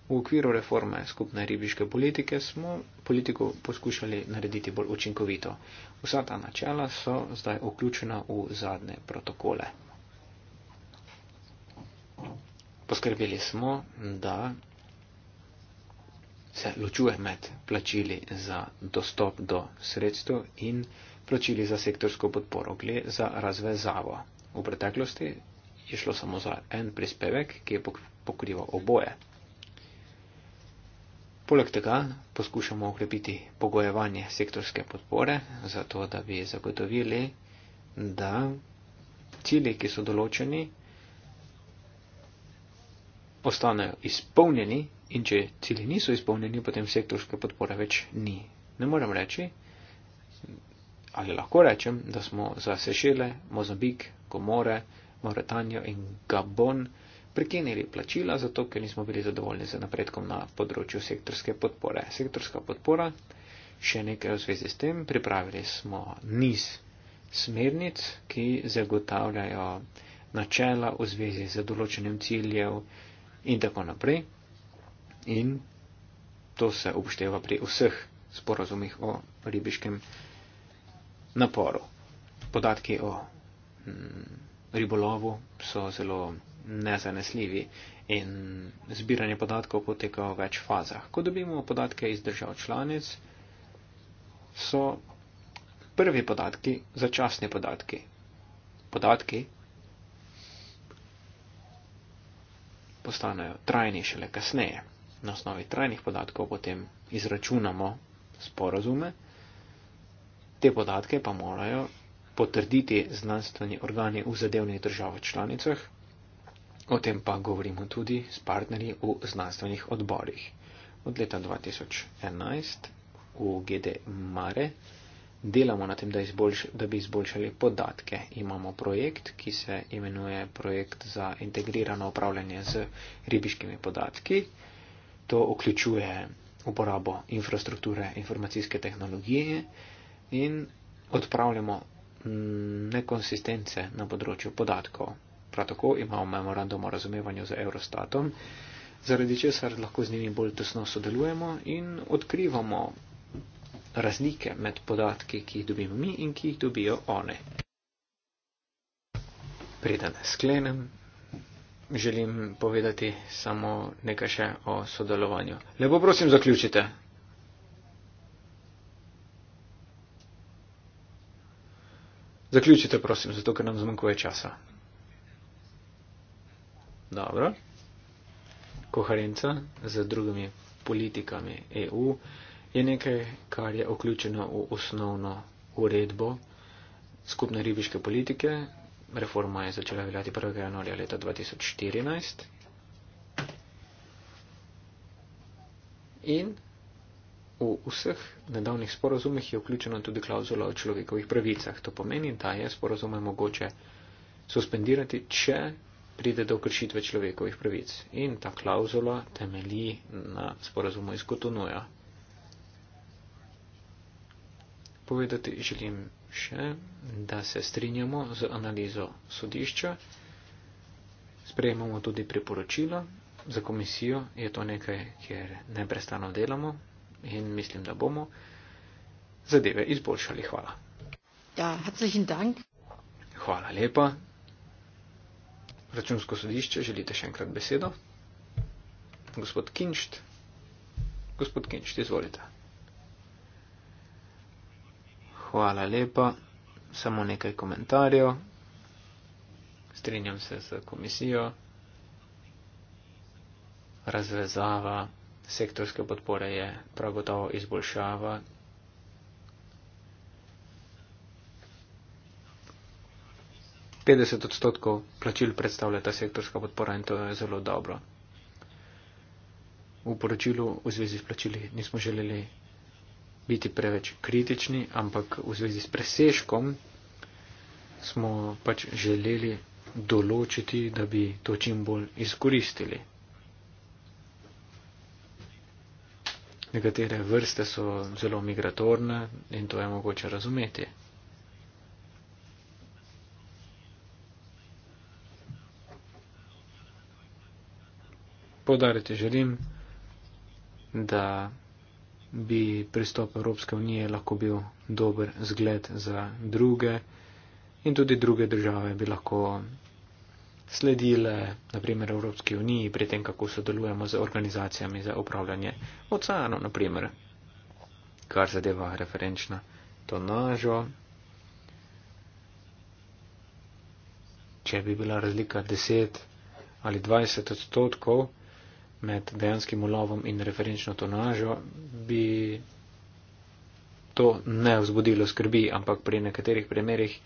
[SPEAKER 2] V okviru reforme skupne ribiške politike smo politiko poskušali narediti bolj učinkovito. Vsa ta načela so zdaj vključena v zadnje protokole. Poskrbeli smo, da se ločuje med plačili za dostop do sredstev in plačili za sektorsko podporo, gre za razvezavo. V preteklosti je šlo samo za en prispevek, ki je pokrival oboje. Poleg tega poskušamo okrepiti pogojevanje sektorske podpore, zato da bi zagotovili, da cilji, ki so določeni, ostanejo izpolnjeni in če cilji niso izpolnjeni, potem sektorske podpore več ni. Ne morem reči, ali lahko rečem, da smo za Sešile, Mozambik, Komore, Mauretanijo in Gabon prekinili plačila, zato ker nismo bili zadovoljni z napredkom na področju sektorske podpore. Sektorska podpora, še nekaj v zvezi s tem, pripravili smo niz smernic, ki zagotavljajo načela v zvezi z določenim ciljev in tako naprej. In to se upošteva pri vseh sporozumih o ribiškem naporu. Podatki o mm, ribolovu so zelo nezanesljivi in zbiranje podatkov poteka v več fazah. Ko dobimo podatke iz držav članic, so prvi podatki začasni podatki. Podatki postanejo trajni šele kasneje. Na osnovi trajnih podatkov potem izračunamo sporozume, te podatke pa morajo potrditi znanstveni organi v zadevnih državah članicah, O tem pa govorimo tudi s partnerji v znanstvenih odborih. Od leta 2011 v GD Mare delamo na tem, da, izboljš da bi izboljšali podatke. Imamo projekt, ki se imenuje projekt za integrirano upravljanje z ribiškimi podatki. To vključuje uporabo infrastrukture informacijske tehnologije in odpravljamo nekonsistence na področju podatkov. Prav tako imamo memorandum o razumevanju z Eurostatom, zaradi česar lahko z njimi bolj tesno sodelujemo in odkrivamo razlike med podatki, ki jih dobimo mi in ki jih dobijo one. Preden sklenem, želim povedati samo nekaj še o sodelovanju. Lepo prosim, zaključite. Zaključite, prosim, zato ker nam zmanjkuje časa. Dobro. Koherenca z drugimi politikami EU je nekaj, kar je vključeno v osnovno uredbo skupne ribiške politike. Reforma je začela veljati 1. januarja leta 2014. In v vseh nedavnih sporozumih je vključena tudi klauzula o človekovih pravicah. To pomeni, da je sporozume mogoče suspendirati, če pride do kršitve človekovih pravic. In ta klauzula temelji na sporazumu iz Kotonuja. Povedati želim še, da se strinjamo z analizo sodišča, sprejemamo tudi priporočila za komisijo, je to nekaj, kjer neprestano delamo in mislim, da bomo zadeve izboljšali. Hvala. Ja, Hvala lepa. Računsko sodišče, želite še enkrat besedo? Gospod Kinšt, gospod Kinšt, izvolite. Hvala lepa. Samo nekaj komentarjev. Strinjam se z komisijo. Razvezava sektorske podpore je prav gotovo izboljšava, 50 odstotkov plačil predstavlja ta sektorska podpora in to je zelo dobro. V poročilu v zvezi s plačili nismo želeli biti preveč kritični, ampak v zvezi s preseškom smo pač želeli določiti, da bi to čim bolj izkoristili. Nekatere vrste so zelo migratorne in to je mogoče razumeti. podariti želim, da bi pristop Evropske unije lahko bil dober zgled za druge in tudi druge države bi lahko sledile, naprimer, Evropski uniji pri tem, kako sodelujemo z organizacijami za upravljanje oceanov, naprimer, kar zadeva referenčna tonažo. Če bi bila razlika 10 ali 20 odstotkov, med dejanskim ulovom in referenčno tonažo, bi to ne vzbudilo skrbi, ampak pri nekaterih primerjih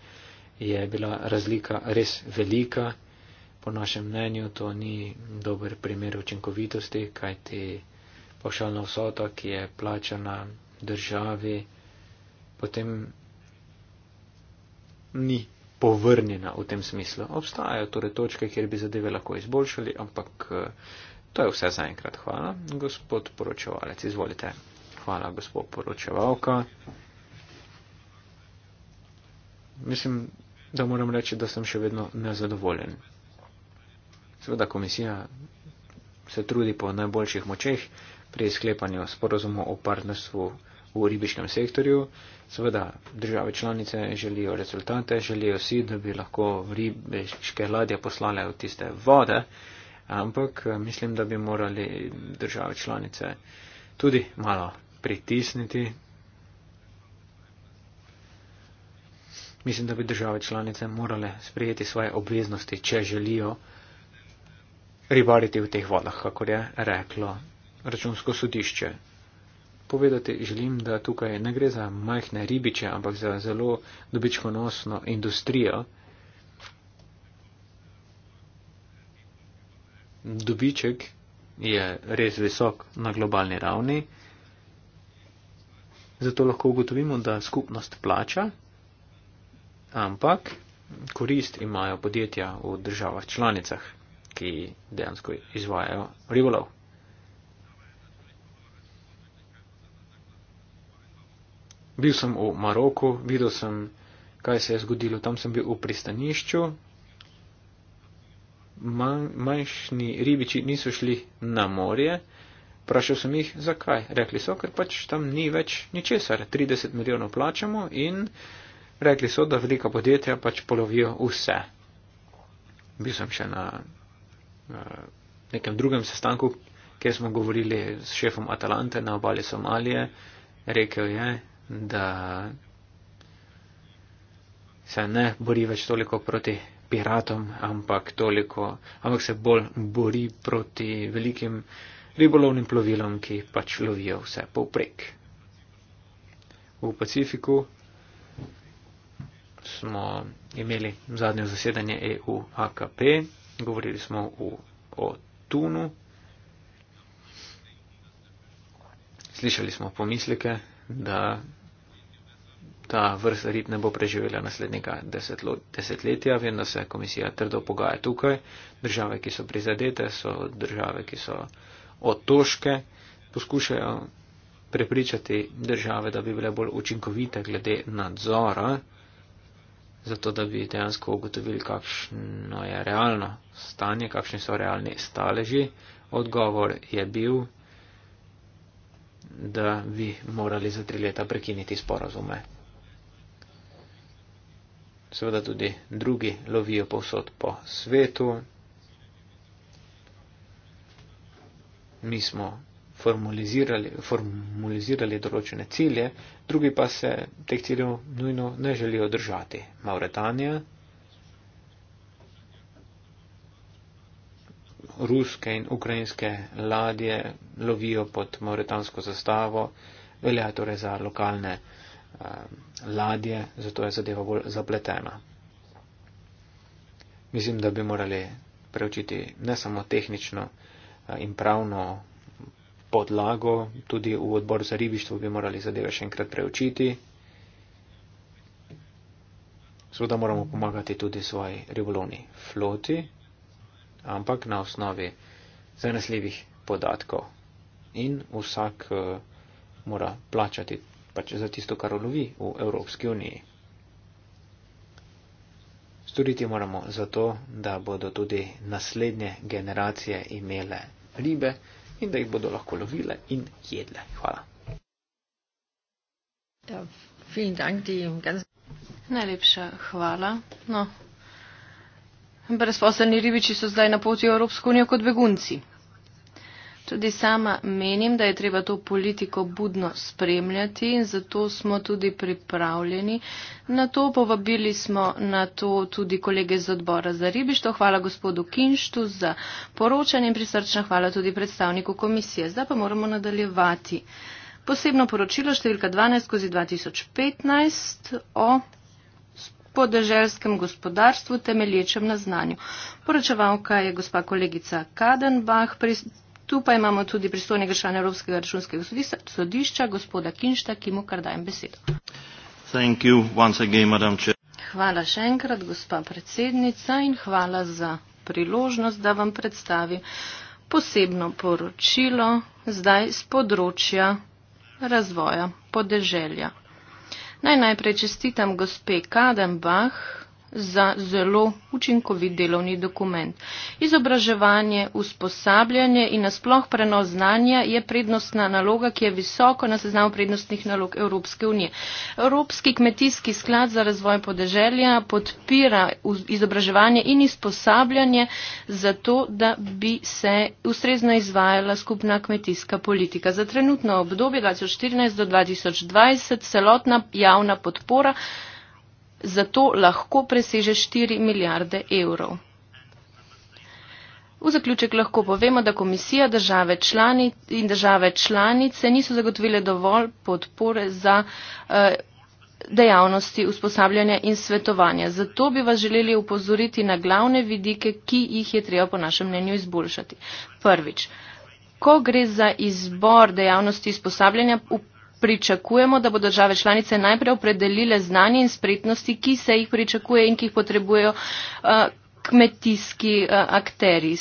[SPEAKER 2] je bila razlika res velika. Po našem mnenju to ni dober primer učinkovitosti, kajti pošaljna vsota, ki je plačana državi, potem ni povrnjena v tem smislu. Obstajajo torej točke, kjer bi zadeve lahko izboljšali, ampak eh, To je vse zaenkrat. Hvala, gospod poročevalec. Izvolite. Hvala, gospod poročevalka. Mislim, da moram reči, da sem še vedno nezadovoljen. Seveda komisija se trudi po najboljših močeh pri sklepanju sporozumov o partnerstvu v ribiškem sektorju. Seveda države članice želijo rezultate, želijo si, da bi lahko ribiške ladje poslale v tiste vode, ampak eh, mislim, da bi morali države članice tudi malo pritisniti. Mislim, da bi države članice morale sprejeti svoje obveznosti, če želijo ribariti v teh vodah, kako je reklo računsko sodišče. Povedati želim, da tukaj ne gre za majhne ribiče, ampak za zelo dobičkonosno industrijo. dobiček je res visok na globalni ravni, zato lahko ugotovimo, da skupnost plača, ampak korist imajo podjetja v državah članicah, ki dejansko izvajajo ribolov. Bil sem v Maroku, videl sem, kaj se je zgodilo. Tam sem bil v pristanišču, manj, manjšni ribiči niso šli na morje. Prašal sem jih, zakaj. Rekli so, ker pač tam ni več ničesar. 30 milijonov plačamo in rekli so, da velika podjetja pač polovijo vse. Bil sem še na eh, nekem drugem sestanku, kjer smo govorili s šefom Atalante na obali Somalije. Rekel je, da se ne bori več toliko proti piratom, ampak toliko, ampak se bolj bori proti velikim ribolovnim plovilom, ki pač lovijo vse povprek. V Pacifiku smo imeli zadnje zasedanje EU AKP, govorili smo v, o tunu, slišali smo pomisleke, da ta vrst rib ne bo preživela naslednjega desetletja. Vem, da se komisija trdo pogaja tukaj. Države, ki so prizadete, so države, ki so otoške, poskušajo prepričati države, da bi bile bolj učinkovite glede nadzora, zato da bi dejansko ugotovili, kakšno je realno stanje, kakšni so realni staleži. Odgovor je bil, da bi morali za tri leta prekiniti sporazume seveda tudi drugi lovijo povsod po svetu. Mi smo formalizirali, formalizirali določene cilje, drugi pa se teh ciljev nujno ne želijo držati. Mauretanija, ruske in ukrajinske ladje lovijo pod mauretansko zastavo, velja torej za lokalne. Um, ladje, zato je zadeva bolj zapletena. Mislim, da bi morali preučiti ne samo tehnično uh, in pravno podlago, tudi v odbor za ribištvo bi morali zadeve še enkrat preučiti. Seveda moramo pomagati tudi svoji ribolovni floti, ampak na osnovi zanesljivih podatkov. In vsak uh, mora plačati pač za tisto, kar ulovi v Evropski uniji. Storiti moramo zato, da bodo tudi naslednje generacije imele ribe in da jih bodo lahko lovile in jedle.
[SPEAKER 1] Hvala. Ja,
[SPEAKER 4] Najlepša hvala. No, brezposelni ribiči so zdaj na poti v Evropsko unijo kot begunci. Tudi sama menim, da je treba to politiko budno spremljati in zato smo tudi pripravljeni. Na to povabili smo na to tudi kolege z odbora za ribištvo. Hvala gospodu Kinštu za poročanje in prisrčna hvala tudi predstavniku komisije. Zdaj pa moramo nadaljevati. Posebno poročilo številka 12 skozi 2015 o podeželskem gospodarstvu temelječem na znanju. Poročevalka je gospa kolegica Kadenbach. Pri Tu pa imamo tudi pristojnega člana Evropskega računskega sodišča, gospoda Kinšta, ki mu kar dajem besedo.
[SPEAKER 5] Again,
[SPEAKER 4] hvala še enkrat, gospa predsednica, in hvala za priložnost, da vam predstavim posebno poročilo zdaj z področja razvoja podeželja. Naj najprej čestitam gospe Kadenbach za zelo učinkovit delovni dokument. Izobraževanje, usposabljanje in nasploh prenos znanja je prednostna naloga, ki je visoko na seznamu prednostnih nalog Evropske unije. Evropski kmetijski sklad za razvoj podeželja podpira izobraževanje in usposabljanje zato, da bi se ustrezno izvajala skupna kmetijska politika. Za trenutno obdobje 2014 do 2020 celotna javna podpora zato lahko preseže 4 milijarde evrov. V zaključek lahko povemo, da komisija države in države članice niso zagotovile dovolj podpore za eh, dejavnosti usposabljanja in svetovanja. Zato bi vas želeli upozoriti na glavne vidike, ki jih je treba po našem mnenju izboljšati. Prvič, ko gre za izbor dejavnosti usposabljanja, pričakujemo, da bo države članice najprej opredelile znanje in spretnosti, ki se jih pričakuje in ki jih potrebujejo eh, kmetijski eh, akteri.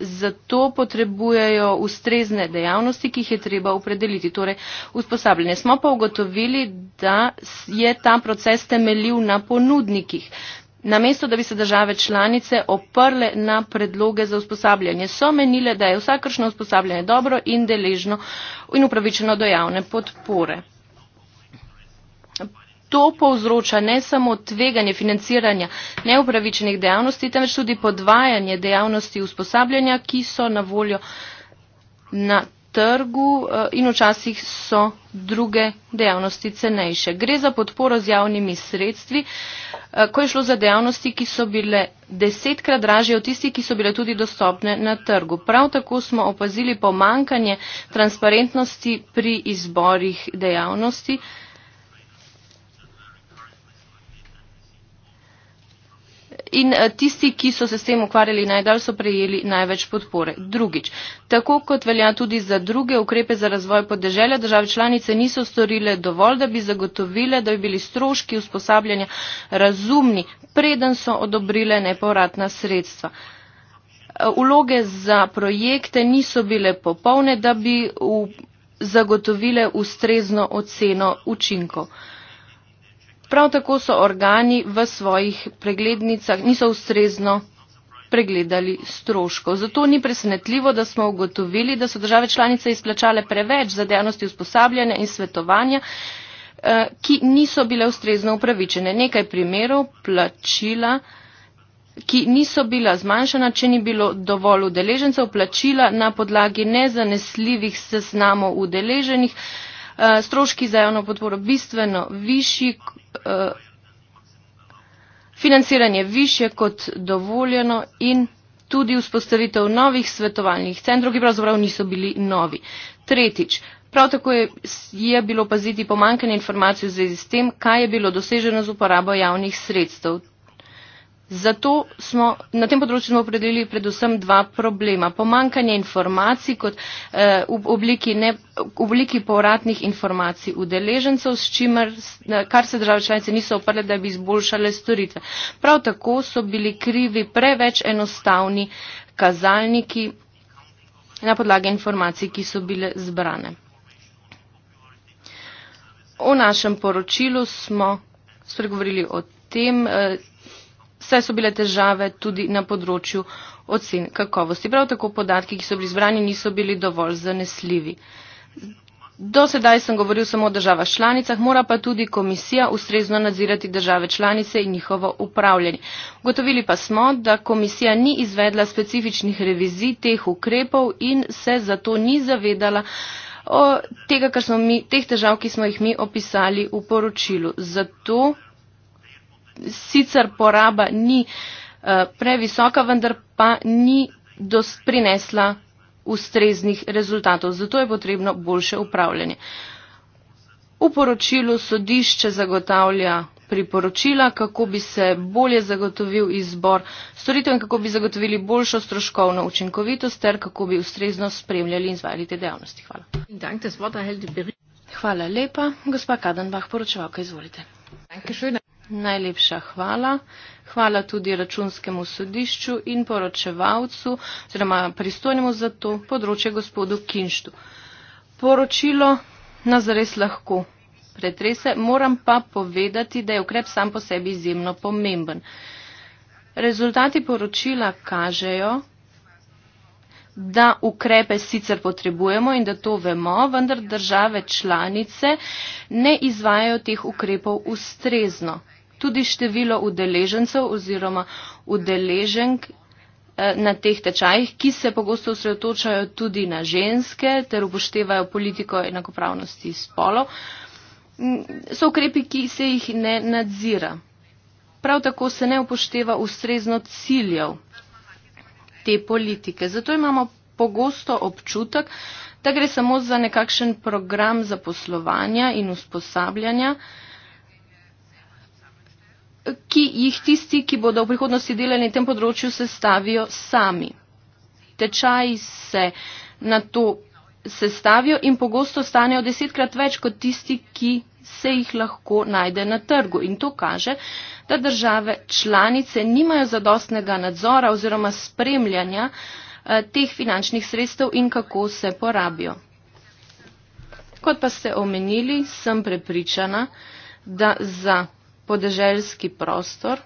[SPEAKER 4] Zato potrebujejo ustrezne dejavnosti, ki jih je treba opredeliti, torej usposabljanje. Smo pa ugotovili, da je ta proces temeljiv na ponudnikih. Namesto, da bi se države članice oprle na predloge za usposabljanje, so menile, da je vsakršno usposabljanje dobro in deležno in upravičeno do javne podpore. To povzroča ne samo tveganje financiranja neupravičenih dejavnosti, temveč tudi podvajanje dejavnosti usposabljanja, ki so na voljo na trgu eh, in včasih so druge dejavnosti cenejše. Gre za podporo z javnimi sredstvi, eh, ko je šlo za dejavnosti, ki so bile desetkrat dražje od tistih, ki so bile tudi dostopne na trgu. Prav tako smo opazili pomankanje transparentnosti pri izborih dejavnosti. in eh, tisti, ki so se s tem ukvarjali najdalj, so prejeli največ podpore. Drugič, tako kot velja tudi za druge ukrepe za razvoj podeželja, države članice niso storile dovolj, da bi zagotovile, da bi bili stroški usposabljanja razumni, preden so odobrile nepovratna sredstva. Uloge eh, za projekte niso bile popolne, da bi zagotovile ustrezno oceno učinkov. Prav tako so organi v svojih preglednicah niso ustrezno pregledali stroškov. Zato ni presenetljivo, da smo ugotovili, da so države članice izplačale preveč za dejavnosti usposabljanja in svetovanja, eh, ki niso bile ustrezno upravičene. Nekaj primerov plačila, ki niso bila zmanjšana, če ni bilo dovolj udeležencev, plačila na podlagi nezanesljivih seznamov udeleženih, eh, stroški za javno podporo bistveno višji, Eh, financiranje više kot dovoljeno in tudi vzpostavitev novih svetovalnih centrov, ki pravzaprav niso bili novi. Tretjič, prav tako je, je bilo paziti pomankanje informacij v zvezi s tem, kaj je bilo doseženo z uporabo javnih sredstev. Zato smo na tem področju smo opredelili predvsem dva problema. Pomankanje informacij kot, eh, v, obliki ne, v obliki povratnih informacij udeležencev, s čimer, kar se države članice niso oprle, da bi izboljšale storitve. Prav tako so bili krivi preveč enostavni kazalniki na podlagi informacij, ki so bile zbrane. V našem poročilu smo spregovorili o tem. Eh, saj so bile težave tudi na področju ocen kakovosti. Prav tako podatki, ki so bili zbrani, niso bili dovolj zanesljivi. Do sedaj sem govoril samo o državah članicah, mora pa tudi komisija ustrezno nadzirati države članice in njihovo upravljanje. Gotovili pa smo, da komisija ni izvedla specifičnih revizij teh ukrepov in se zato ni zavedala tega, kar smo mi, teh težav, ki smo jih mi opisali v poročilu. Zato sicer poraba ni eh, previsoka, vendar pa ni prinesla ustreznih rezultatov. Zato je potrebno boljše upravljanje. V poročilu sodišče zagotavlja priporočila, kako bi se bolje zagotovil izbor storitev in kako bi zagotovili boljšo stroškovno učinkovitost ter kako bi ustrezno spremljali in izvajali te dejavnosti. Hvala. Hvala lepa. Gospa Kadenbach, poročevalka, izvolite. Danke, Najlepša hvala. Hvala tudi računskemu sodišču in poročevalcu, oziroma pristojnemu za to področje gospodu Kinštu. Poročilo nas res lahko pretrese, moram pa povedati, da je ukrep sam po sebi izjemno pomemben. Rezultati poročila kažejo, da ukrepe sicer potrebujemo in da to vemo, vendar države članice ne izvajajo teh ukrepov ustrezno tudi število udeležencev oziroma udeleženk eh, na teh tečajih, ki se pogosto osredotočajo tudi na ženske ter upoštevajo politiko enakopravnosti spolov, so ukrepi, ki se jih ne nadzira. Prav tako se ne upošteva ustrezno ciljev te politike. Zato imamo pogosto občutek, da gre samo za nekakšen program zaposlovanja in usposabljanja, ki jih tisti, ki bodo v prihodnosti delali na tem področju, sestavijo sami. Tečaji se na to sestavijo in pogosto stanejo desetkrat več kot tisti, ki se jih lahko najde na trgu. In to kaže, da države članice nimajo zadostnega nadzora oziroma spremljanja eh, teh finančnih sredstev in kako se porabijo. Kot pa ste omenili, sem prepričana, da za podeželski prostor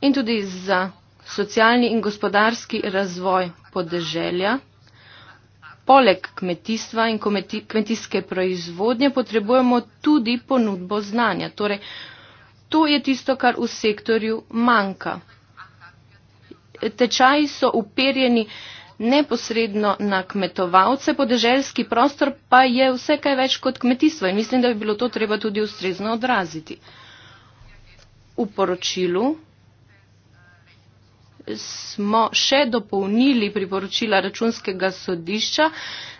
[SPEAKER 4] in tudi za socialni in gospodarski razvoj podeželja. Poleg kmetijstva in kmetijske proizvodnje potrebujemo tudi ponudbo znanja. Torej, to je tisto, kar v sektorju manjka. Tečaji so uperjeni neposredno na kmetovalce, podeželski prostor pa je vse kaj več kot kmetijstvo in mislim, da bi bilo to treba tudi ustrezno odraziti. V poročilu smo še dopolnili priporočila računskega sodišča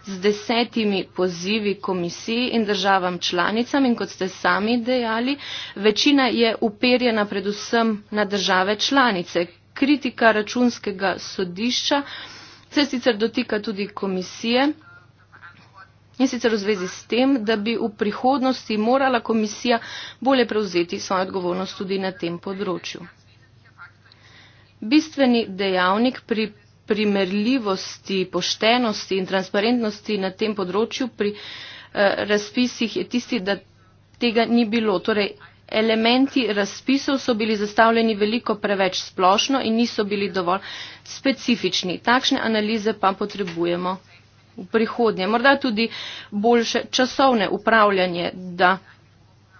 [SPEAKER 4] z desetimi pozivi komisiji in državam članicam in kot ste sami dejali, večina je uperjena predvsem na države članice. Kritika računskega sodišča uh, se sicer dotika tudi komisije in sicer v zvezi s tem, da bi v prihodnosti morala komisija bolje prevzeti svojo odgovornost tudi na tem področju. Bistveni dejavnik pri primerljivosti, poštenosti in transparentnosti na tem področju pri eh, razpisih je tisti, da tega ni bilo. Torej, elementi razpisov so bili zastavljeni veliko preveč splošno in niso bili dovolj specifični. Takšne analize pa potrebujemo v prihodnje. Morda tudi boljše časovne upravljanje, da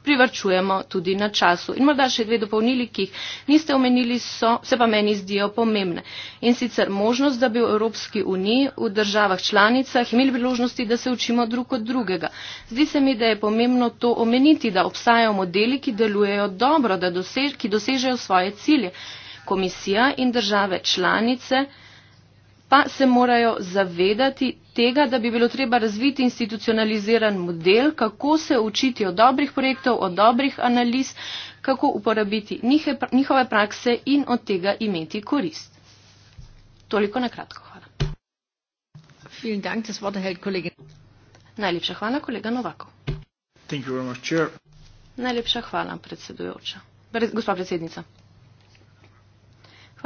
[SPEAKER 4] privrčujemo tudi na času. In morda še dve dopolnili, ki jih niste omenili, so, se pa meni zdijo pomembne. In sicer možnost, da bi v Evropski uniji, v državah članicah imeli priložnosti, da se učimo drug od drugega. Zdi se mi, da je pomembno to omeniti, da obstajajo modeli, ki delujejo dobro, dosež, ki dosežejo svoje cilje. Komisija in države članice pa se morajo zavedati tega, da bi bilo treba razviti institucionaliziran model, kako se učiti od dobrih projektov, od dobrih analiz, kako uporabiti njihove prakse in od tega imeti korist. Toliko na kratko. Hvala. Najlepša hvala, kolega Novakov. Najlepša hvala, predsedujoča. Gospa predsednica.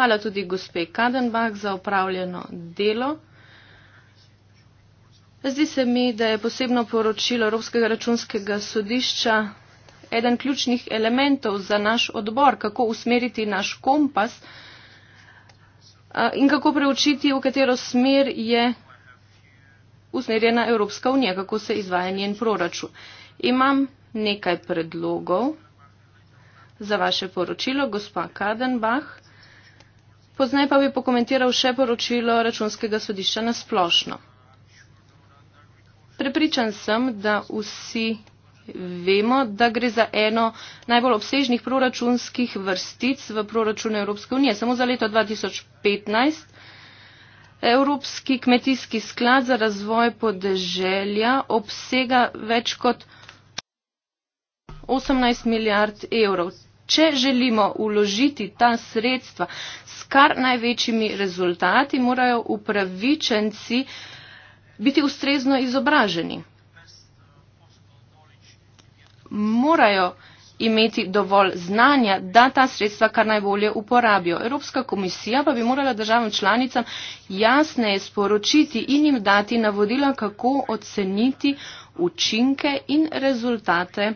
[SPEAKER 4] Hvala tudi gospe Kadenbach za upravljeno delo. Zdi se mi, da je posebno poročilo Evropskega računskega sodišča eden ključnih elementov za naš odbor, kako usmeriti naš kompas in kako preučiti, v katero smer je usmerjena Evropska unija, kako se izvaja njen proračun. Imam nekaj predlogov za vaše poročilo, gospa Kadenbach pozneje pa bi pokomentiral še poročilo računskega sodišča na splošno. Prepričan sem, da vsi vemo, da gre za eno najbolj obsežnih proračunskih vrstic v proračunu Evropske unije. Samo za leto 2015 Evropski kmetijski sklad za razvoj podeželja obsega več kot 18 milijard evrov če želimo uložiti ta sredstva s kar največjimi rezultati, morajo upravičenci biti ustrezno izobraženi. Morajo imeti dovolj znanja, da ta sredstva kar najbolje uporabijo. Evropska komisija pa bi morala državam članicam jasneje sporočiti in jim dati navodila, kako oceniti učinke in rezultate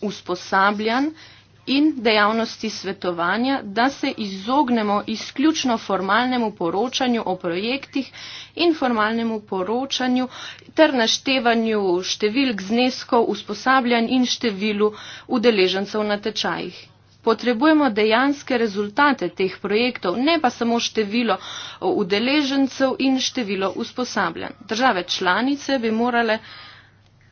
[SPEAKER 4] usposabljanja in dejavnosti svetovanja, da se izognemo izključno formalnemu poročanju o projektih in formalnemu poročanju ter naštevanju številk zneskov usposabljanj in številu udeležencev na tečajih. Potrebujemo dejanske rezultate teh projektov, ne pa samo število udeležencev in število usposabljanj. Države članice bi morale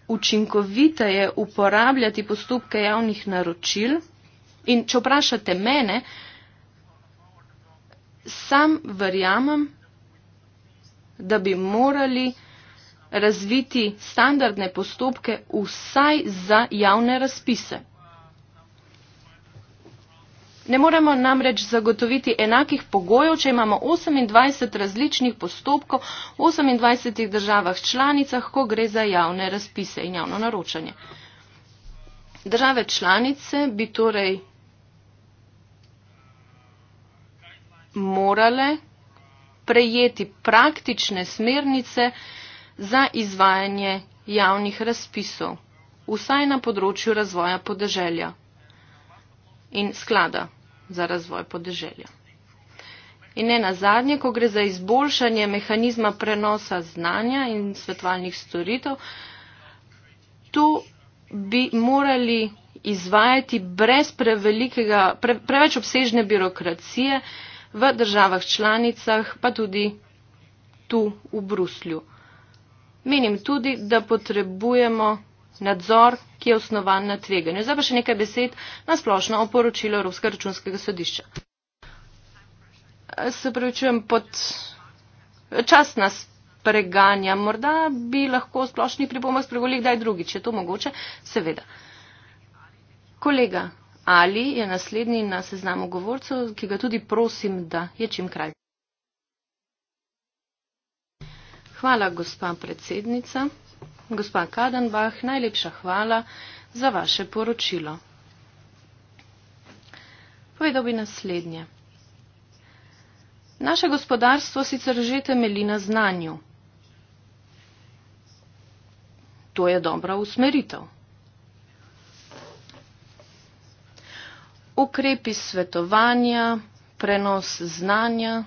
[SPEAKER 4] učinkoviteje uporabljati postopke javnih naročil, In če vprašate mene, sam verjamem, da bi morali razviti standardne postopke vsaj za javne razpise. Ne moremo namreč zagotoviti enakih pogojev, če imamo 28 različnih postopkov v 28 državah članicah, ko gre za javne razpise in javno naročanje. Države članice bi torej morale prejeti praktične smernice za izvajanje javnih razpisov, vsaj na področju razvoja podeželja in sklada za razvoj podeželja. In ne nazadnje, ko gre za izboljšanje mehanizma prenosa znanja in svetovalnih storitev, to bi morali izvajati brez prevelikega, pre, preveč obsežne birokracije, v državah članicah, pa tudi tu v Bruslju. Menim tudi, da potrebujemo nadzor, ki je osnovan na tveganju. Zdaj pa še nekaj besed na splošno o poročilu Evropskega računskega sodišča. Eh, se pravi, čujem pod čas nas preganja. Morda bi lahko splošni pripomoček spregovorili kdaj drugi, če je to mogoče, seveda. Kolega ali je naslednji na seznamu govorcev, ki ga tudi prosim, da je čim kralj. Hvala, gospa predsednica. Gospa Kadenbach, najlepša hvala za vaše poročilo. Povedal bi naslednje. Naše gospodarstvo sicer že temelji na znanju. To je dobra usmeritev. ukrepi svetovanja, prenos znanja.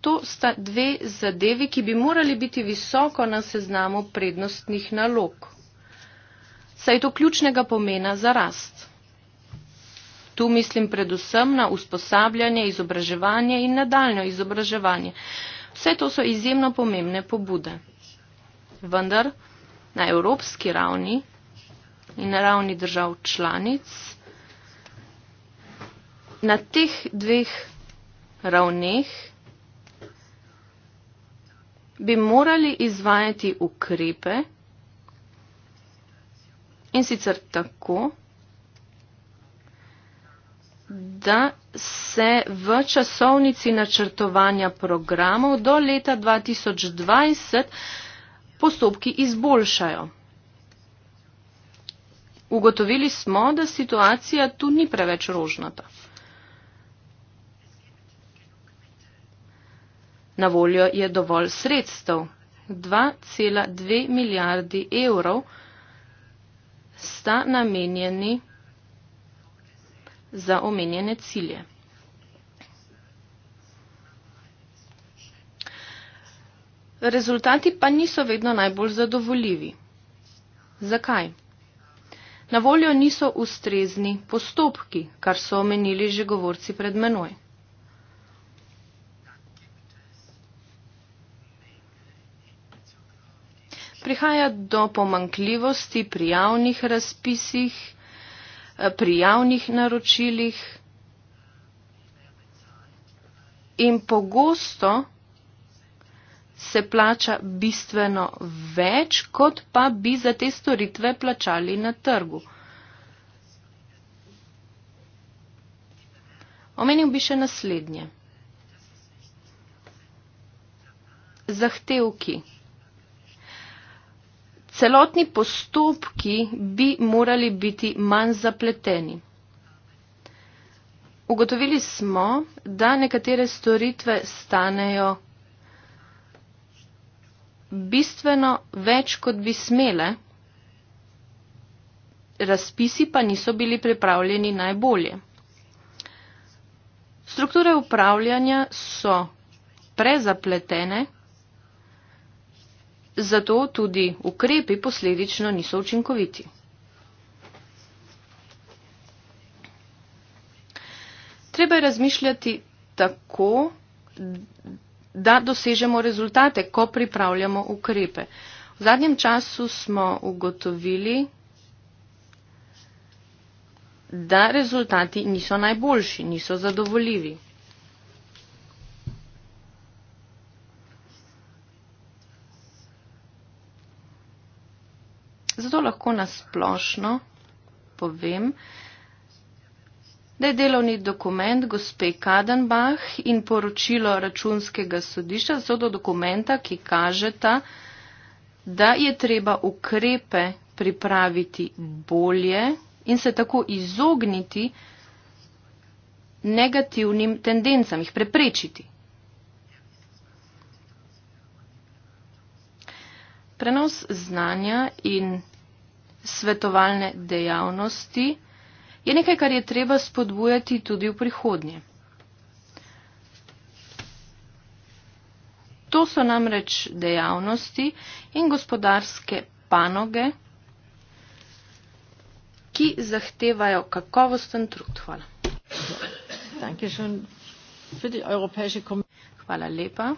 [SPEAKER 4] To sta dve zadevi, ki bi morali biti visoko na seznamu prednostnih nalog. Saj je to ključnega pomena za rast. Tu mislim predvsem na usposabljanje, izobraževanje in nadaljno izobraževanje. Vse to so izjemno pomembne pobude. Vendar na evropski ravni in na ravni držav članic na teh dveh ravneh bi morali izvajati ukrepe in sicer tako, da se v časovnici načrtovanja programov do leta 2020 postopki izboljšajo. Ugotovili smo, da situacija tu ni preveč rožnata. Na voljo je dovolj sredstev, 2,2 milijardi evrov sta namenjeni za omenjene cilje. Rezultati pa niso vedno najbolj zadovoljivi. Zakaj? Na voljo niso ustrezni postopki, kar so omenili že govorci pred menoj. prihaja do pomankljivosti pri javnih razpisih, eh, pri javnih naročilih in pogosto se plača bistveno več, kot pa bi za te storitve plačali na trgu. Omenil bi še naslednje. Zahtevki celotni postopki bi morali biti manj zapleteni. Ugotovili smo, da nekatere storitve stanejo bistveno več, kot bi smele, razpisi pa niso bili pripravljeni najbolje. Strukture upravljanja so prezapletene, zato tudi ukrepi posledično niso učinkoviti. Treba je razmišljati tako, da dosežemo rezultate, ko pripravljamo ukrepe. V zadnjem času smo ugotovili, da rezultati niso najboljši, niso zadovoljivi. Zato lahko nasplošno povem, da je delovni dokument gospe Kadenbach in poročilo računskega sodišča so do dokumenta, ki kažeta, da je treba ukrepe pripraviti bolje in se tako izogniti negativnim tendencam, jih preprečiti. Prenos znanja in svetovalne dejavnosti je nekaj, kar je treba spodbujati tudi v prihodnje. To so namreč dejavnosti in gospodarske panoge, ki zahtevajo kakovosten trud. Hvala. Hvala lepa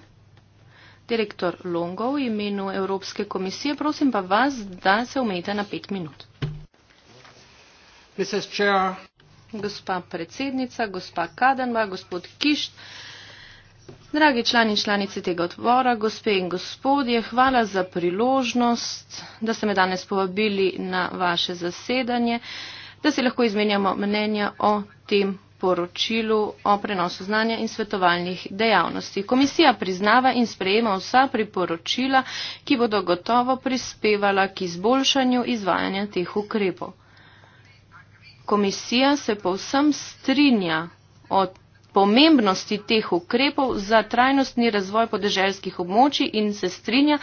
[SPEAKER 4] direktor Longo v imenu Evropske komisije. Prosim pa vas, da se omejite na pet minut. Gospa predsednica, gospa Kadenba, gospod Kišt, dragi člani in članice tega odbora, gospe in gospodje, hvala za priložnost, da ste me danes povabili na vaše zasedanje, da se lahko izmenjamo mnenja o tem poročilu o prenosu znanja in svetovalnih dejavnosti. Komisija priznava in sprejema vsa priporočila, ki bodo gotovo prispevala k izboljšanju izvajanja teh ukrepov. Komisija se povsem strinja o pomembnosti teh ukrepov za trajnostni razvoj podeželskih območij in se strinja,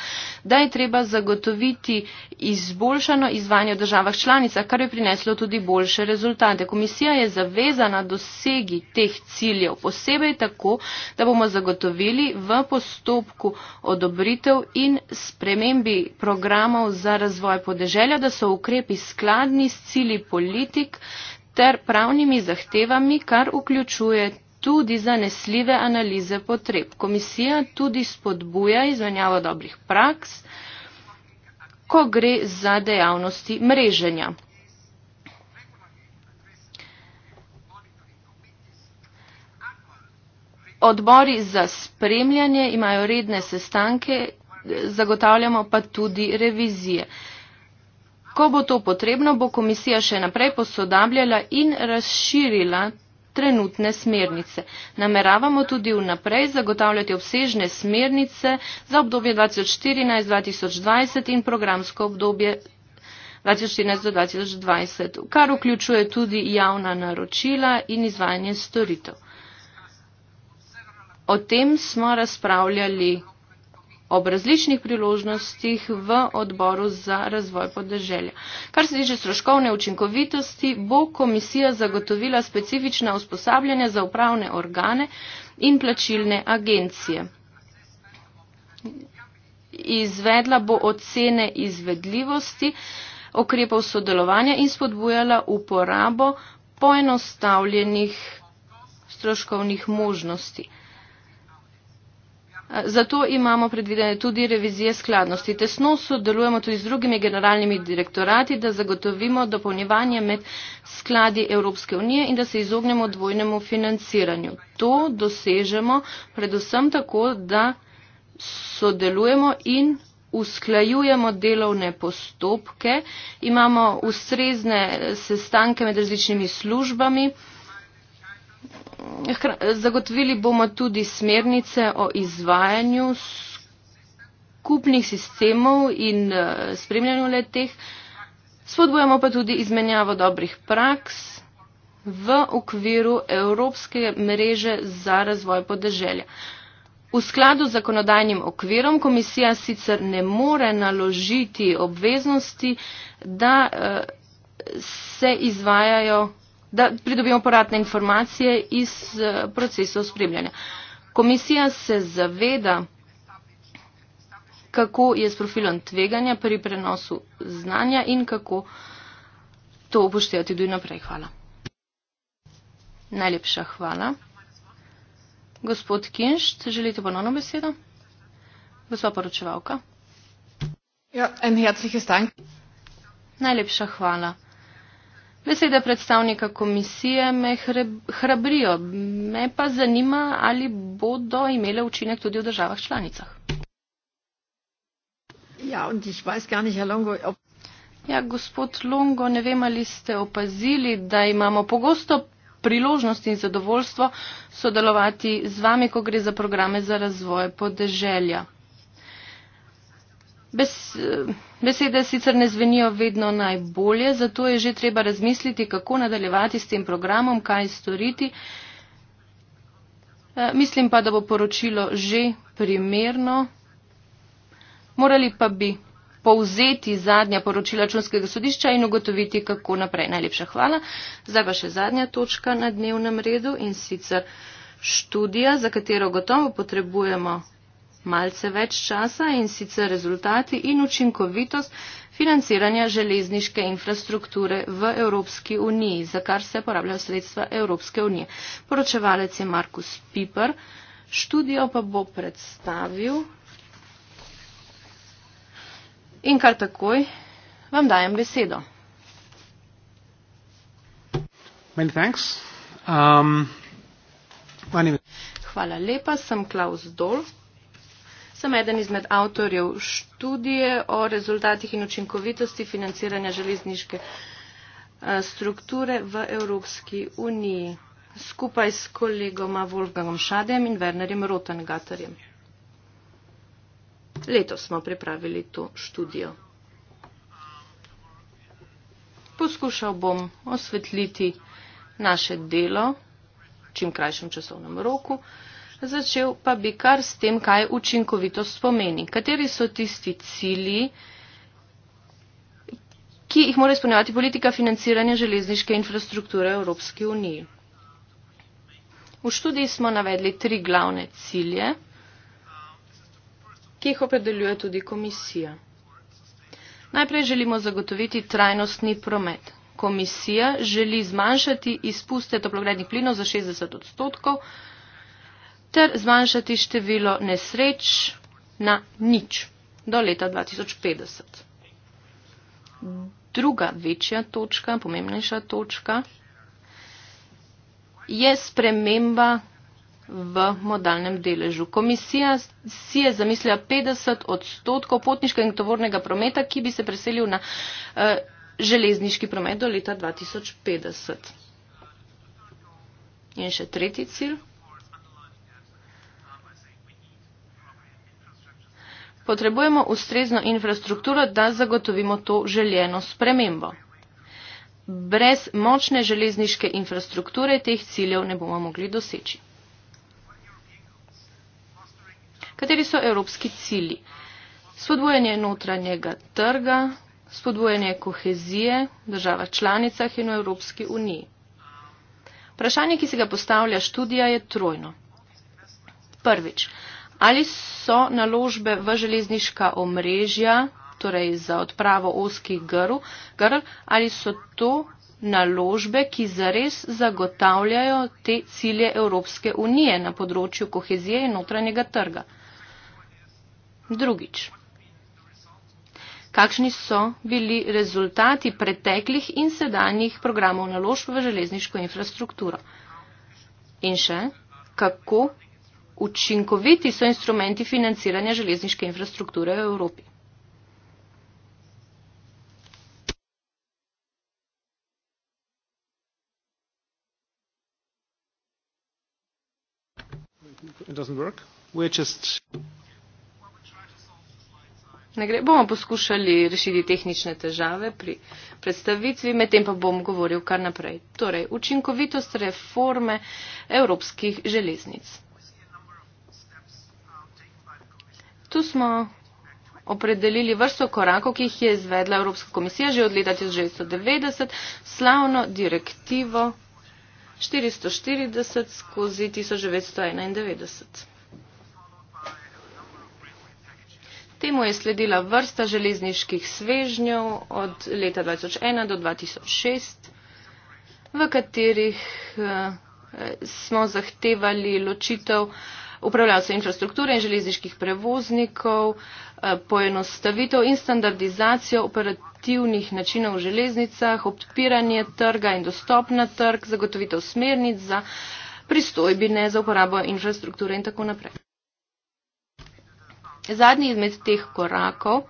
[SPEAKER 4] da je treba zagotoviti izboljšano izvanje v državah članicah, kar je prineslo tudi boljše rezultate. Komisija je zavezana dosegi teh ciljev, posebej tako, da bomo zagotovili v postopku odobritev in spremembi programov za razvoj podeželja, da so ukrepi skladni s cili politik ter pravnimi zahtevami, kar vključuje tudi zanesljive analize potreb. Komisija tudi spodbuja izmenjavo dobrih praks, ko gre za dejavnosti mreženja. Odbori za spremljanje imajo redne sestanke, zagotavljamo pa tudi revizije. Ko bo to potrebno, bo komisija še naprej posodabljala in razširila trenutne smernice. Nameravamo tudi vnaprej zagotavljati obsežne smernice za obdobje 2014-2020 in programsko obdobje 2014-2020, kar vključuje tudi javna naročila in izvajanje storitev. O tem smo razpravljali ob različnih priložnostih v odboru za razvoj podeželja. Kar se tiče stroškovne učinkovitosti, bo komisija zagotovila specifična usposabljanja za upravne organe in plačilne agencije. Izvedla bo ocene izvedljivosti okrepov sodelovanja in spodbujala uporabo poenostavljenih stroškovnih možnosti. Zato imamo predvidene tudi revizije skladnosti. Tesno sodelujemo tudi z drugimi generalnimi direktorati, da zagotovimo dopolnjevanje med skladi Evropske unije in da se izognemo dvojnemu financiranju. To dosežemo predvsem tako, da sodelujemo in usklajujemo delovne postopke, imamo ustrezne sestanke med različnimi službami zagotovili bomo tudi smernice o izvajanju skupnih sistemov in eh, spremljanju leteh. Spodbujamo pa tudi izmenjavo dobrih praks v okviru Evropske mreže za razvoj podeželja. V skladu z zakonodajnim okvirom komisija sicer ne more naložiti obveznosti, da eh, se izvajajo da pridobimo poradne informacije iz eh, procesov spremljanja. Komisija se zaveda, kako je s profilom tveganja pri prenosu znanja in kako to upoštevati tudi naprej. Hvala. Najlepša hvala. Gospod Kinšt, želite ponovno besedo? Gospa poročevalka. Ja, en herzliches dank. Najlepša hvala. Besede predstavnika komisije me hrabrijo, me pa zanima, ali bodo imele učinek tudi v državah članicah. Ja, ja, gospod Longo, ne vem, ali ste opazili, da imamo pogosto priložnost in zadovoljstvo sodelovati z vami, ko gre za programe za razvoj podeželja. Bes, Besede sicer ne zvenijo vedno najbolje, zato je že treba razmisliti, kako nadaljevati s tem programom, kaj storiti. Eh, mislim pa, da bo poročilo že primerno. Morali pa bi povzeti zadnja poročila Čunskega sodišča in ugotoviti, kako naprej. Najlepša hvala. Zdaj pa še zadnja točka na dnevnem redu in sicer študija, za katero gotovo potrebujemo malce več časa in sicer rezultati in učinkovitost financiranja železniške infrastrukture v Evropski uniji, za kar se porabljajo sredstva Evropske unije. Poročevalec je Markus Piper, študijo pa bo predstavil. In kar takoj vam dajem besedo.
[SPEAKER 3] Um,
[SPEAKER 4] Hvala lepa, sem Klaus Dolf sem eden izmed avtorjev študije o rezultatih in učinkovitosti financiranja železniške eh, strukture v Evropski uniji skupaj s kolegoma Wolfgangom Šadem in Wernerjem Rotengaterjem. Letos smo pripravili to študijo. Poskušal bom osvetliti naše delo v čim krajšem časovnem roku začel pa bi kar s tem, kaj učinkovitost pomeni. Kateri so tisti cilji, ki jih mora izpolnjevati politika financiranja železniške infrastrukture Evropske unije? V študiji smo navedli tri glavne cilje, ki jih opredeljuje tudi komisija. Najprej želimo zagotoviti trajnostni promet. Komisija želi zmanjšati izpuste toplogrednih plinov za 60 odstotkov ter zmanjšati število nesreč na nič do leta 2050. Druga večja točka, pomembnejša točka, je sprememba v modalnem deležu. Komisija si je zamislila 50 odstotkov potniškega in tovornega prometa, ki bi se preselil na uh, železniški promet do leta 2050. In še tretji cilj. potrebujemo ustrezno infrastrukturo, da zagotovimo to željeno spremembo. Brez močne železniške infrastrukture teh ciljev ne bomo mogli doseči. Kateri so evropski cilji? Spodbujanje notranjega trga, spodbujanje kohezije v državah članicah in v Evropski uniji. Vprašanje, ki se ga postavlja študija, je trojno. Prvič, Ali so naložbe v železniška omrežja, torej za odpravo oskih grl, grl ali so to naložbe, ki zares zagotavljajo te cilje Evropske unije na področju kohezije in notranjega trga? Drugič. Kakšni so bili rezultati preteklih in sedanjih programov naložb v železniško infrastrukturo? In še, kako učinkoviti so instrumenti financiranja železniške infrastrukture v Evropi.
[SPEAKER 3] It doesn't work. We're just...
[SPEAKER 4] Ne gre, bomo poskušali rešiti tehnične težave pri predstavitvi, medtem pa bom govoril kar naprej. Torej, učinkovitost reforme evropskih železnic. Tu smo opredelili vrsto korakov, ki jih je izvedla Evropska komisija že od leta 1990, slavno direktivo 440 skozi 1991. Temu je sledila vrsta železniških svežnjev od leta 2001 do 2006, v katerih eh, smo zahtevali ločitev upravljavcev infrastrukture in železniških prevoznikov, eh, poenostavitev in standardizacijo operativnih načinov v železnicah, odpiranje trga in dostop na trg, zagotovitev smernic za pristojbine za uporabo infrastrukture in tako naprej. Zadnji izmed teh korakov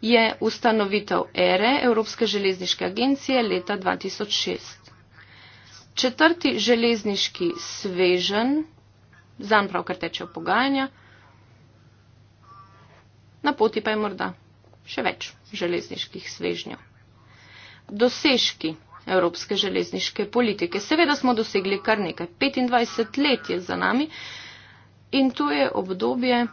[SPEAKER 4] je ustanovitev ERE Evropske železniške agencije leta 2006. Četrti železniški svežen zanj pravkar tečejo pogajanja, na poti pa je morda še več železniških svežnjev. Dosežki evropske železniške politike. Seveda smo dosegli kar nekaj. 25 let je za nami in to je obdobje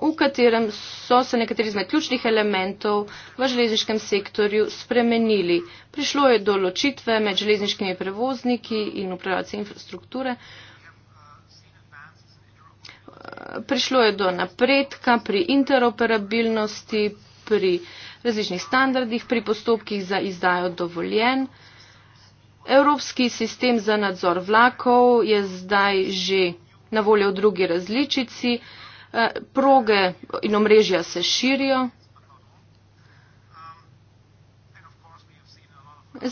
[SPEAKER 4] v katerem so se nekateri izmed ključnih elementov v železniškem sektorju spremenili. Prišlo je do ločitve med železniškimi prevozniki in upravljalci infrastrukture. Prišlo je do napredka pri interoperabilnosti, pri različnih standardih, pri postopkih za izdajo dovoljen. Evropski sistem za nadzor vlakov je zdaj že na voljo v drugi različici. Eh, proge in omrežja se širijo.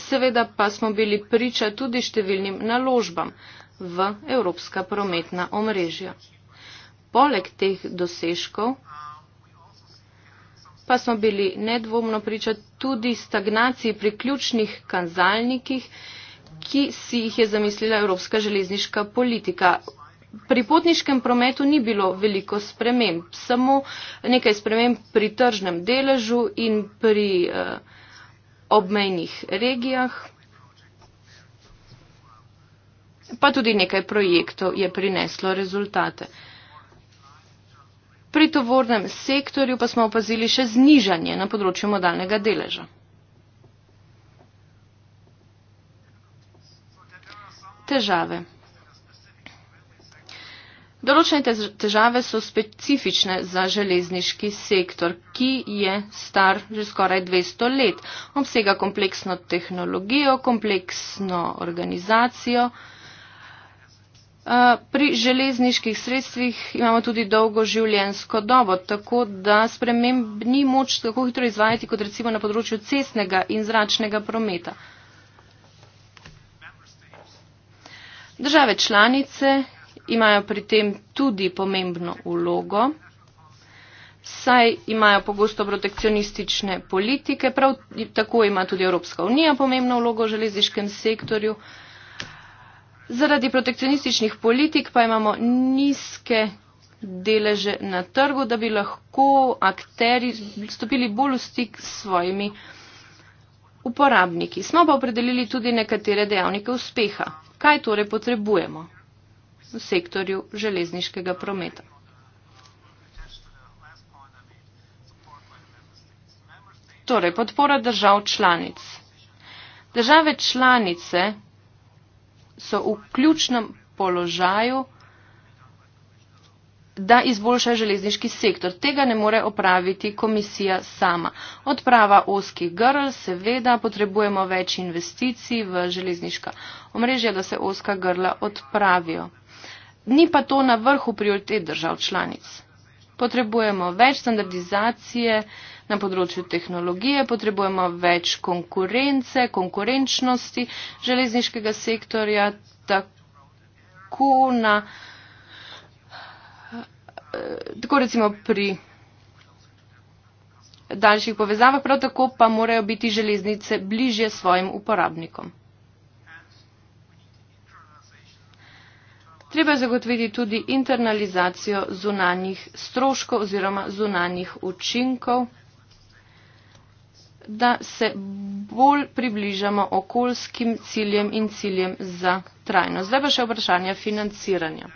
[SPEAKER 4] Seveda pa smo bili priča tudi številnim naložbam v evropska prometna omrežja. Poleg teh dosežkov pa smo bili nedvomno priča tudi stagnaciji pri ključnih kanzalnikih, ki si jih je zamislila evropska železniška politika pri potniškem prometu ni bilo veliko sprememb, samo nekaj sprememb pri tržnem deležu in pri uh, obmejnih regijah. Pa tudi nekaj projektov je prineslo rezultate. Pri tovornem sektorju pa smo opazili še znižanje na področju modalnega deleža. Težave. Določene težave so specifične za železniški sektor, ki je star že skoraj 200 let. Obsega kompleksno tehnologijo, kompleksno organizacijo. Eh, pri železniških sredstvih imamo tudi dolgo življensko dobo, tako da sprememb ni moč tako hitro izvajati kot recimo na področju cestnega in zračnega prometa. Države članice imajo pri tem tudi pomembno vlogo, saj imajo pogosto protekcionistične politike, prav tako ima tudi Evropska unija pomembno vlogo v železniškem sektorju. Zaradi protekcionističnih politik pa imamo nizke deleže na trgu, da bi lahko akteri stopili bolj v stik s svojimi uporabniki. Smo pa opredelili tudi nekatere dejavnike uspeha. Kaj torej potrebujemo? v sektorju železniškega prometa. Torej, podpora držav članic. Države članice so v ključnem položaju, da izboljšajo železniški sektor. Tega ne more opraviti komisija sama. Odprava oskih grl, seveda potrebujemo več investicij v železniška omrežja, da se oska grla odpravijo ni pa to na vrhu prioritet držav članic. Potrebujemo več standardizacije na področju tehnologije, potrebujemo več konkurence, konkurenčnosti železniškega sektorja, tako, na, eh, tako recimo pri daljših povezavah, prav tako pa morajo biti železnice bližje svojim uporabnikom. treba zagotoviti tudi internalizacijo zunanjih stroškov oziroma zunanjih učinkov, da se bolj približamo okoljskim ciljem in ciljem za trajno. Zdaj pa še vprašanje financiranja.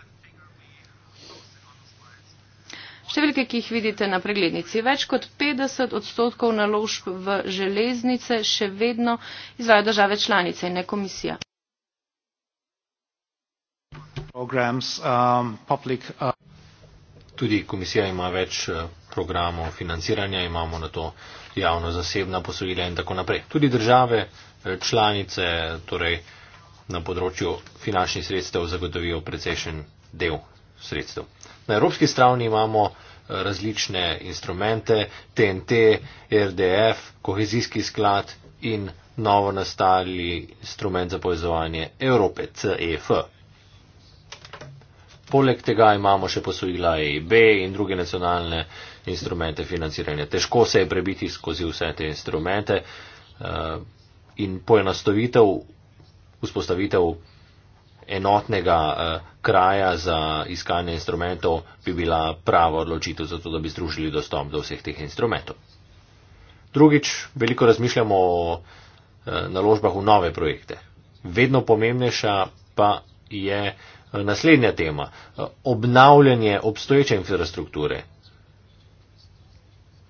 [SPEAKER 4] Številke, ki jih vidite na preglednici, več kot 50 odstotkov naložb v železnice še vedno izvajo države članice in ne komisija.
[SPEAKER 5] Um, uh, Tudi komisija ima več uh, programov financiranja, imamo na to javno-zasebna posojila in tako naprej. Tudi države uh, članice torej na področju finančnih sredstev zagotovijo precejšen del sredstev. Na evropski strani imamo različne instrumente, TNT, RDF, kohezijski sklad in novo nastali instrument za povezovanje Evrope, CEF. Poleg tega imamo še posojila EIB in druge nacionalne instrumente financiranja. Težko se je prebiti skozi vse te instrumente eh, in poenostavitev, vzpostavitev enotnega eh, kraja za iskanje instrumentov bi bila prava odločitev za to, da bi združili dostop do vseh teh instrumentov. Drugič, veliko razmišljamo o eh, naložbah v nove projekte. Vedno pomembnejša pa je Naslednja tema. Obnavljanje obstoječe infrastrukture.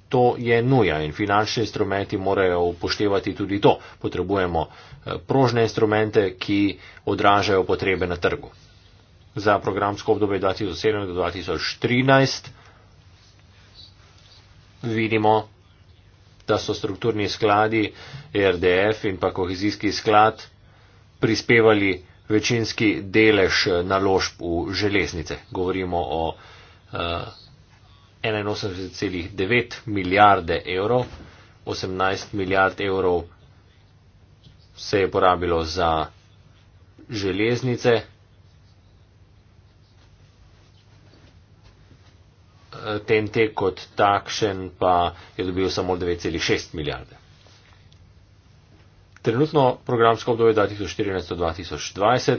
[SPEAKER 5] To je nuja in finančni instrumenti morajo upoštevati tudi to. Potrebujemo eh, prožne instrumente, ki odražajo potrebe na trgu. Za programsko obdobje 2007-2013 vidimo, da so strukturni skladi e RDF in pa kohezijski sklad prispevali večinski delež naložb v železnice. Govorimo o uh, eh, 81,9 milijarde evrov. 18 milijard evrov se je porabilo za železnice. TNT eh, kot takšen pa je dobil samo 9,6 milijarde trenutno programsko obdobje 2014-2020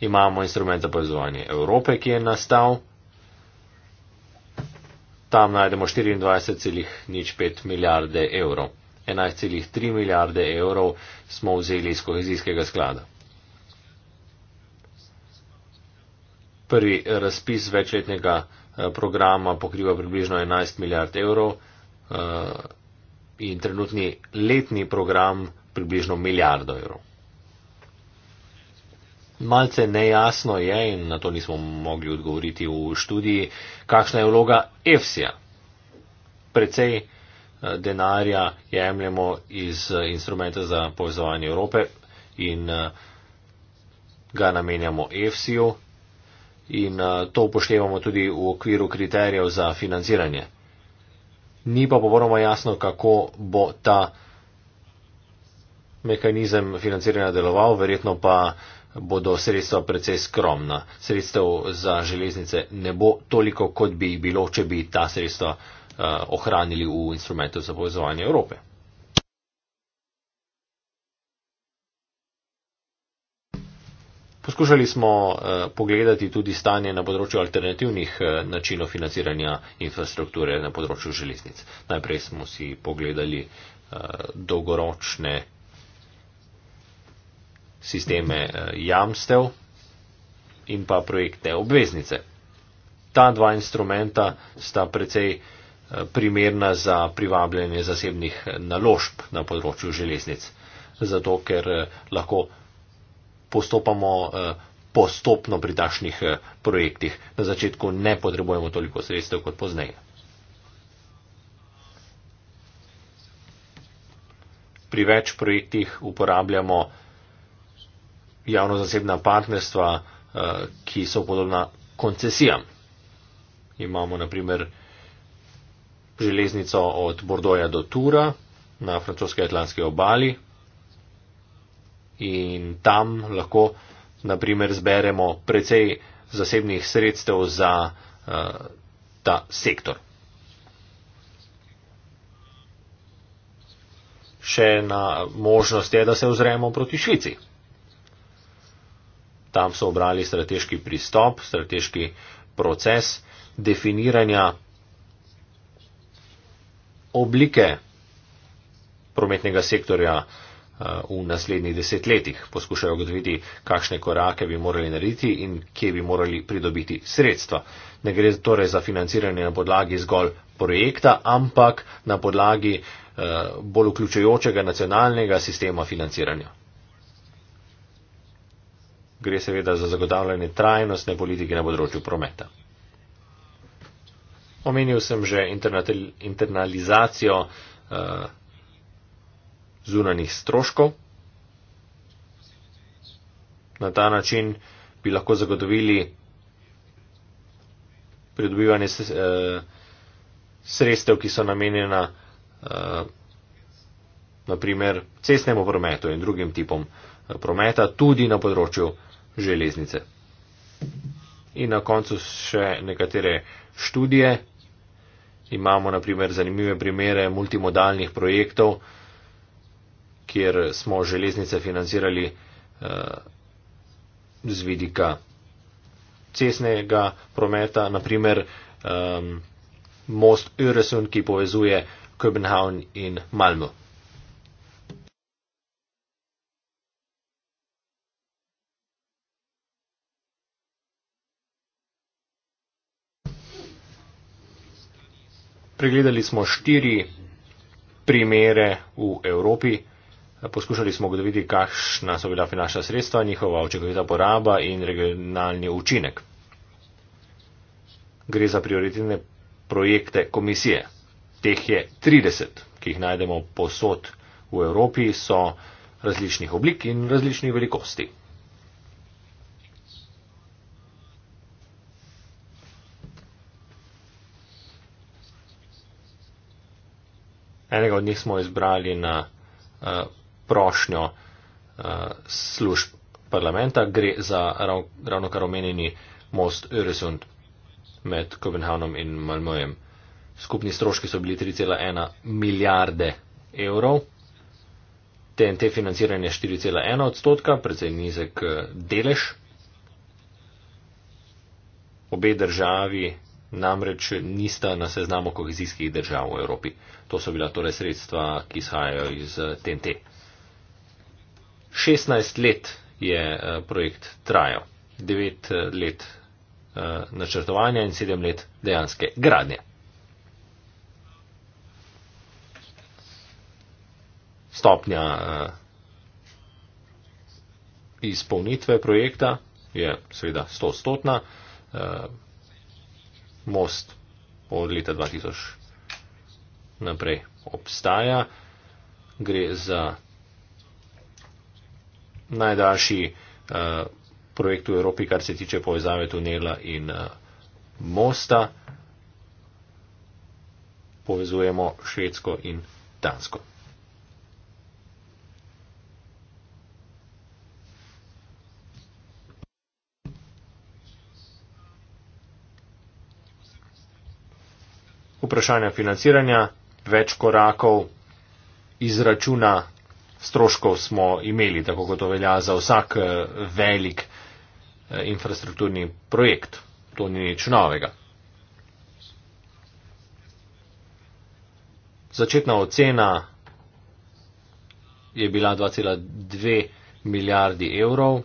[SPEAKER 5] imamo instrument za povezovanje Evrope, ki je nastal. Tam najdemo 24,05 milijarde evrov. 11,3 milijarde evrov smo vzeli iz kohezijskega sklada. Prvi razpis večletnega eh, programa pokriva približno 11 milijard evrov. Uh, in trenutni letni program približno milijardo evrov. Malce nejasno je, in na to nismo mogli odgovoriti v študiji, kakšna je vloga EFSI-ja. Predvsej eh, denarja jemljemo iz eh, instrumenta za povezovanje Evrope in eh, ga namenjamo EFSI-ju in to upoštevamo tudi v okviru kriterijev za financiranje ni pa povoroma jasno, kako bo ta mehanizem financiranja deloval, verjetno pa bodo sredstva precej skromna. Sredstev za železnice ne bo toliko, kot bi bilo, če bi ta sredstva uh, ohranili v instrumentu za povezovanje Evrope. Poskušali smo eh, pogledati tudi stanje na področju alternativnih eh, načinov financiranja infrastrukture na področju železnic. Najprej smo si pogledali eh, dolgoročne sisteme jamstev in pa projektne obveznice. Ta dva instrumenta sta precej primerna za privabljanje zasebnih naložb na področju železnic, zato ker lahko postopamo eh, postopno pri takšnih eh, projektih. Na začetku ne potrebujemo toliko sredstev kot pozneje. Pri več projektih uporabljamo javno-zasebna partnerstva, eh, ki so podobna koncesijam. Imamo naprimer železnico od Bordoja do Tura na francoski atlantski obali, in tam lahko naprimer zberemo precej zasebnih sredstev za uh, ta sektor. Še ena možnost je, da se ozremo proti Švici. Tam so obrali strateški pristop, strateški proces definiranja oblike prometnega sektorja uh, v naslednjih desetletjih. Poskušajo ugotoviti, kakšne korake bi morali narediti in kje bi morali pridobiti sredstva. Ne gre torej za financiranje na podlagi zgolj projekta, ampak na podlagi eh, bolj vključujočega nacionalnega sistema financiranja. Gre seveda za zagotavljanje trajnostne politike na področju prometa. Omenil sem že internalizacijo eh, zunanih stroškov. Na ta način bi lahko zagotovili pridobivanje eh, sredstev, ki so namenjena eh, naprimer cestnemu prometu in drugim tipom eh, prometa, tudi na področju železnice. In na koncu še nekatere študije. Imamo naprimer zanimive primere multimodalnih projektov, kjer smo železnice financirali eh, z vidika cesnega prometa, naprimer most Öresund, ki povezuje Kopenhagen in Malmö. Pregledali smo štiri primere v Evropi. Poskušali smo ugotoviti, kakšna so bila finančna sredstva, njihova očekovita poraba in regionalni učinek. Gre za prioritetne projekte komisije. Teh je 30, ki jih najdemo posod v Evropi, so različnih oblik in različnih velikosti. Enega od njih smo izbrali na uh, prošnjo uh, služb parlamenta, gre za rav, ravno kar omenjeni most Öresund med Kopenhagnom in Malmojem. Skupni stroški so bili 3,1 milijarde evrov, TNT financiranje 4,1 odstotka, predvsej nizek eh, delež. Obe državi namreč nista na seznamu kohezijskih držav v Evropi. To so bila torej sredstva, ki izhajajo iz TNT. Eh, 16 let je eh, projekt trajal, 9 eh, let eh, načrtovanja in 7 let dejanske gradnje. Stopnja izpolnitve projekta je seveda 100-stotna. Most od leta 2000 naprej obstaja. Gre za najdaljši uh, projekt v Evropi, kar se tiče povezave tunela in uh, mosta. Povezujemo Švedsko in Dansko. Vprašanja financiranja, več korakov, izračuna stroškov smo imeli, tako kot to velja za vsak eh, velik eh, infrastrukturni projekt. To ni nič novega. Začetna ocena je bila 2,2 milijardi evrov.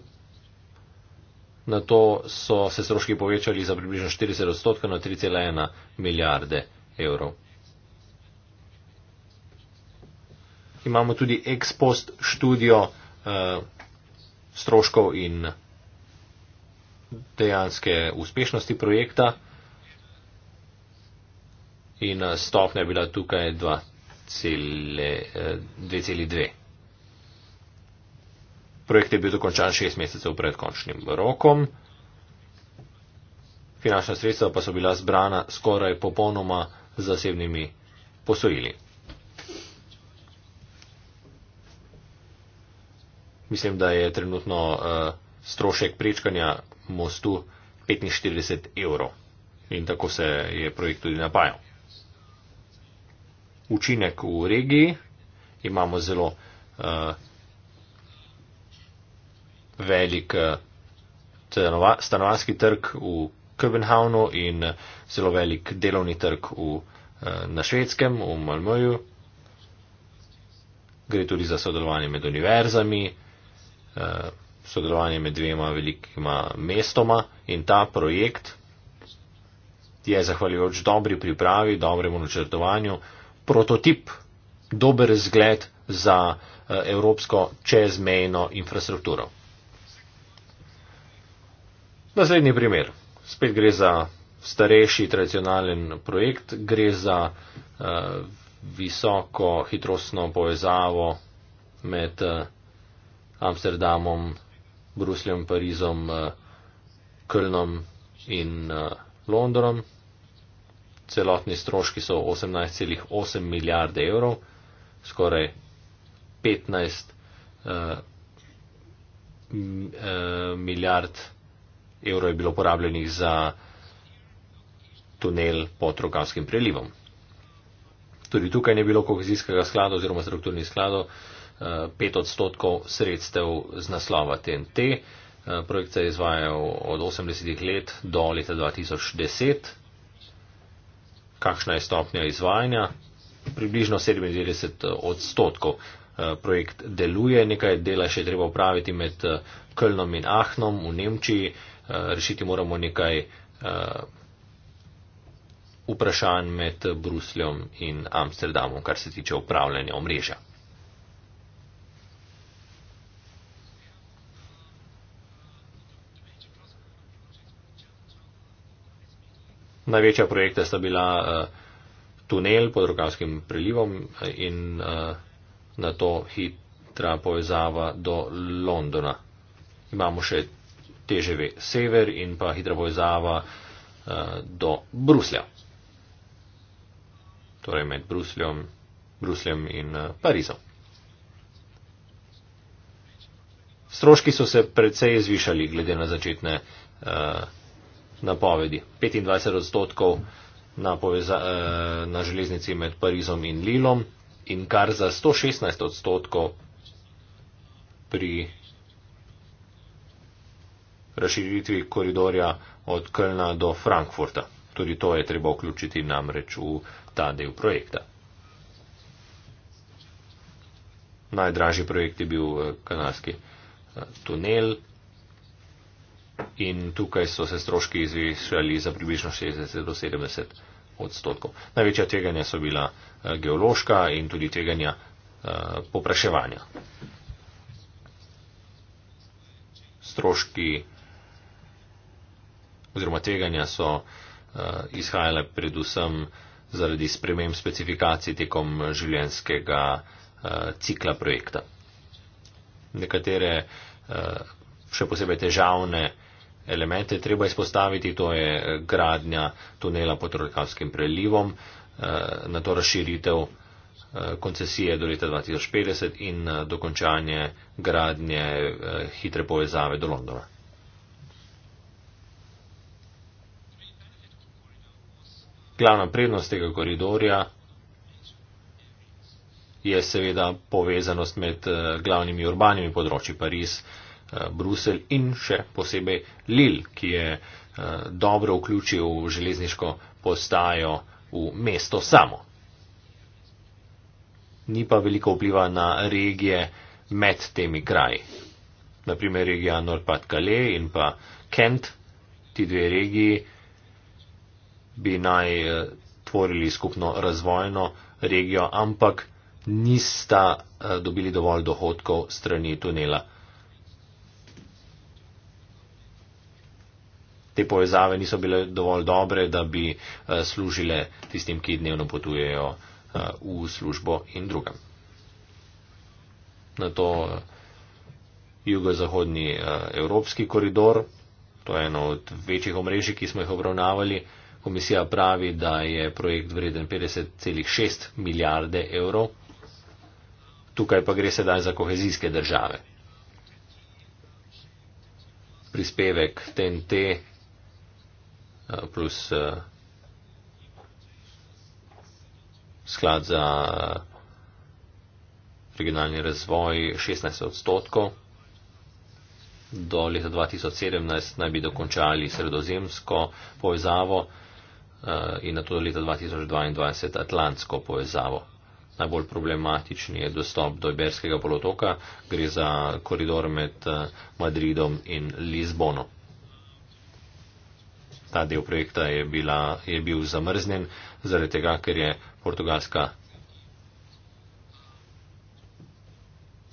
[SPEAKER 5] Na to so se stroški povečali za približno 40 odstotkov na 3,1 milijarde evrov. imamo tudi ex post študijo eh, stroškov in dejanske uspešnosti projekta. In eh, stopnja je bila tukaj 2,2. Eh, Projekt je bil dokončan šest mesecev pred končnim rokom. Finančna sredstva pa so bila zbrana skoraj popolnoma zasebnimi posojili. Mislim, da je trenutno uh, strošek prečkanja mostu 45 evrov in tako se je projekt tudi napajal. Učinek v regiji imamo zelo uh, velik stanovanski trg v Kopenhavnu in zelo velik delovni trg v, uh, na švedskem, v Malmöju. Gre tudi za sodelovanje med univerzami eh, sodelovanje med dvema velikima mestoma in ta projekt je zahvaljujoč dobri pripravi, dobremu načrtovanju, prototip, dober zgled za eh, evropsko čezmejno infrastrukturo. Naslednji primer. Spet gre za starejši tradicionalen projekt, gre za eh, visoko hitrostno povezavo med eh, Amsterdamom, Brusljem, Parizom, eh, Kölnom in eh, Londonom. Celotni stroški so 18,8 milijarde evrov, skoraj 15 eh, milijard evrov je bilo porabljenih za tunel pod Rogavskim prelivom. Tudi tukaj ni bilo kohezijskega sklada oziroma strukturnih skladov. 5 odstotkov sredstev z naslova TNT. Eh, projekt se je izvajal od 80-ih let do leta 2010. Kakšna je stopnja izvajanja? Približno 97 eh, odstotkov eh, projekt deluje, nekaj dela še treba upraviti med Kölnom in Ahnom v Nemčiji, rešiti moramo nekaj vprašanj med Brusljem in Amsterdamom, kar se tiče upravljanja omrežja. Največja projekta sta bila uh, tunel pod Rokavskim prilivom eh, in uh, eh, na to hitra povezava do Londona. Imamo še TŽV Sever in pa hitra povezava uh, do Bruslja. Torej med Brusljem, Brusljem in uh, Parizom. Stroški so se precej zvišali glede na začetne. Uh, napovedi. 25 odstotkov na, poveza, eh, na železnici med Parizom in Lilom in kar za 116 odstotkov pri razširitvi koridorja od Kölna do Frankfurta. Tudi to je treba vključiti namreč v ta del projekta. Najdražji projekt je bil eh, kanalski eh, tunel, in tukaj so se stroški izvišali za približno 60 do 70 odstotkov. Največja tveganja so bila eh, geološka in tudi tveganja eh, popraševanja. Stroški oziroma tveganja so eh, izhajale predvsem zaradi sprememb specifikacij tekom življenskega cikla projekta. Nekatere še posebej težavne elemente treba izpostaviti, to je eh, gradnja tunela pod Rokavskim prelivom, eh, na to razširitev eh, koncesije do leta 2050 in dokončanje gradnje hitre povezave do Londona. Glavna prednost tega koridorja je seveda povezanost med glavnimi urbanimi področji Pariz, Eh, Bruselj in še posebej Lil, ki je eh, dobro vključil železniško postajo v mesto samo. Ni pa veliko vpliva na regije med temi kraji. Naprimer regija Nord-Pas-de-Calais in pa Kent, ti dve regiji bi naj eh, tvorili skupno razvojno regijo, ampak
[SPEAKER 2] nista
[SPEAKER 5] dobili dovolj dohodkov strani tunela. te povezave niso bile dovolj dobre, da bi eh, služile tistim, ki dnevno potujejo eh, v službo in drugem. Na to eh, jugozahodni evropski koridor, to je eno od večjih omrežij, ki smo jih obravnavali, komisija pravi, da je projekt vreden 50,6 milijarde evrov. Tukaj pa gre sedaj za kohezijske države. Prispevek TNT plus eh, sklad za eh, regionalni razvoj 16 odstotkov. Do leta 2017 naj bi dokončali sredozemsko povezavo eh, in na to do leta 2022 atlantsko povezavo. Najbolj problematični je dostop do Iberskega polotoka, gre za koridor med Madridom in Lizbono ta del projekta je, bila, je bil zamrznjen zaradi tega, ker je Portugalska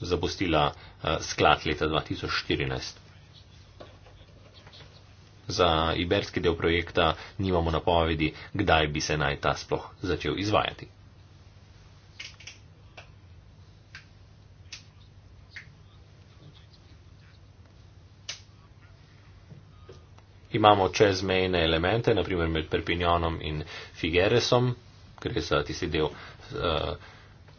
[SPEAKER 5] zapustila eh, sklad leta 2014. Za iberski del projekta nimamo napovedi, kdaj bi se naj ta sploh začel izvajati. imamo čezmejne elemente, naprimer med Perpignanom in Figueresom, gre za tisti del uh,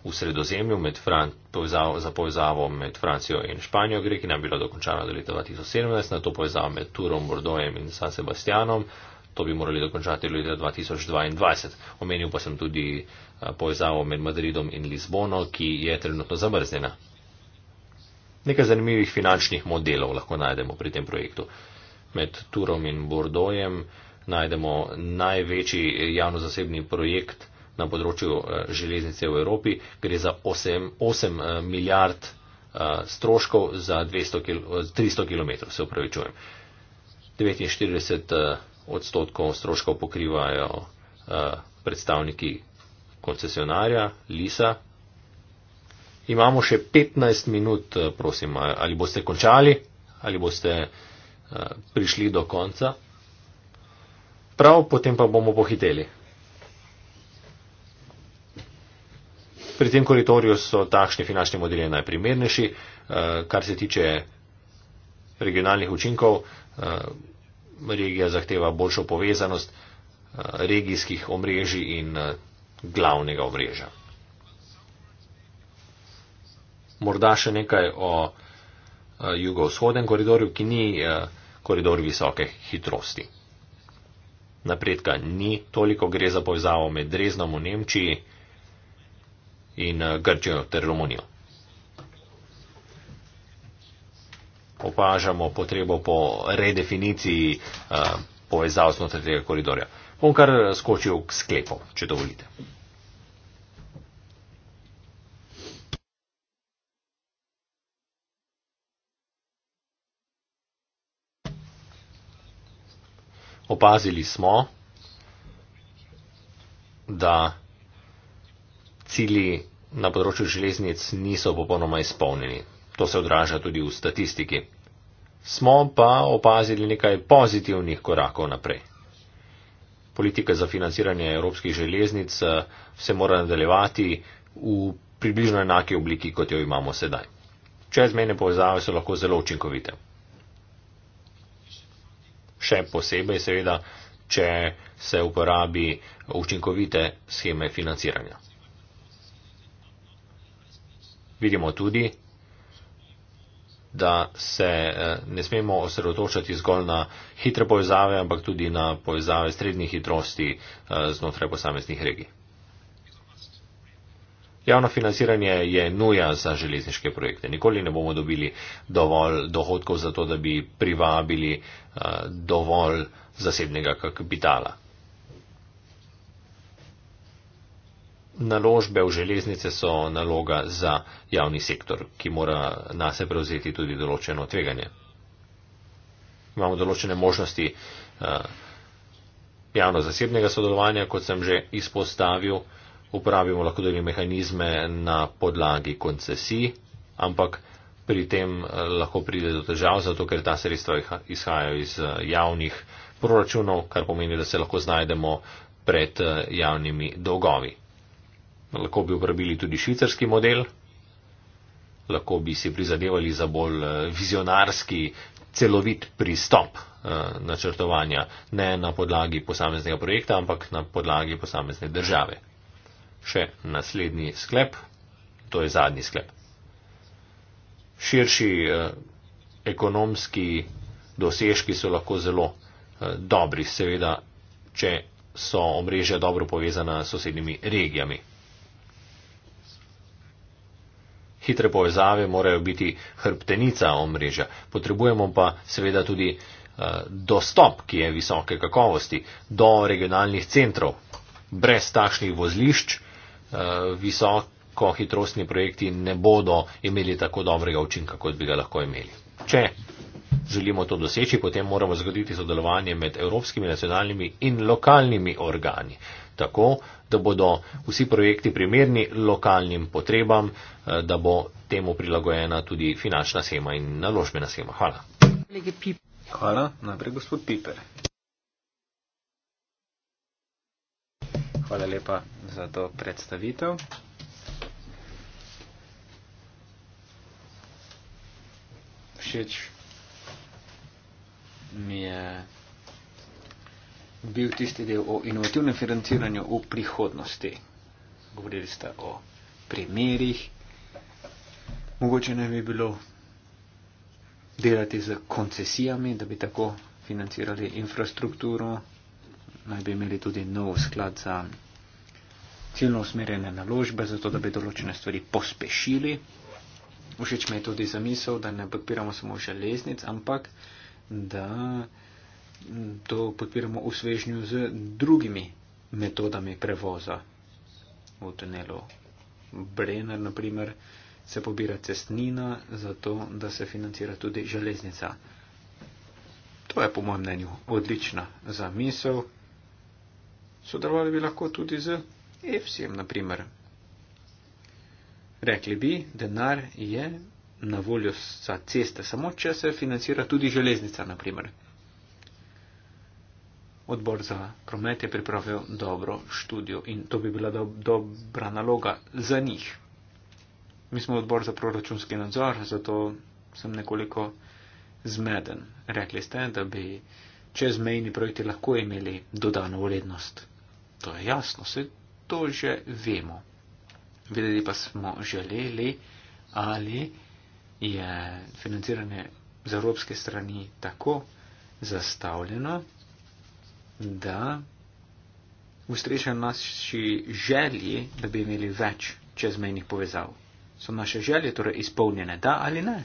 [SPEAKER 5] v sredozemlju med Fran povezav za povezavo med Francijo in Španijo, gre, ki nam je bila dokončana do leta 2017, na to povezavo med Turom, Bordojem in San Sebastianom. To bi morali dokončati leta 2022. Omenil pa sem tudi eh, povezavo med Madridom in Lizbono, ki je trenutno zamrznjena. Nekaj zanimivih finančnih modelov lahko najdemo pri tem projektu med Turom in Bordojem najdemo največji javno-zasebni projekt na področju eh, železnice v Evropi. Gre za 8, 8 eh, milijard eh, stroškov za 200, 300 km, se upravičujem. 49 odstotkov stroškov pokrivajo predstavniki koncesionarja Lisa. Imamo še 15 minut, prosim, ali boste končali, ali boste. Eh, prišli do konca. Prav, potem pa bomo pohiteli. Pri tem koridorju so takšni finančni modeli najprimernejši, eh, kar se tiče regionalnih učinkov. Eh, regija zahteva boljšo povezanost regijskih omrežij in glavnega omrežja. Morda še nekaj o Eh, jugovzhoden koridor, ki ni eh, koridor visoke hitrosti. Napredka ni, toliko gre za povezavo med Dreznom v Nemčiji in eh, Grčijo ter Romunijo. Opažamo potrebo po redefiniciji povezav znotraj tega koridorja. Bom kar skočil k sklepom, če dovolite. opazili smo, da cilji na področju železnic niso popolnoma izpolnjeni. To se odraža tudi v statistiki. Smo pa opazili nekaj pozitivnih korakov naprej. Politika za financiranje evropskih železnic eh, se mora nadaljevati v približno enake obliki, kot jo imamo sedaj. Čezmejne povezave so lahko zelo učinkovite še posebej seveda, če se uporabi učinkovite scheme financiranja. Vidimo tudi, da se eh, ne smemo osredotočati zgolj na hitre povezave, ampak tudi na povezave srednjih hitrosti eh, znotraj posameznih regij. Javno financiranje je nuja za železniške projekte. Nikoli ne bomo dobili dovolj dohodkov za to, da bi privabili eh, dovolj zasebnega kapitala. Naložbe v železnice so naloga za javni sektor, ki mora na se prevzeti tudi določeno tveganje. Imamo določene možnosti eh, javno-zasebnega sodelovanja, kot sem že izpostavil uporabimo lahko tudi mehanizme na podlagi koncesij, ampak pri tem eh, lahko pride do težav, zato ker ta sredstva izhajajo iz eh, javnih proračunov, kar pomeni, da se lahko znajdemo pred eh, javnimi dolgovi. Lahko bi uporabili tudi švicarski model, lahko bi si prizadevali za bolj vizionarski, celovit pristop načrtovanja, ne na podlagi posameznega projekta, ampak na podlagi posamezne države še naslednji sklep, to je zadnji sklep. Širši eh, ekonomski dosežki so lahko zelo eh, dobri, seveda, če so omrežja dobro povezana s sosednjimi regijami. Hitre povezave morajo biti hrbtenica omrežja. Potrebujemo pa seveda tudi eh, dostop, ki je visoke kakovosti, do regionalnih centrov. Brez takšnih vozlišč Eh, visoko hitrostni projekti ne bodo imeli tako dobrega učinka, kot bi ga lahko imeli. Če želimo to doseči, potem moramo zgoditi sodelovanje med evropskimi, nacionalnimi in lokalnimi organi, tako da bodo vsi projekti primerni lokalnim potrebam, eh, da bo temu prilagojena tudi finančna sema in naložbena sema. Hvala.
[SPEAKER 2] Hvala, najprej gospod Piper. Hvala lepa za to predstavitev. Všeč mi je bil tisti del o inovativnem financiranju v prihodnosti. Govorili ste o primerih. Mogoče ne bi bilo delati z koncesijami, da bi tako financirali infrastrukturo, naj bi imeli tudi nov sklad za ciljno usmerjene naložbe, zato da bi določene stvari pospešili. Všeč mi je tudi zamisel, da ne podpiramo samo železnic, ampak da mm, to podpiramo v svežnju z drugimi metodami prevoza. V tunelu Brenner, na primer, se pobira cestnina, zato da se financira tudi železnica. To je po mojem mnenju odlična zamisel sodelovali bi lahko tudi z EFSI-jem, naprimer. Rekli bi, denar je na voljo za ceste, samo če se financira tudi železnica, naprimer. Odbor za promet je pripravil dobro študijo in to bi bila do, dobra naloga za njih. Mi smo odbor za proračunski nadzor, zato sem nekoliko zmeden. Rekli ste, da bi čezmejni projekti lahko imeli dodano vrednost. To je jasno, vse to že vemo. Vedeli pa smo želeli, ali je financiranje z evropske strani tako zastavljeno, da ustreša naši želji, da bi imeli več čezmejnih povezav. So naše želje torej izpolnjene, da ali ne?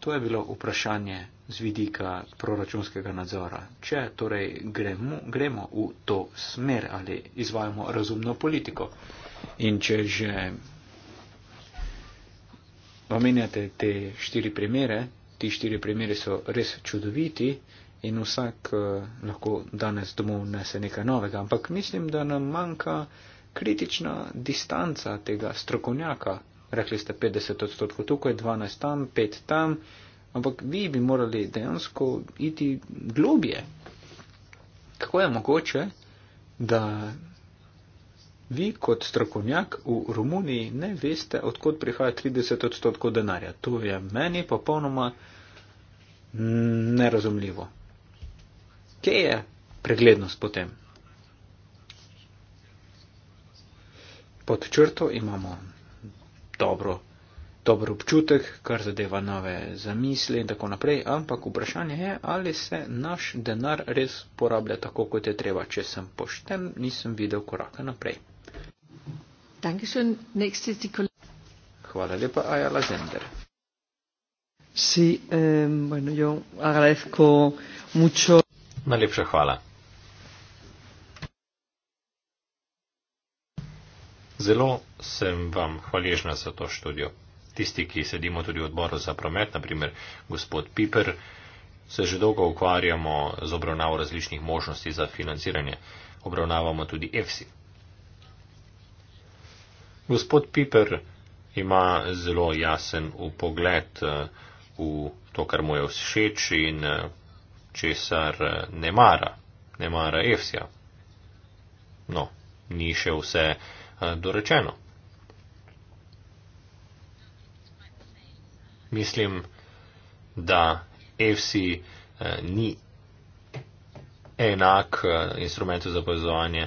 [SPEAKER 2] To je bilo vprašanje z vidika proračunskega nadzora. Če torej gremo, gremo v to smer ali izvajamo razumno politiko in če že omenjate te štiri primere, ti štiri primere so res čudoviti in vsak uh, lahko danes domov nese nekaj novega, ampak mislim, da nam manjka kritična distanca tega strokovnjaka. Rekli ste 50 odstotkov tukaj, 12 tam, 5 tam ampak vi bi morali dejansko iti globje. Kako je mogoče, da vi kot strokovnjak v Romuniji ne veste, odkot prihaja 30 odstotkov denarja? To je meni popolnoma nerazumljivo. Kje je preglednost potem? Pod črto imamo dobro dober občutek, kar zadeva nove zamisli in tako naprej, ampak vprašanje je, ali se naš denar res porablja tako, kot je treba. Če sem pošten, nisem videl koraka naprej. Hvala lepa, Ajala Zender.
[SPEAKER 3] Sí, eh, bueno, yo agradezco mucho.
[SPEAKER 5] Najlepša hvala. Zelo sem vam hvaležna za to študijo tisti, ki sedimo tudi v odboru za promet, naprimer gospod Piper, se že dolgo ukvarjamo z obravnavo različnih možnosti za financiranje. Obravnavamo tudi EFSI. Gospod Piper ima zelo jasen upogled eh, v to, kar mu je všeč in eh, česar eh, ne mara, ne mara EFSI-ja. No, ni še vse dorečeno. mislim, da FC eh, ni enak eh, instrumentu za povezovanje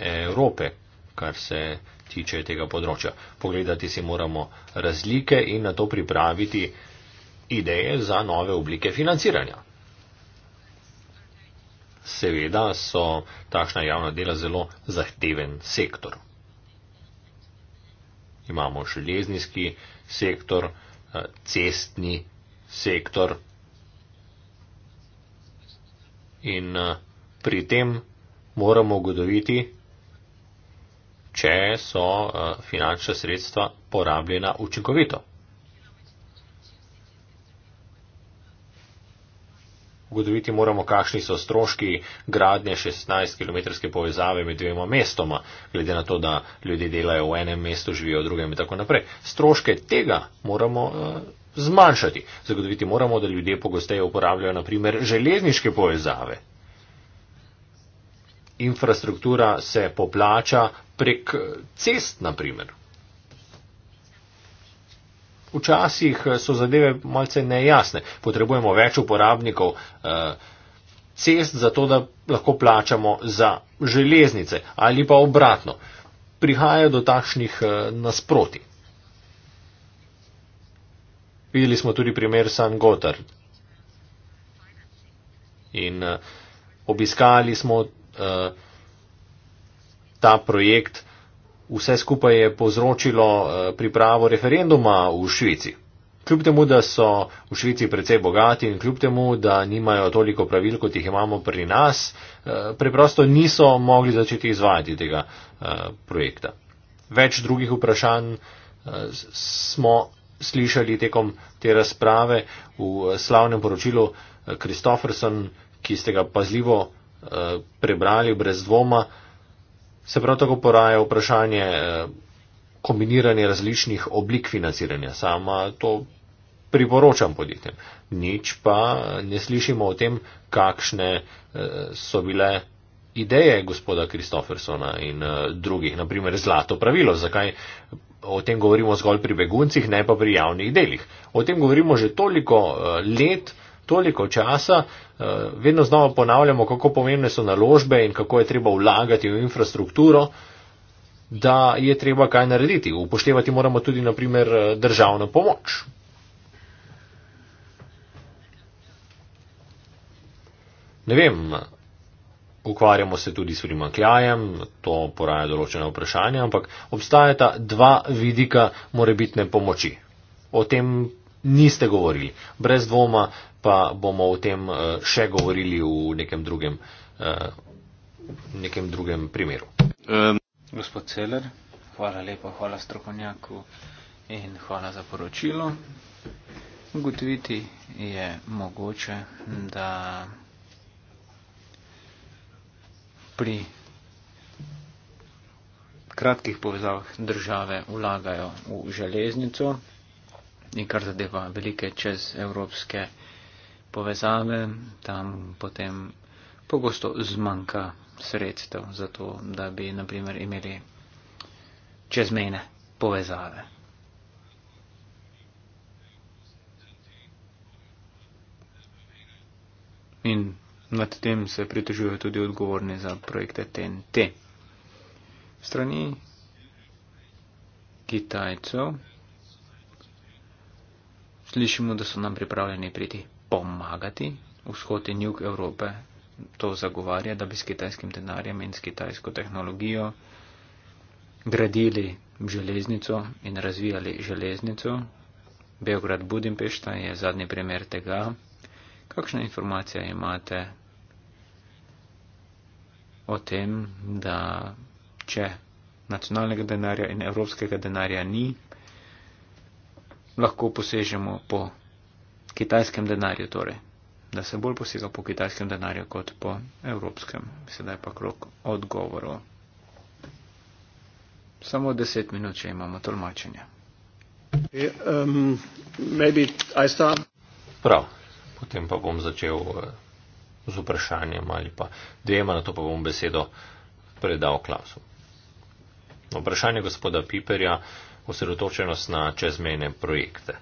[SPEAKER 5] Evrope, kar se tiče tega področja. Pogledati si moramo razlike in na to pripraviti ideje za nove oblike financiranja. Seveda so takšna javna dela zelo zahteven sektor. Imamo železniški sektor, Eh, cestni sektor. In eh, pri tem moramo ugotoviti, če so eh, finančna sredstva porabljena učinkovito. Ugotoviti moramo, kakšni so stroški gradnje 16-kilometrske povezave med dvema mestoma, glede na to, da ljudje delajo v enem mestu, živijo v drugem in tako naprej. Stroške tega moramo uh, zmanjšati. Zagotoviti moramo, da ljudje pogosteje uporabljajo naprimer železniške povezave. Infrastruktura se poplača prek eh, cest, naprimer včasih eh, so zadeve malce nejasne. Potrebujemo več uporabnikov eh, cest, zato da lahko plačamo za železnice ali pa obratno. Prihaja do takšnih eh, nasproti. Videli smo tudi primer San Gotard. In obiskali smo ta projekt vse skupaj je povzročilo eh, pripravo referenduma v Švici. Kljub temu, da so v Švici precej bogati in kljub temu, da nimajo toliko pravil, kot jih imamo pri nas, eh, preprosto niso mogli začeti izvajati tega eh, projekta. Več drugih vprašanj smo slišali tekom te razprave v slavnem poročilu Kristofferson, ki ste ga pazljivo prebrali brez dvoma se prav tako poraja vprašanje eh, kombiniranja različnih oblik financiranja. Sama to priporočam podjetjem. Nič pa ne slišimo o tem, kakšne eh, so bile ideje gospoda Kristofersona in eh, drugih. Naprimer, zlato pravilo. Zakaj o tem govorimo zgolj pri beguncih, ne pa pri javnih delih? O tem govorimo že toliko let toliko časa, eh, vedno znova ponavljamo, kako pomembne so naložbe in kako je treba vlagati v infrastrukturo, da je treba kaj narediti. Upoštevati moramo tudi, naprimer, eh, državno pomoč. Ne vem, ukvarjamo se tudi s primankljajem, to poraja določene vprašanja, ampak obstajata dva vidika morebitne pomoči. O tem niste govorili. Brez dvoma pa bomo o tem eh, še govorili v nekem drugem, eh, nekem drugem
[SPEAKER 2] primeru. Um. Gospod Celer, hvala lepa, hvala strokovnjaku in hvala za poročilo. Ugotoviti je mogoče, da pri kratkih povezavah države vlagajo v železnico in kar zadeva velike čez evropske povezave, tam potem pogosto zmanjka sredstev za to, da bi naprimer imeli čezmejne povezave. In nad tem se pritožujejo tudi odgovorni za projekte TNT. Strani Kitajcev slišimo, da so nam pripravljeni priti pomagati. Vzhod in jug Evrope to zagovarja, da bi s kitajskim denarjem in s kitajsko tehnologijo gradili železnico in razvijali železnico. Beograd Budimpešta je zadnji primer tega. Kakšna informacija imate o tem, da če nacionalnega denarja in evropskega denarja ni, lahko posežemo po kitajskem denarju torej, da se bolj posega po kitajskem denarju kot po evropskem. Sedaj pa krok odgovorov. Samo deset minut, če imamo tolmačenje. E, Prav, potem pa bom
[SPEAKER 5] začel e, z vprašanjem ali pa dvema, na to pa bom besedo predal Klausu. Vprašanje gospoda Piperja, osredotočenost na čezmejne projekte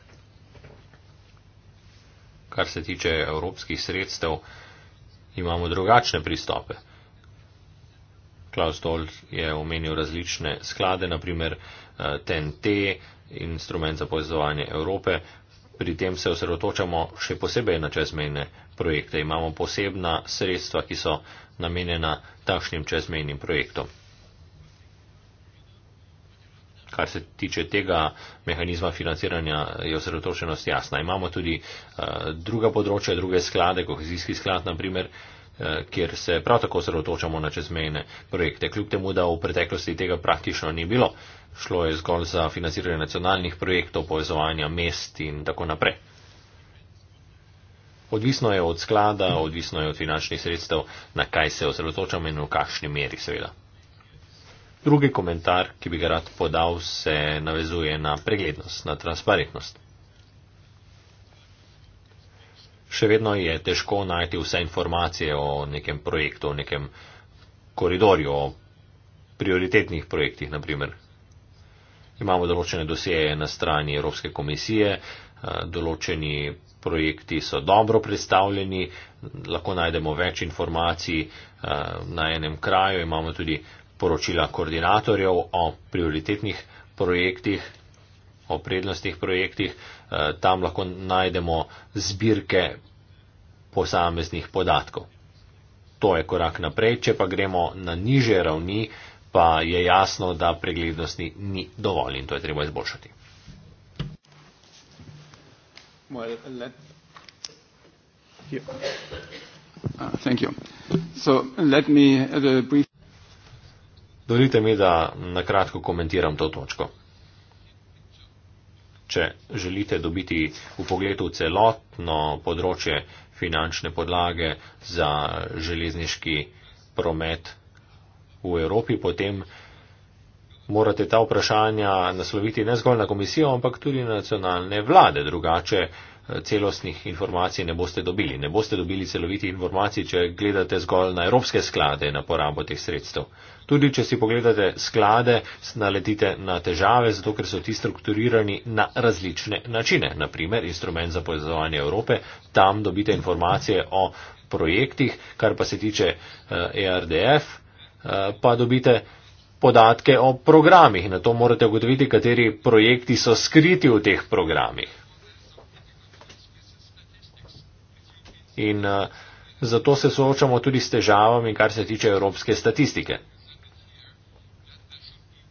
[SPEAKER 5] kar se tiče evropskih sredstev, imamo drugačne pristope. Klaus Toll je omenil različne sklade, naprimer TNT, eh, instrument za povezovanje Evrope. Pri tem se osredotočamo še posebej na čezmejne projekte. Imamo posebna sredstva, ki so namenjena takšnim čezmejnim projektom kar se tiče tega mehanizma financiranja, je osredotočenost jasna. Imamo tudi uh, druga področja, druge sklade, kohezijski sklad, naprimer, uh, eh, kjer se prav tako osredotočamo na čezmejne projekte. Kljub temu, da v preteklosti tega praktično ni bilo, šlo je zgolj za financiranje nacionalnih projektov, povezovanja mest in tako naprej. Odvisno je od sklada, odvisno je od finančnih sredstev, na kaj se osredotočamo in v kakšni meri, seveda. Drugi komentar, ki bi ga rad podal, se navezuje na preglednost, na transparentnost. Še vedno je težko najti vse informacije o nekem projektu, o nekem koridorju, o prioritetnih projektih, naprimer. Imamo določene dosjeje na strani Evropske komisije, eh, določeni projekti so dobro predstavljeni, lahko najdemo več informacij eh, na enem kraju, imamo tudi poročila koordinatorjev o prioritetnih projektih, o prednostnih projektih. Eh, tam lahko najdemo zbirke posameznih podatkov. To je korak naprej. Če pa gremo na niže ravni, pa je jasno, da preglednosti ni dovolj in to je treba izboljšati.
[SPEAKER 2] Well, let...
[SPEAKER 3] Yeah. Uh, thank you. So let me have uh, a brief.
[SPEAKER 5] Dovolite mi, da na kratko komentiram to točko. Če želite dobiti v pogledu celotno področje finančne podlage za železniški promet v Evropi, potem morate ta vprašanja nasloviti ne zgolj na komisijo, ampak tudi na nacionalne vlade. Drugače, celostnih informacij ne boste dobili. Ne boste dobili celovitih informacij, če gledate zgolj na evropske sklade na porabo teh sredstev. Tudi, če si pogledate sklade, naletite na težave, zato ker so ti strukturirani na različne načine. Naprimer, instrument za povezovanje Evrope, tam dobite informacije o projektih, kar pa se tiče ERDF, eh, e eh, pa dobite podatke o programih. Na to morate ugotoviti, kateri projekti so skriti v teh programih. in uh, zato se soočamo tudi s težavami, kar se tiče evropske statistike.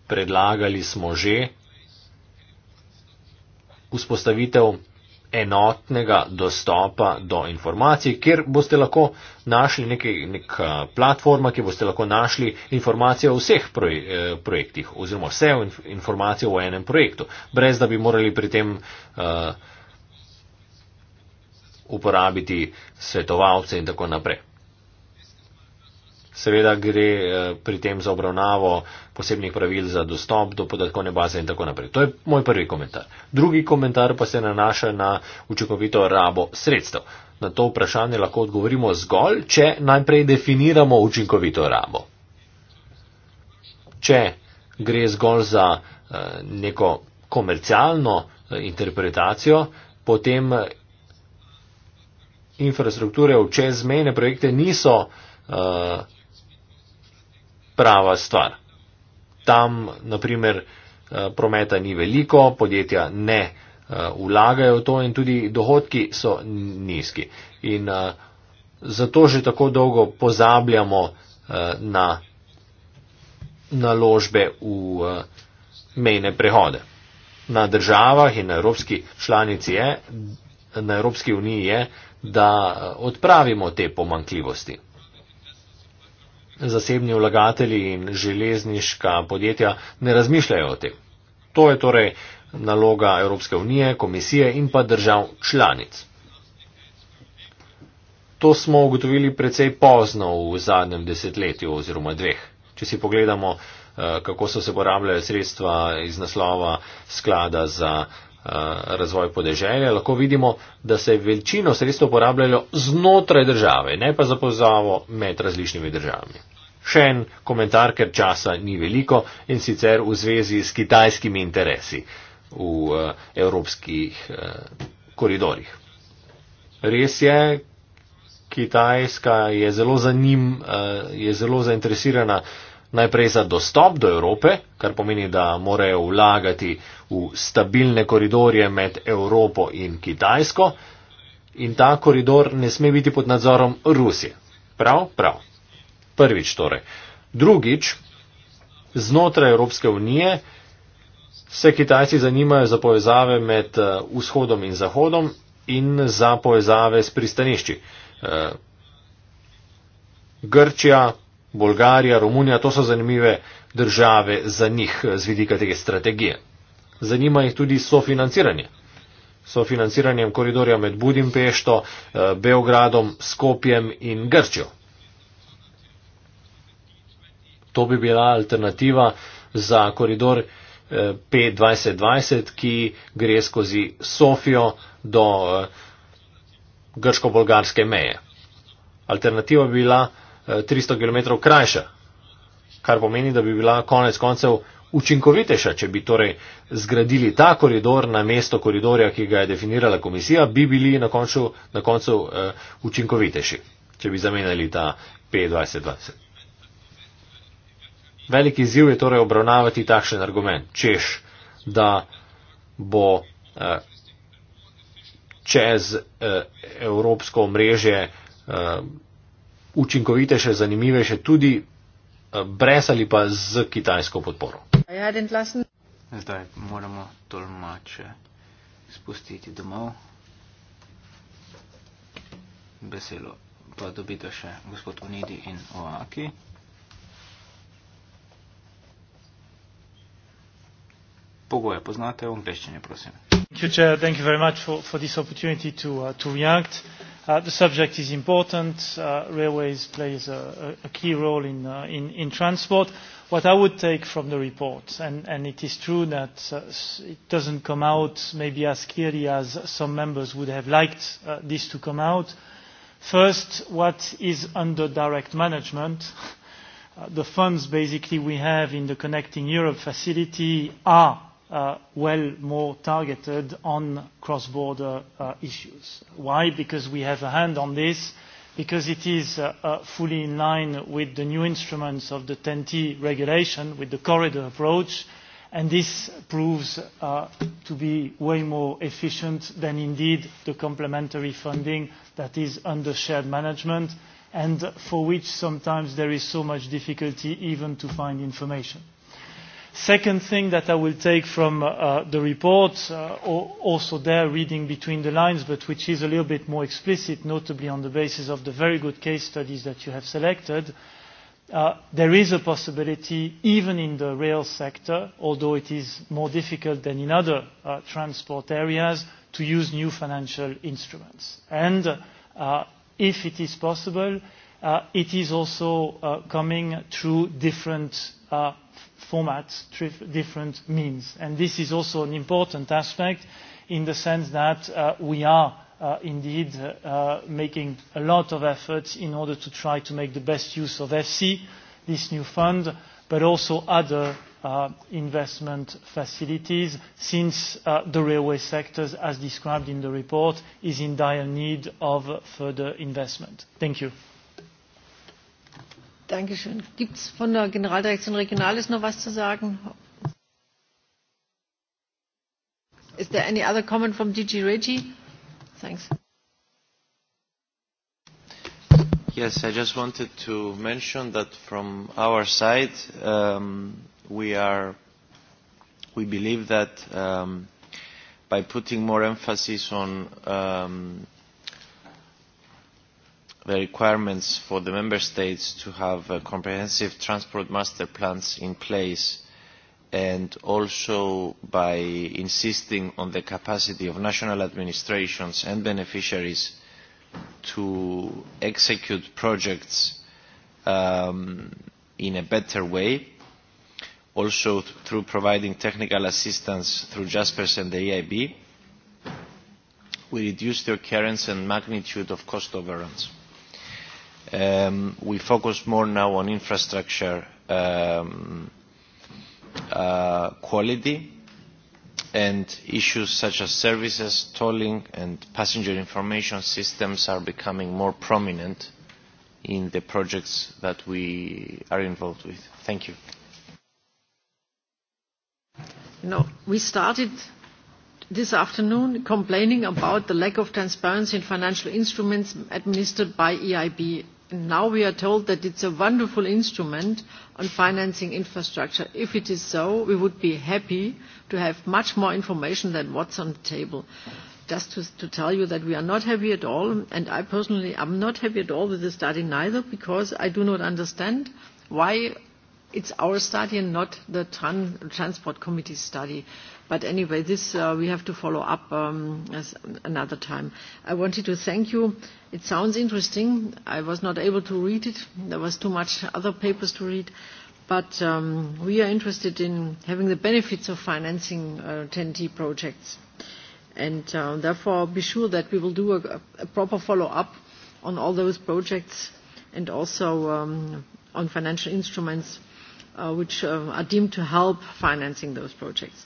[SPEAKER 5] Predlagali smo že vzpostavitev enotnega dostopa do informacij, kjer boste lahko našli nekaj, nek eh, platforma, kjer boste lahko našli informacije o vseh proj, eh, projektih oziroma vse inf informacije o enem projektu, brez da bi morali pri tem eh, uporabiti svetovalce in tako naprej. Seveda gre eh, pri tem za obravnavo posebnih pravil za dostop do podatkovne baze in tako naprej. To je moj prvi komentar. Drugi komentar pa se nanaša na učinkovito rabo sredstev. Na to vprašanje lahko odgovorimo zgolj, če najprej definiramo učinkovito rabo. Če gre zgolj za eh, neko komercialno eh, interpretacijo, potem infrastrukture v čezmejne projekte niso uh, prava stvar. Tam, naprimer, eh, prometa ni veliko, podjetja ne eh, vlagajo v to in tudi dohodki so nizki. In zato že tako dolgo pozabljamo na naložbe v mejne prehode. Na državah in na Evropski članici je, na Evropski uniji je, da odpravimo te pomankljivosti. Zasebni vlagatelji in železniška podjetja ne razmišljajo o tem. To je torej naloga Evropske unije, komisije in pa držav članic. To smo ugotovili precej pozno v zadnjem desetletju oziroma dveh. Če si pogledamo, eh, kako so se porabljale sredstva iz naslova sklada za Eh, razvoj podeželja, lahko vidimo, da se je večino sredstev uporabljalo znotraj države, ne pa za povezavo med različnimi državami. Še en komentar, ker časa ni veliko in sicer v zvezi s kitajskimi interesi v uh, evropskih uh, eh, koridorih. Res je, Kitajska je zelo, zanim, uh, je zelo zainteresirana uh, najprej za dostop do Evrope, kar pomeni, da morajo vlagati v stabilne koridorje med Evropo in Kitajsko in ta koridor ne sme biti pod nadzorom Rusije. Prav, prav. Prvič torej. Drugič, znotraj Evropske unije se Kitajci zanimajo za povezave med eh, vzhodom in zahodom in za povezave s pristanišči. Eh, Grčija, Bolgarija, Romunija, to so zanimive države za njih z vidika tega strategije. Zanima jih tudi sofinanciranje. Sofinanciranjem koridorja med Budimpešto, eh, Beogradom, Skopjem in Grčjo. To bi bila alternativa za koridor eh, P2020, ki gre skozi Sofijo do eh, grško-bolgarske meje. Alternativa bi bila 300 eh, km krajša, kar pomeni, da bi bila konec koncev učinkovitejša, če bi torej zgradili ta koridor na mesto koridorja, ki ga je definirala komisija, bi bili na koncu, na koncu uh, učinkovitejši, če bi zamenjali ta P2020. Veliki ziv je torej obravnavati takšen argument, češ, da bo uh, čez uh, evropsko mreže uh, učinkovitejše, zanimivejše, tudi eh, brez ali pa z kitajsko podporo.
[SPEAKER 2] Zdaj moramo tolmače spustiti domov. Veselo pa dobite še gospod Unidi in Oaki. Pogoje poznate v angleščini, prosim.
[SPEAKER 3] Thank you, Chair. Thank you very much for, for this opportunity to, uh, to react. Uh, the subject is important. Uh, railways plays a, a key role in, uh, in, in transport. What I would take from the report, and, and it is true that uh, it doesn't come out maybe as clearly as some members would have liked uh, this to come out. First, what is under direct management? uh, the funds basically we have in the Connecting Europe facility are Uh, well more targeted on cross-border uh, issues. Why? Because we have a hand on this, because it is uh, fully in line with the new instruments of the TEN-T regulation, with the corridor approach, and this proves to be way more efficient than indeed the complementary funding that is under shared management, and for which sometimes there is so much difficulty even to find information. Second thing that I will take from uh, uh the report, uh, also there reading between the lines, but which is a little bit more explicit, notably on the basis of the very good case studies that you have selected, uh, there is a possibility, even in the rail sector, although it is more difficult than in other uh, transport areas, to use new financial instruments. And uh, if it is possible, uh, it is also uh, coming through different uh, formats, different means. And this is also an important aspect in the sense that uh, we are uh, indeed uh, uh making a lot of efforts in order to try to make the best use of FC, this new fund, but also other uh, investment facilities, since uh, the railway sector, as described in the report, is in dire need of further investment. Thank you
[SPEAKER 1] gibt es von der generaldirektion regionales noch etwas zu sagen? is there any other comment from dg regi? thanks.
[SPEAKER 6] yes, i just wanted to mention that from our side um, we are we believe that um, by putting more emphasis on um, the requirements for the member states to have uh, comprehensive transport master plans in place and also by insisting on the capacity of national administrations and beneficiaries to execute projects um, in a better way, also th through providing technical assistance through JASPERS and the EIB, we reduce the occurrence and magnitude of cost overruns um, we focus more now on infrastructure um, uh, quality and issues such as services, tolling and passenger information systems are becoming more prominent in the projects that we are involved with. Thank you.
[SPEAKER 1] No, we started this afternoon complaining about the lack of transparency in financial instruments administered by EIB now we are told that it's a wonderful instrument on financing infrastructure. If it is so, we would be happy to have much more information than what's on the table. Just to, to tell you that we are not happy at all, and I personally am not happy at all with the study neither, because I do not understand why it's our study and not the tran- Transport Committee's study. Uh, But anyway, this uh, we have to follow up um, as another time. I wanted to thank you. It sounds interesting. I was not able to read it. There was too much other papers to read. But um, we are interested in having the benefits of financing uh, 10T projects. And uh, therefore, be sure that we will do a, a proper follow-up on all those projects and also um, on financial instruments uh, which uh, are deemed to help financing those projects